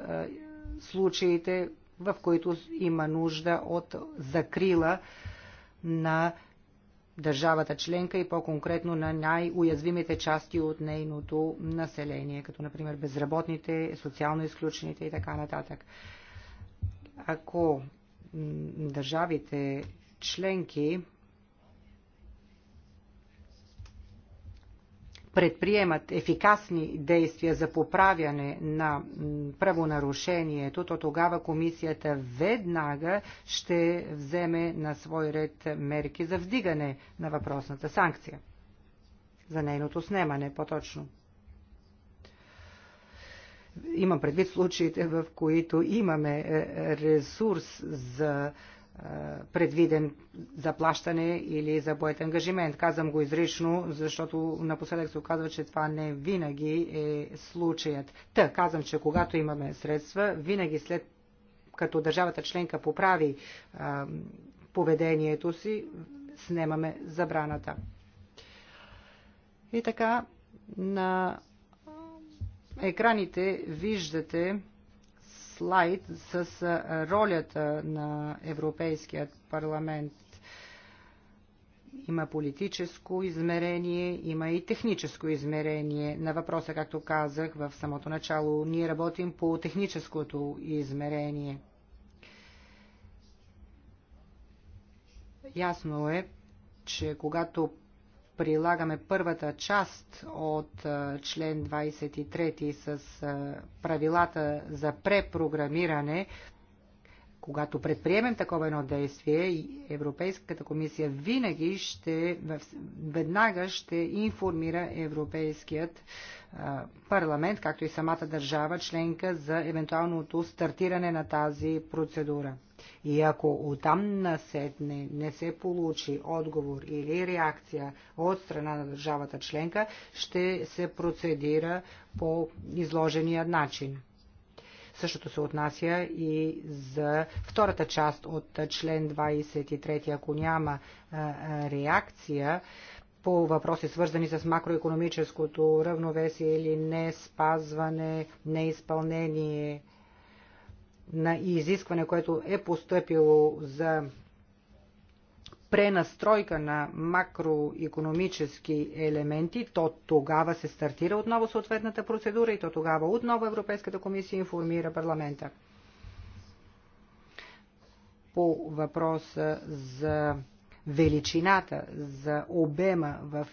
B: случаите, в които има нужда от закрила на държавата членка и по-конкретно на най-уязвимите части от нейното население, като например безработните, социално изключените и така нататък. Ако държавите членки предприемат ефикасни действия за поправяне на правонарушението, то тогава комисията веднага ще вземе на свой ред мерки за вдигане на въпросната санкция. За нейното снемане, по-точно. Имам предвид случаите, в които имаме е, ресурс за предвиден заплащане или за поет ангажимент. Казвам го изрично, защото напоследък се оказва, че това не винаги е случаят. Та, казвам, че когато имаме средства, винаги след като държавата членка поправи а, поведението си, снемаме забраната. И така, на екраните виждате слайд с ролята на Европейският парламент. Има политическо измерение, има и техническо измерение на въпроса, както казах в самото начало. Ние работим по техническото измерение. Ясно е, че когато прилагаме първата част от член 23 с правилата за препрограмиране, когато предприемем такова едно действие, Европейската комисия винаги ще, веднага ще информира Европейският парламент, както и самата държава членка за евентуалното стартиране на тази процедура. И ако оттам насетне не се получи отговор или реакция от страна на държавата членка, ще се процедира по изложения начин. Същото се отнася и за втората част от член 23. Ако няма реакция по въпроси свързани с макроекономическото равновесие или не спазване, неизпълнение на изискване, което е поступило за пренастройка на макроекономически елементи, то тогава се стартира отново съответната процедура и то тогава отново Европейската комисия информира парламента. По въпроса за величината, за обема в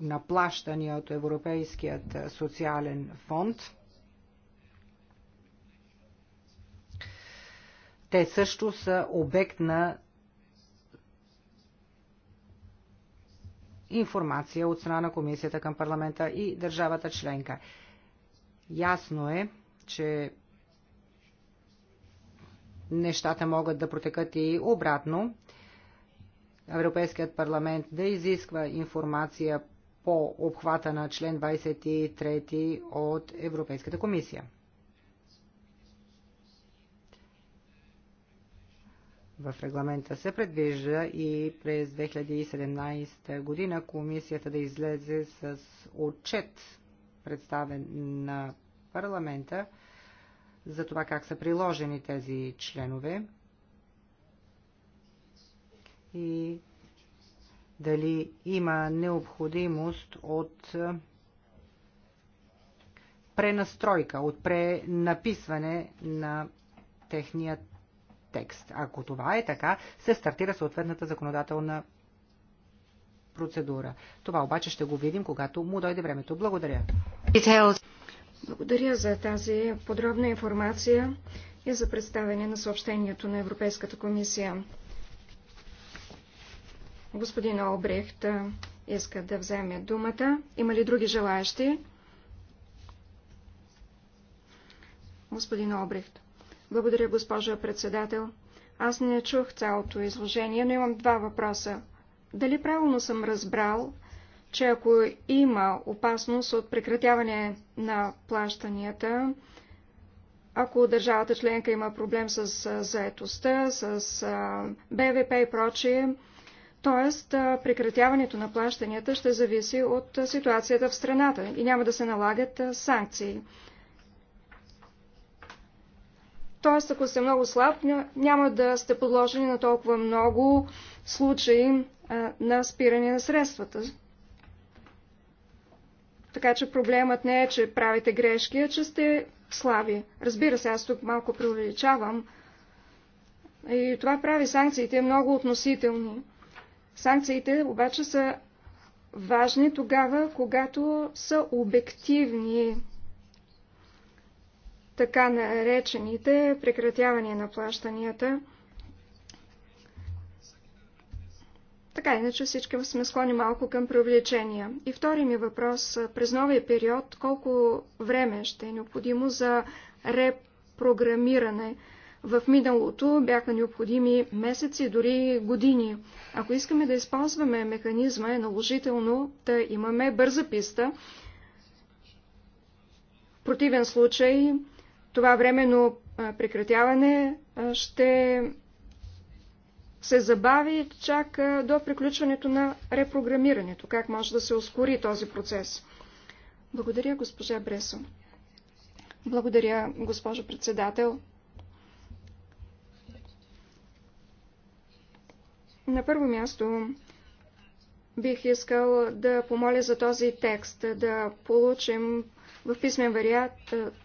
B: наплащания от Европейският социален фонд – Те също са обект на информация от страна на комисията към парламента и държавата членка. Ясно е, че нещата могат да протекат и обратно. Европейският парламент да изисква информация по обхвата на член 23 от Европейската комисия. в регламента се предвижда и през 2017 година комисията да излезе с отчет, представен на парламента, за това как са приложени тези членове и дали има необходимост от пренастройка, от пренаписване на техният текст. Ако това е така, се стартира съответната законодателна процедура. Това обаче ще го видим, когато му дойде времето. Благодаря.
A: Благодаря за тази подробна информация и за представяне на съобщението на Европейската комисия. Господин Олбрехт иска да вземе думата. Има ли други желаящи? Господин Олбрехт. Благодаря, госпожа председател. Аз не чух цялото изложение, но имам два въпроса. Дали правилно съм разбрал, че ако има опасност от прекратяване на плащанията, ако държавата членка има проблем с заетостта, с БВП и прочие, т.е. прекратяването на плащанията ще зависи от ситуацията в страната и няма да се налагат санкции. Тоест, ако сте много слаб, няма да сте подложени на толкова много случаи на спиране на средствата. Така че проблемът не е, че правите грешки, а че сте слаби. Разбира се, аз тук малко преувеличавам. И това прави санкциите много относителни. Санкциите обаче са важни тогава, когато са обективни така наречените прекратяване на плащанията. Така иначе всички сме склони малко към привлечения. И втори ми въпрос. През новия период колко време ще е необходимо за репрограмиране? В миналото бяха необходими месеци, дори години. Ако искаме да използваме механизма, е наложително да имаме бърза писта. В противен случай това временно прекратяване ще се забави чак до приключването на репрограмирането. Как може да се ускори този процес? Благодаря, госпожа Бресо. Благодаря, госпожо председател. На първо място бих искал да помоля за този текст, да получим в писмен вариант,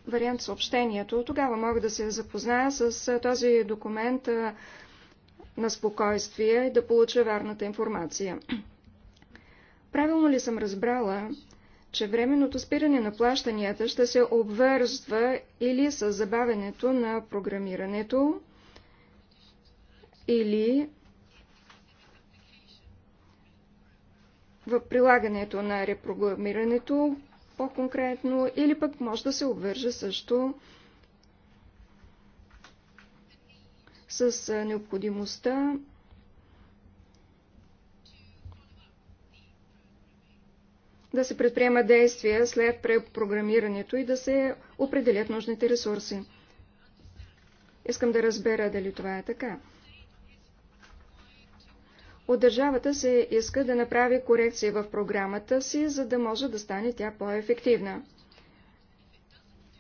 A: вариант съобщението. Тогава мога да се запозная с този документ на спокойствие и да получа вярната информация. Правилно ли съм разбрала, че временното спиране на плащанията ще се обвързва или с забавенето на програмирането, или в прилагането на репрограмирането по-конкретно, или пък може да се обвърже също с необходимостта да се предприема действия след препрограмирането и да се определят нужните ресурси. Искам да разбера дали това е така. От държавата се иска да направи корекция в програмата си, за да може да стане тя по-ефективна.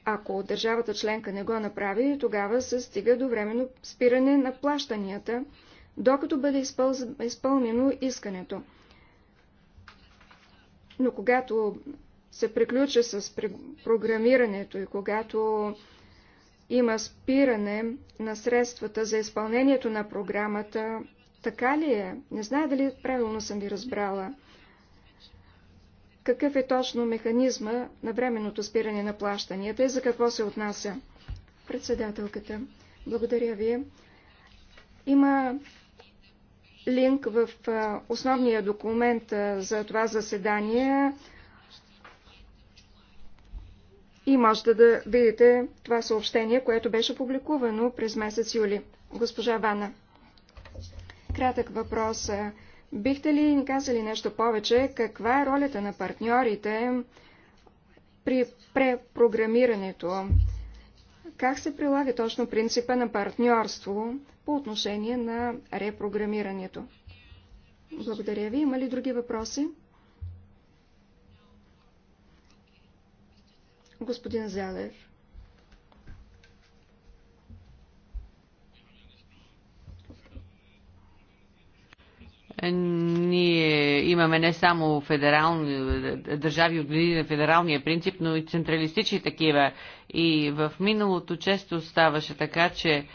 A: Ако държавата членка не го направи, тогава се стига до временно спиране на плащанията, докато бъде изпъл... изпълнено искането. Но когато се приключи с програмирането и когато има спиране на средствата за изпълнението на програмата, така ли е? Не знае дали правилно съм ви разбрала. Какъв е точно механизма на временното спиране на плащанията и за какво се отнася? Председателката, благодаря ви. Има линк в основния документ за това заседание и можете да видите това съобщение, което беше публикувано през месец юли. Госпожа Вана. Кратък въпрос. Бихте ли ни казали нещо повече? Каква е ролята на партньорите при препрограмирането? Как се прилага точно принципа на партньорство по отношение на репрограмирането? Благодаря ви. Има ли други въпроси? Господин Залев.
D: Ние имаме не само федерални държави отгледи на федералния принцип, но и централистични такива. И в миналото често ставаше така, че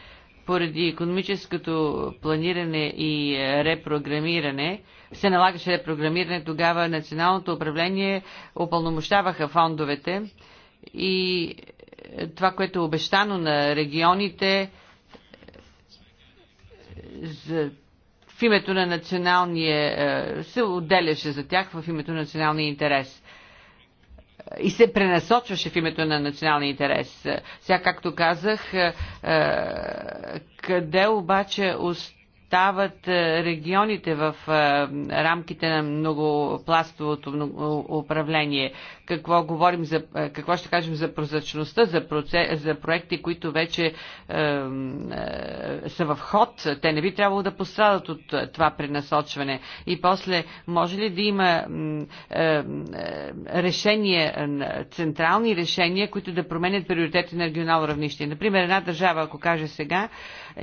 D: поради економическото планиране и репрограмиране, се налагаше репрограмиране, тогава националното управление опълномощаваха фондовете и това, което е обещано на регионите за в името на националния, е, се отделяше за тях в името на националния интерес и се пренасочваше в името на националния интерес. Сега, както казах, е, къде обаче остават е, регионите в рамките на многопластовото управление? какво, говорим за, е, какво ще кажем за прозрачността, за, проце, за проекти, които вече е, е, са в ход. Те не би трябвало да пострадат от е, това пренасочване. И после, може ли да има е, е решения, централни решения, които да променят приоритети на регионално равнище? Например, една държава, ако каже сега,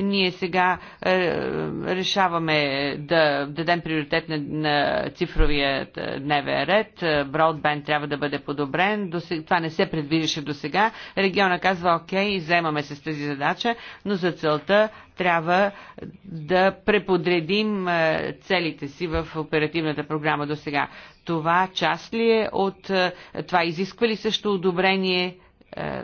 D: ние сега е, решаваме да дадем приоритет на, на цифровия дневен ред, Broadband трябва да бъде бъде подобрен. Това не се предвиждаше до сега. Региона казва, окей, вземаме се с тази задача, но за целта трябва да преподредим е, целите си в оперативната програма до сега. Това част ли е от... Е, това изисква ли също одобрение е,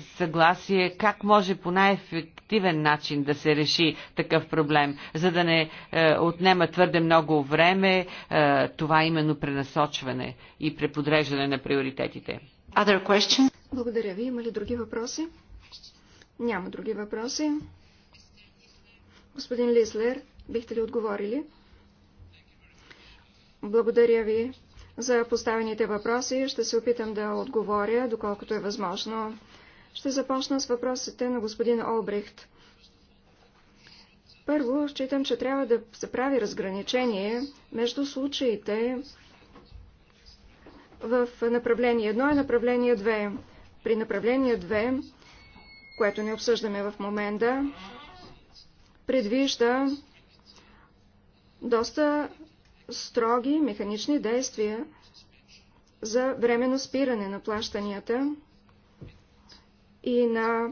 D: съгласие, как може по най-ефект ефективен начин да се реши такъв проблем, за да не е, отнема твърде много време е, това именно пренасочване и преподреждане на приоритетите.
A: Other Благодаря ви. Има ли други въпроси? Няма други въпроси. Господин Лислер, бихте ли отговорили? Благодаря ви за поставените въпроси. Ще се опитам да отговоря, доколкото е възможно. Ще започна с въпросите на господин Олбрехт. Първо, считам, че трябва да се прави разграничение между случаите в направление 1 и направление 2. При направление 2, което не обсъждаме в момента, предвижда доста строги механични действия за временно спиране на плащанията – и на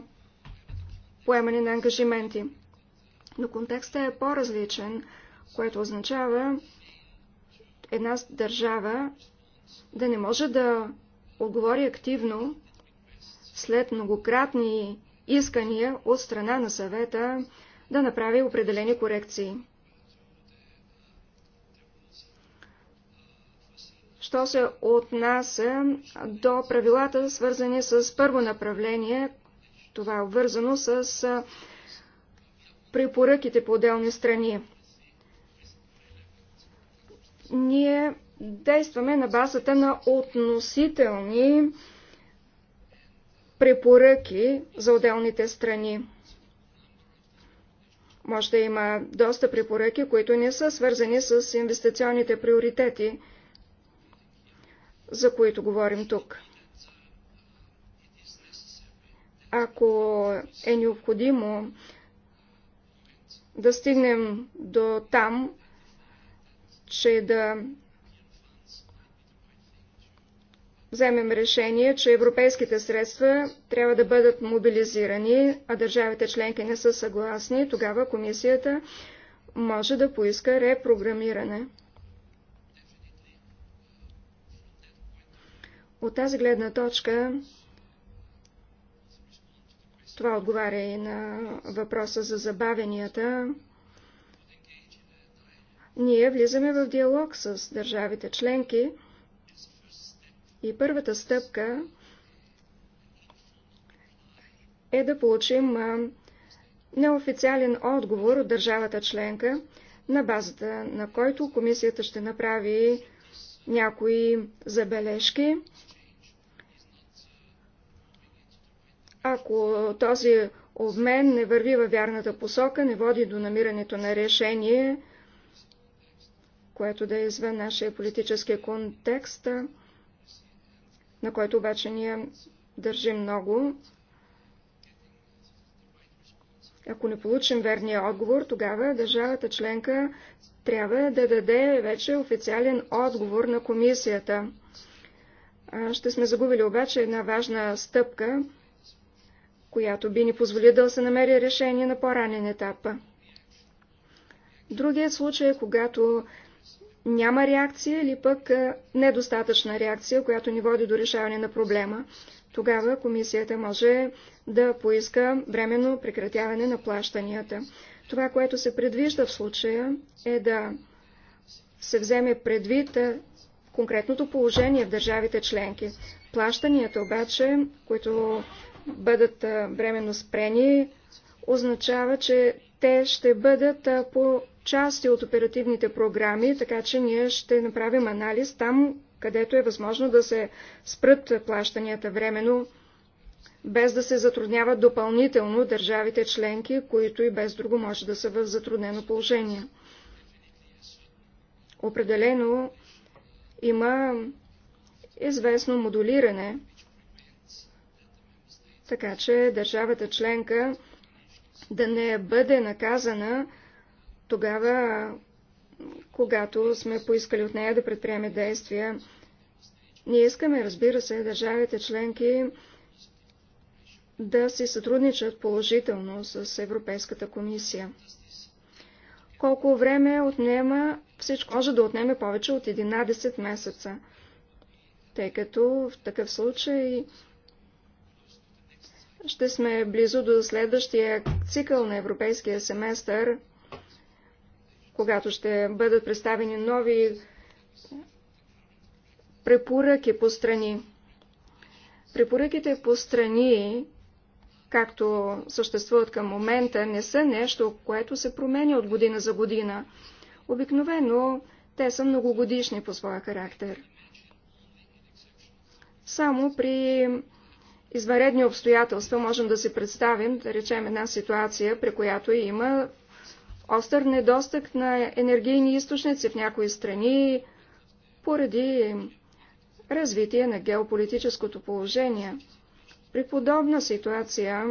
A: поемане на ангажименти. Но контекстът е по-различен, което означава една държава да не може да отговори активно след многократни искания от страна на съвета да направи определени корекции. що се отнася до правилата, свързани с първо направление, това е вързано с препоръките по отделни страни. Ние действаме на базата на относителни препоръки за отделните страни. Може да има доста препоръки, които не са свързани с инвестиционните приоритети – за които говорим тук. Ако е необходимо да стигнем до там, че да вземем решение, че европейските средства трябва да бъдат мобилизирани, а държавите членки не са съгласни, тогава комисията може да поиска репрограмиране. От тази гледна точка това отговаря и на въпроса за забавенията. Ние влизаме в диалог с държавите членки и първата стъпка е да получим неофициален отговор от държавата членка, на базата на който комисията ще направи някои забележки Ако този обмен не върви във вярната посока, не води до намирането на решение, което да е извън нашия политически контекст, на който обаче ние държим много. Ако не получим верния отговор, тогава държавата членка трябва да даде вече официален отговор на комисията. Ще сме загубили обаче една важна стъпка, която би ни позволи да се намери решение на по-ранен етап. Другият случай е, когато няма реакция или пък е, недостатъчна реакция, която ни води до решаване на проблема. Тогава комисията може да поиска временно прекратяване на плащанията. Това, което се предвижда в случая, е да се вземе предвид е, конкретното положение в държавите членки. Плащанията обаче, които бъдат временно спрени, означава, че те ще бъдат по части от оперативните програми, така че ние ще направим анализ там, където е възможно да се спрат плащанията временно, без да се затрудняват допълнително държавите членки, които и без друго може да са в затруднено положение. Определено има известно модулиране така че държавата членка да не бъде наказана тогава, когато сме поискали от нея да предприеме действия. Ние искаме, разбира се, държавите членки да си сътрудничат положително с Европейската комисия. Колко време отнема, всичко може да отнеме повече от 11 месеца, тъй като в такъв случай ще сме близо до следващия цикъл на европейския семестър, когато ще бъдат представени нови препоръки по страни. Препоръките по страни, както съществуват към момента, не са нещо, което се променя от година за година. Обикновено те са многогодишни по своя характер. Само при изваредни обстоятелства можем да си представим, да речем, една ситуация, при която има остър недостъг на енергийни източници в някои страни поради развитие на геополитическото положение. При подобна ситуация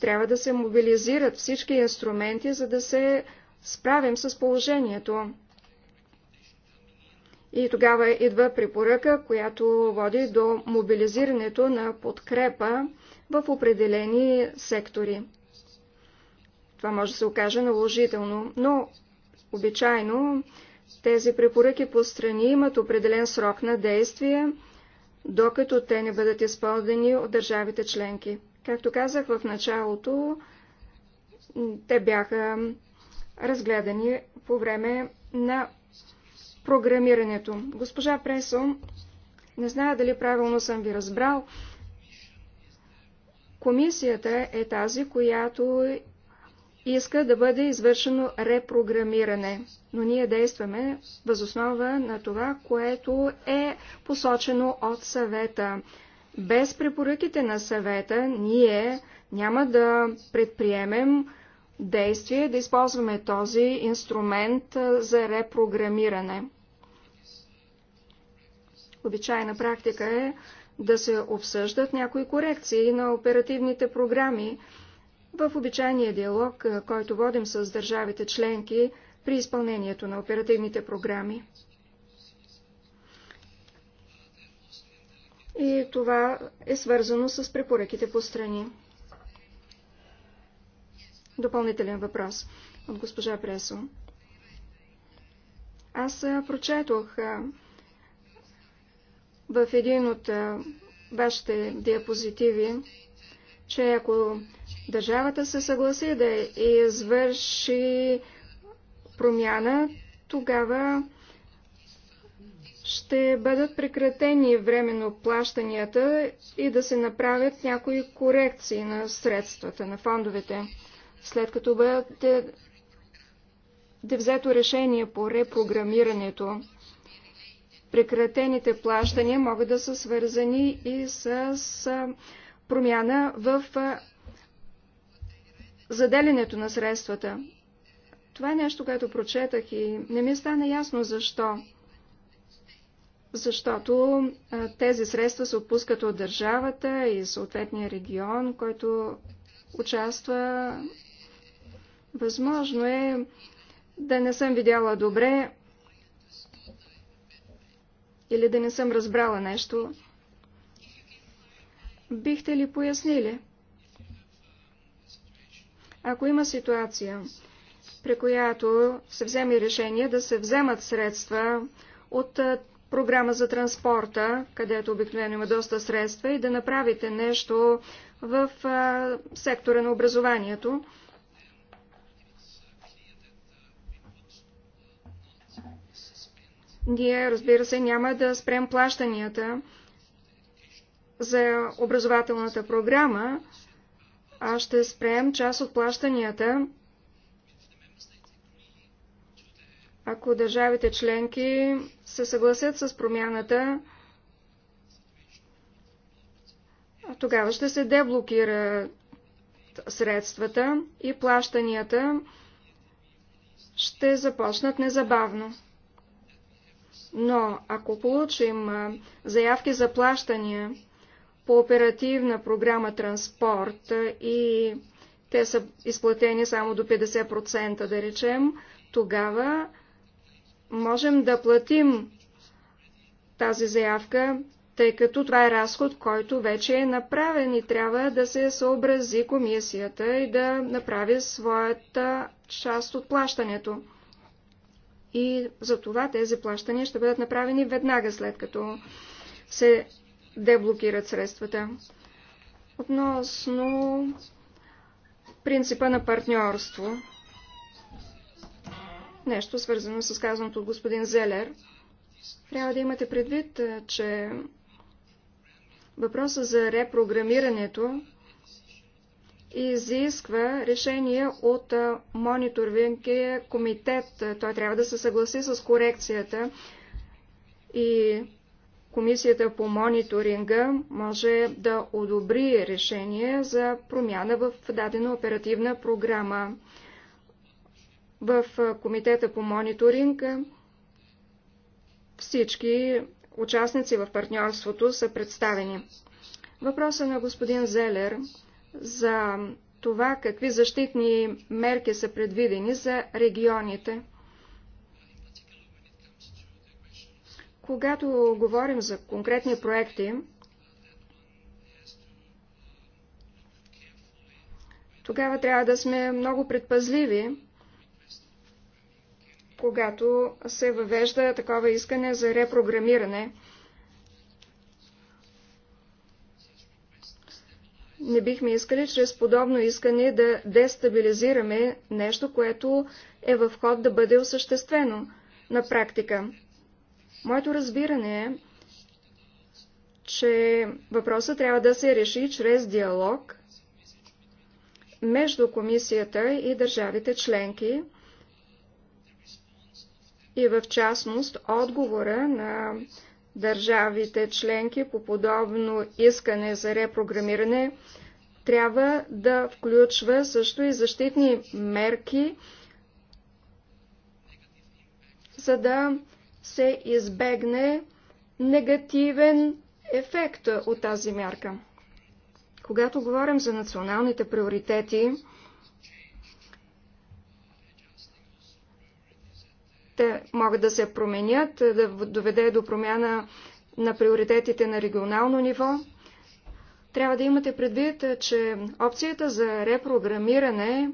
A: трябва да се мобилизират всички инструменти, за да се справим с положението. И тогава идва препоръка, която води до мобилизирането на подкрепа в определени сектори. Това може да се окаже наложително, но обичайно тези препоръки по страни имат определен срок на действие, докато те не бъдат изпълнени от държавите членки. Както казах в началото, те бяха разгледани по време на програмирането. Госпожа Пресо, не зная дали правилно съм ви разбрал, комисията е тази, която иска да бъде извършено репрограмиране, но ние действаме възоснова на това, което е посочено от съвета. Без препоръките на съвета ние няма да предприемем действие да използваме този инструмент за репрограмиране. Обичайна практика е да се обсъждат някои корекции на оперативните програми в обичайния диалог, който водим с държавите членки при изпълнението на оперативните програми. И това е свързано с препоръките по страни. Допълнителен въпрос от госпожа Пресо. Аз прочетох в един от вашите диапозитиви, че ако държавата се съгласи да извърши промяна, тогава ще бъдат прекратени временно плащанията и да се направят някои корекции на средствата, на фондовете. След като бъдат да взето решение по репрограмирането, Прекратените плащания могат да са свързани и с промяна в заделянето на средствата. Това е нещо, което прочетах и не ми стана ясно защо. Защото тези средства се отпускат от държавата и съответния регион, който участва. Възможно е да не съм видяла добре или да не съм разбрала нещо. Бихте ли пояснили? Ако има ситуация, при която се вземе решение да се вземат средства от програма за транспорта, където обикновено има доста средства, и да направите нещо в а, сектора на образованието, Ние, разбира се, няма да спрем плащанията за образователната програма, а ще спрем част от плащанията, ако държавите членки се съгласят с промяната, тогава ще се деблокира средствата и плащанията ще започнат незабавно. Но ако получим заявки за плащания по оперативна програма транспорт и те са изплатени само до 50%, да речем, тогава можем да платим тази заявка, тъй като това е разход, който вече е направен и трябва да се съобрази комисията и да направи своята част от плащането и за това тези плащания ще бъдат направени веднага след като се деблокират средствата. Относно принципа на партньорство, нещо свързано с казаното от господин Зелер, трябва да имате предвид, че въпросът за репрограмирането изисква решение от мониторингия е, комитет. Той трябва да се съгласи с корекцията и комисията по мониторинга може да одобри решение за промяна в дадена оперативна програма. В комитета по мониторинг всички участници в партньорството са представени. Въпросът на господин Зелер за това какви защитни мерки са предвидени за регионите. Когато говорим за конкретни проекти, тогава трябва да сме много предпазливи, когато се въвежда такова искане за репрограмиране – не бихме искали чрез подобно искане да дестабилизираме нещо, което е в ход да бъде осъществено на практика. Моето разбиране е, че въпросът трябва да се реши чрез диалог между комисията и държавите членки и в частност отговора на държавите членки по подобно искане за репрограмиране трябва да включва също и защитни мерки, за да се избегне негативен ефект от тази мярка. Когато говорим за националните приоритети, Те могат да се променят, да доведе до промяна на приоритетите на регионално ниво. Трябва да имате предвид, че опцията за репрограмиране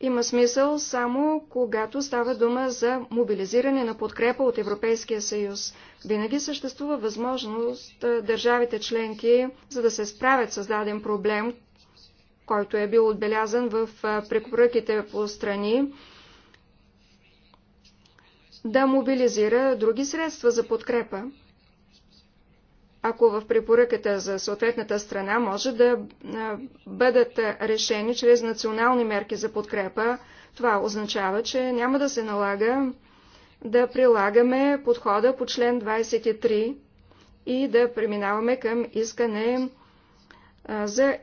A: има смисъл само когато става дума за мобилизиране на подкрепа от Европейския съюз. Винаги съществува възможност държавите членки, за да се справят с даден проблем, който е бил отбелязан в препоръките по страни, да мобилизира други средства за подкрепа. Ако в препоръката за съответната страна може да бъдат решени чрез национални мерки за подкрепа, това означава, че няма да се налага да прилагаме подхода по член 23 и да преминаваме към искане за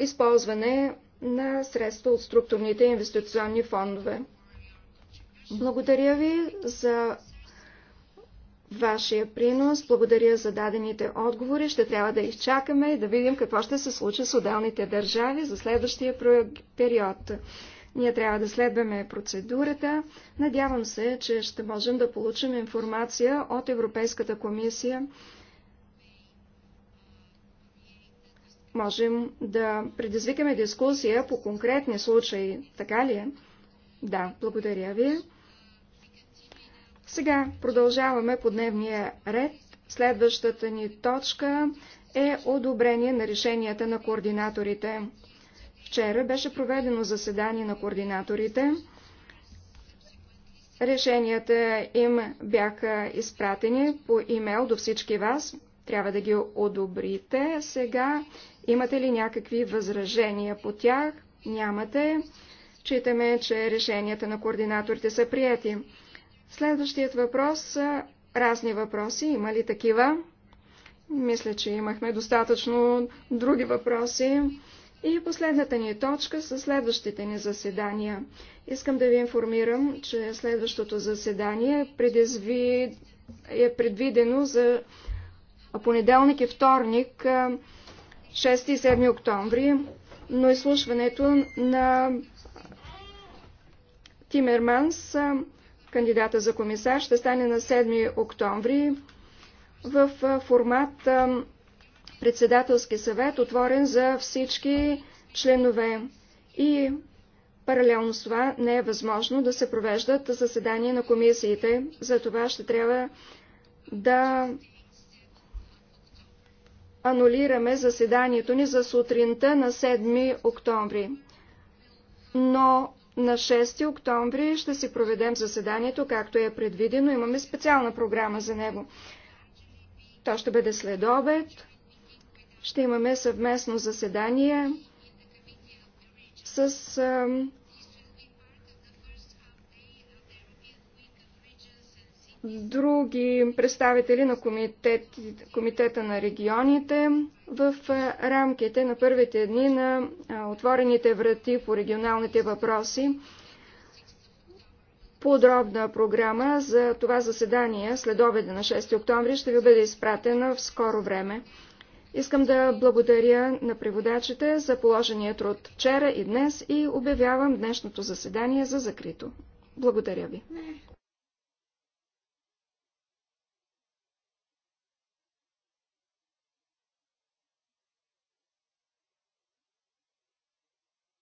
A: използване на средства от структурните инвестиционни фондове. Благодаря ви за вашия принос, благодаря за дадените отговори. Ще трябва да изчакаме и да видим какво ще се случи с отделните държави за следващия период. Ние трябва да следваме процедурата. Надявам се, че ще можем да получим информация от Европейската комисия. Можем да предизвикаме дискусия по конкретни случаи. Така ли е? Да, благодаря ви. Сега продължаваме по дневния ред. Следващата ни точка е одобрение на решенията на координаторите. Вчера беше проведено заседание на координаторите. Решенията им бяха изпратени по имейл до всички вас. Трябва да ги одобрите. Сега имате ли някакви възражения по тях? Нямате. Читаме, че решенията на координаторите са прияти. Следващият въпрос са разни въпроси. Има ли такива? Мисля, че имахме достатъчно други въпроси. И последната ни точка са следващите ни заседания. Искам да ви информирам, че следващото заседание е предвидено за понеделник и вторник, 6 и 7 октомври, но изслушването на Тимерманс кандидата за комисар ще стане на 7 октомври в формат председателски съвет, отворен за всички членове. И паралелно с това не е възможно да се провеждат заседания на комисиите. За това ще трябва да анулираме заседанието ни за сутринта на 7 октомври. Но на 6 октомври ще си проведем заседанието, както е предвидено. Имаме специална програма за него. То ще бъде след обед. Ще имаме съвместно заседание с други представители на комитет, Комитета на регионите в рамките на първите дни на отворените врати по регионалните въпроси. Подробна програма за това заседание след обеда на 6 октомври ще ви бъде изпратена в скоро време. Искам да благодаря на преводачите за положения труд вчера и днес и обявявам днешното заседание за закрито. Благодаря ви.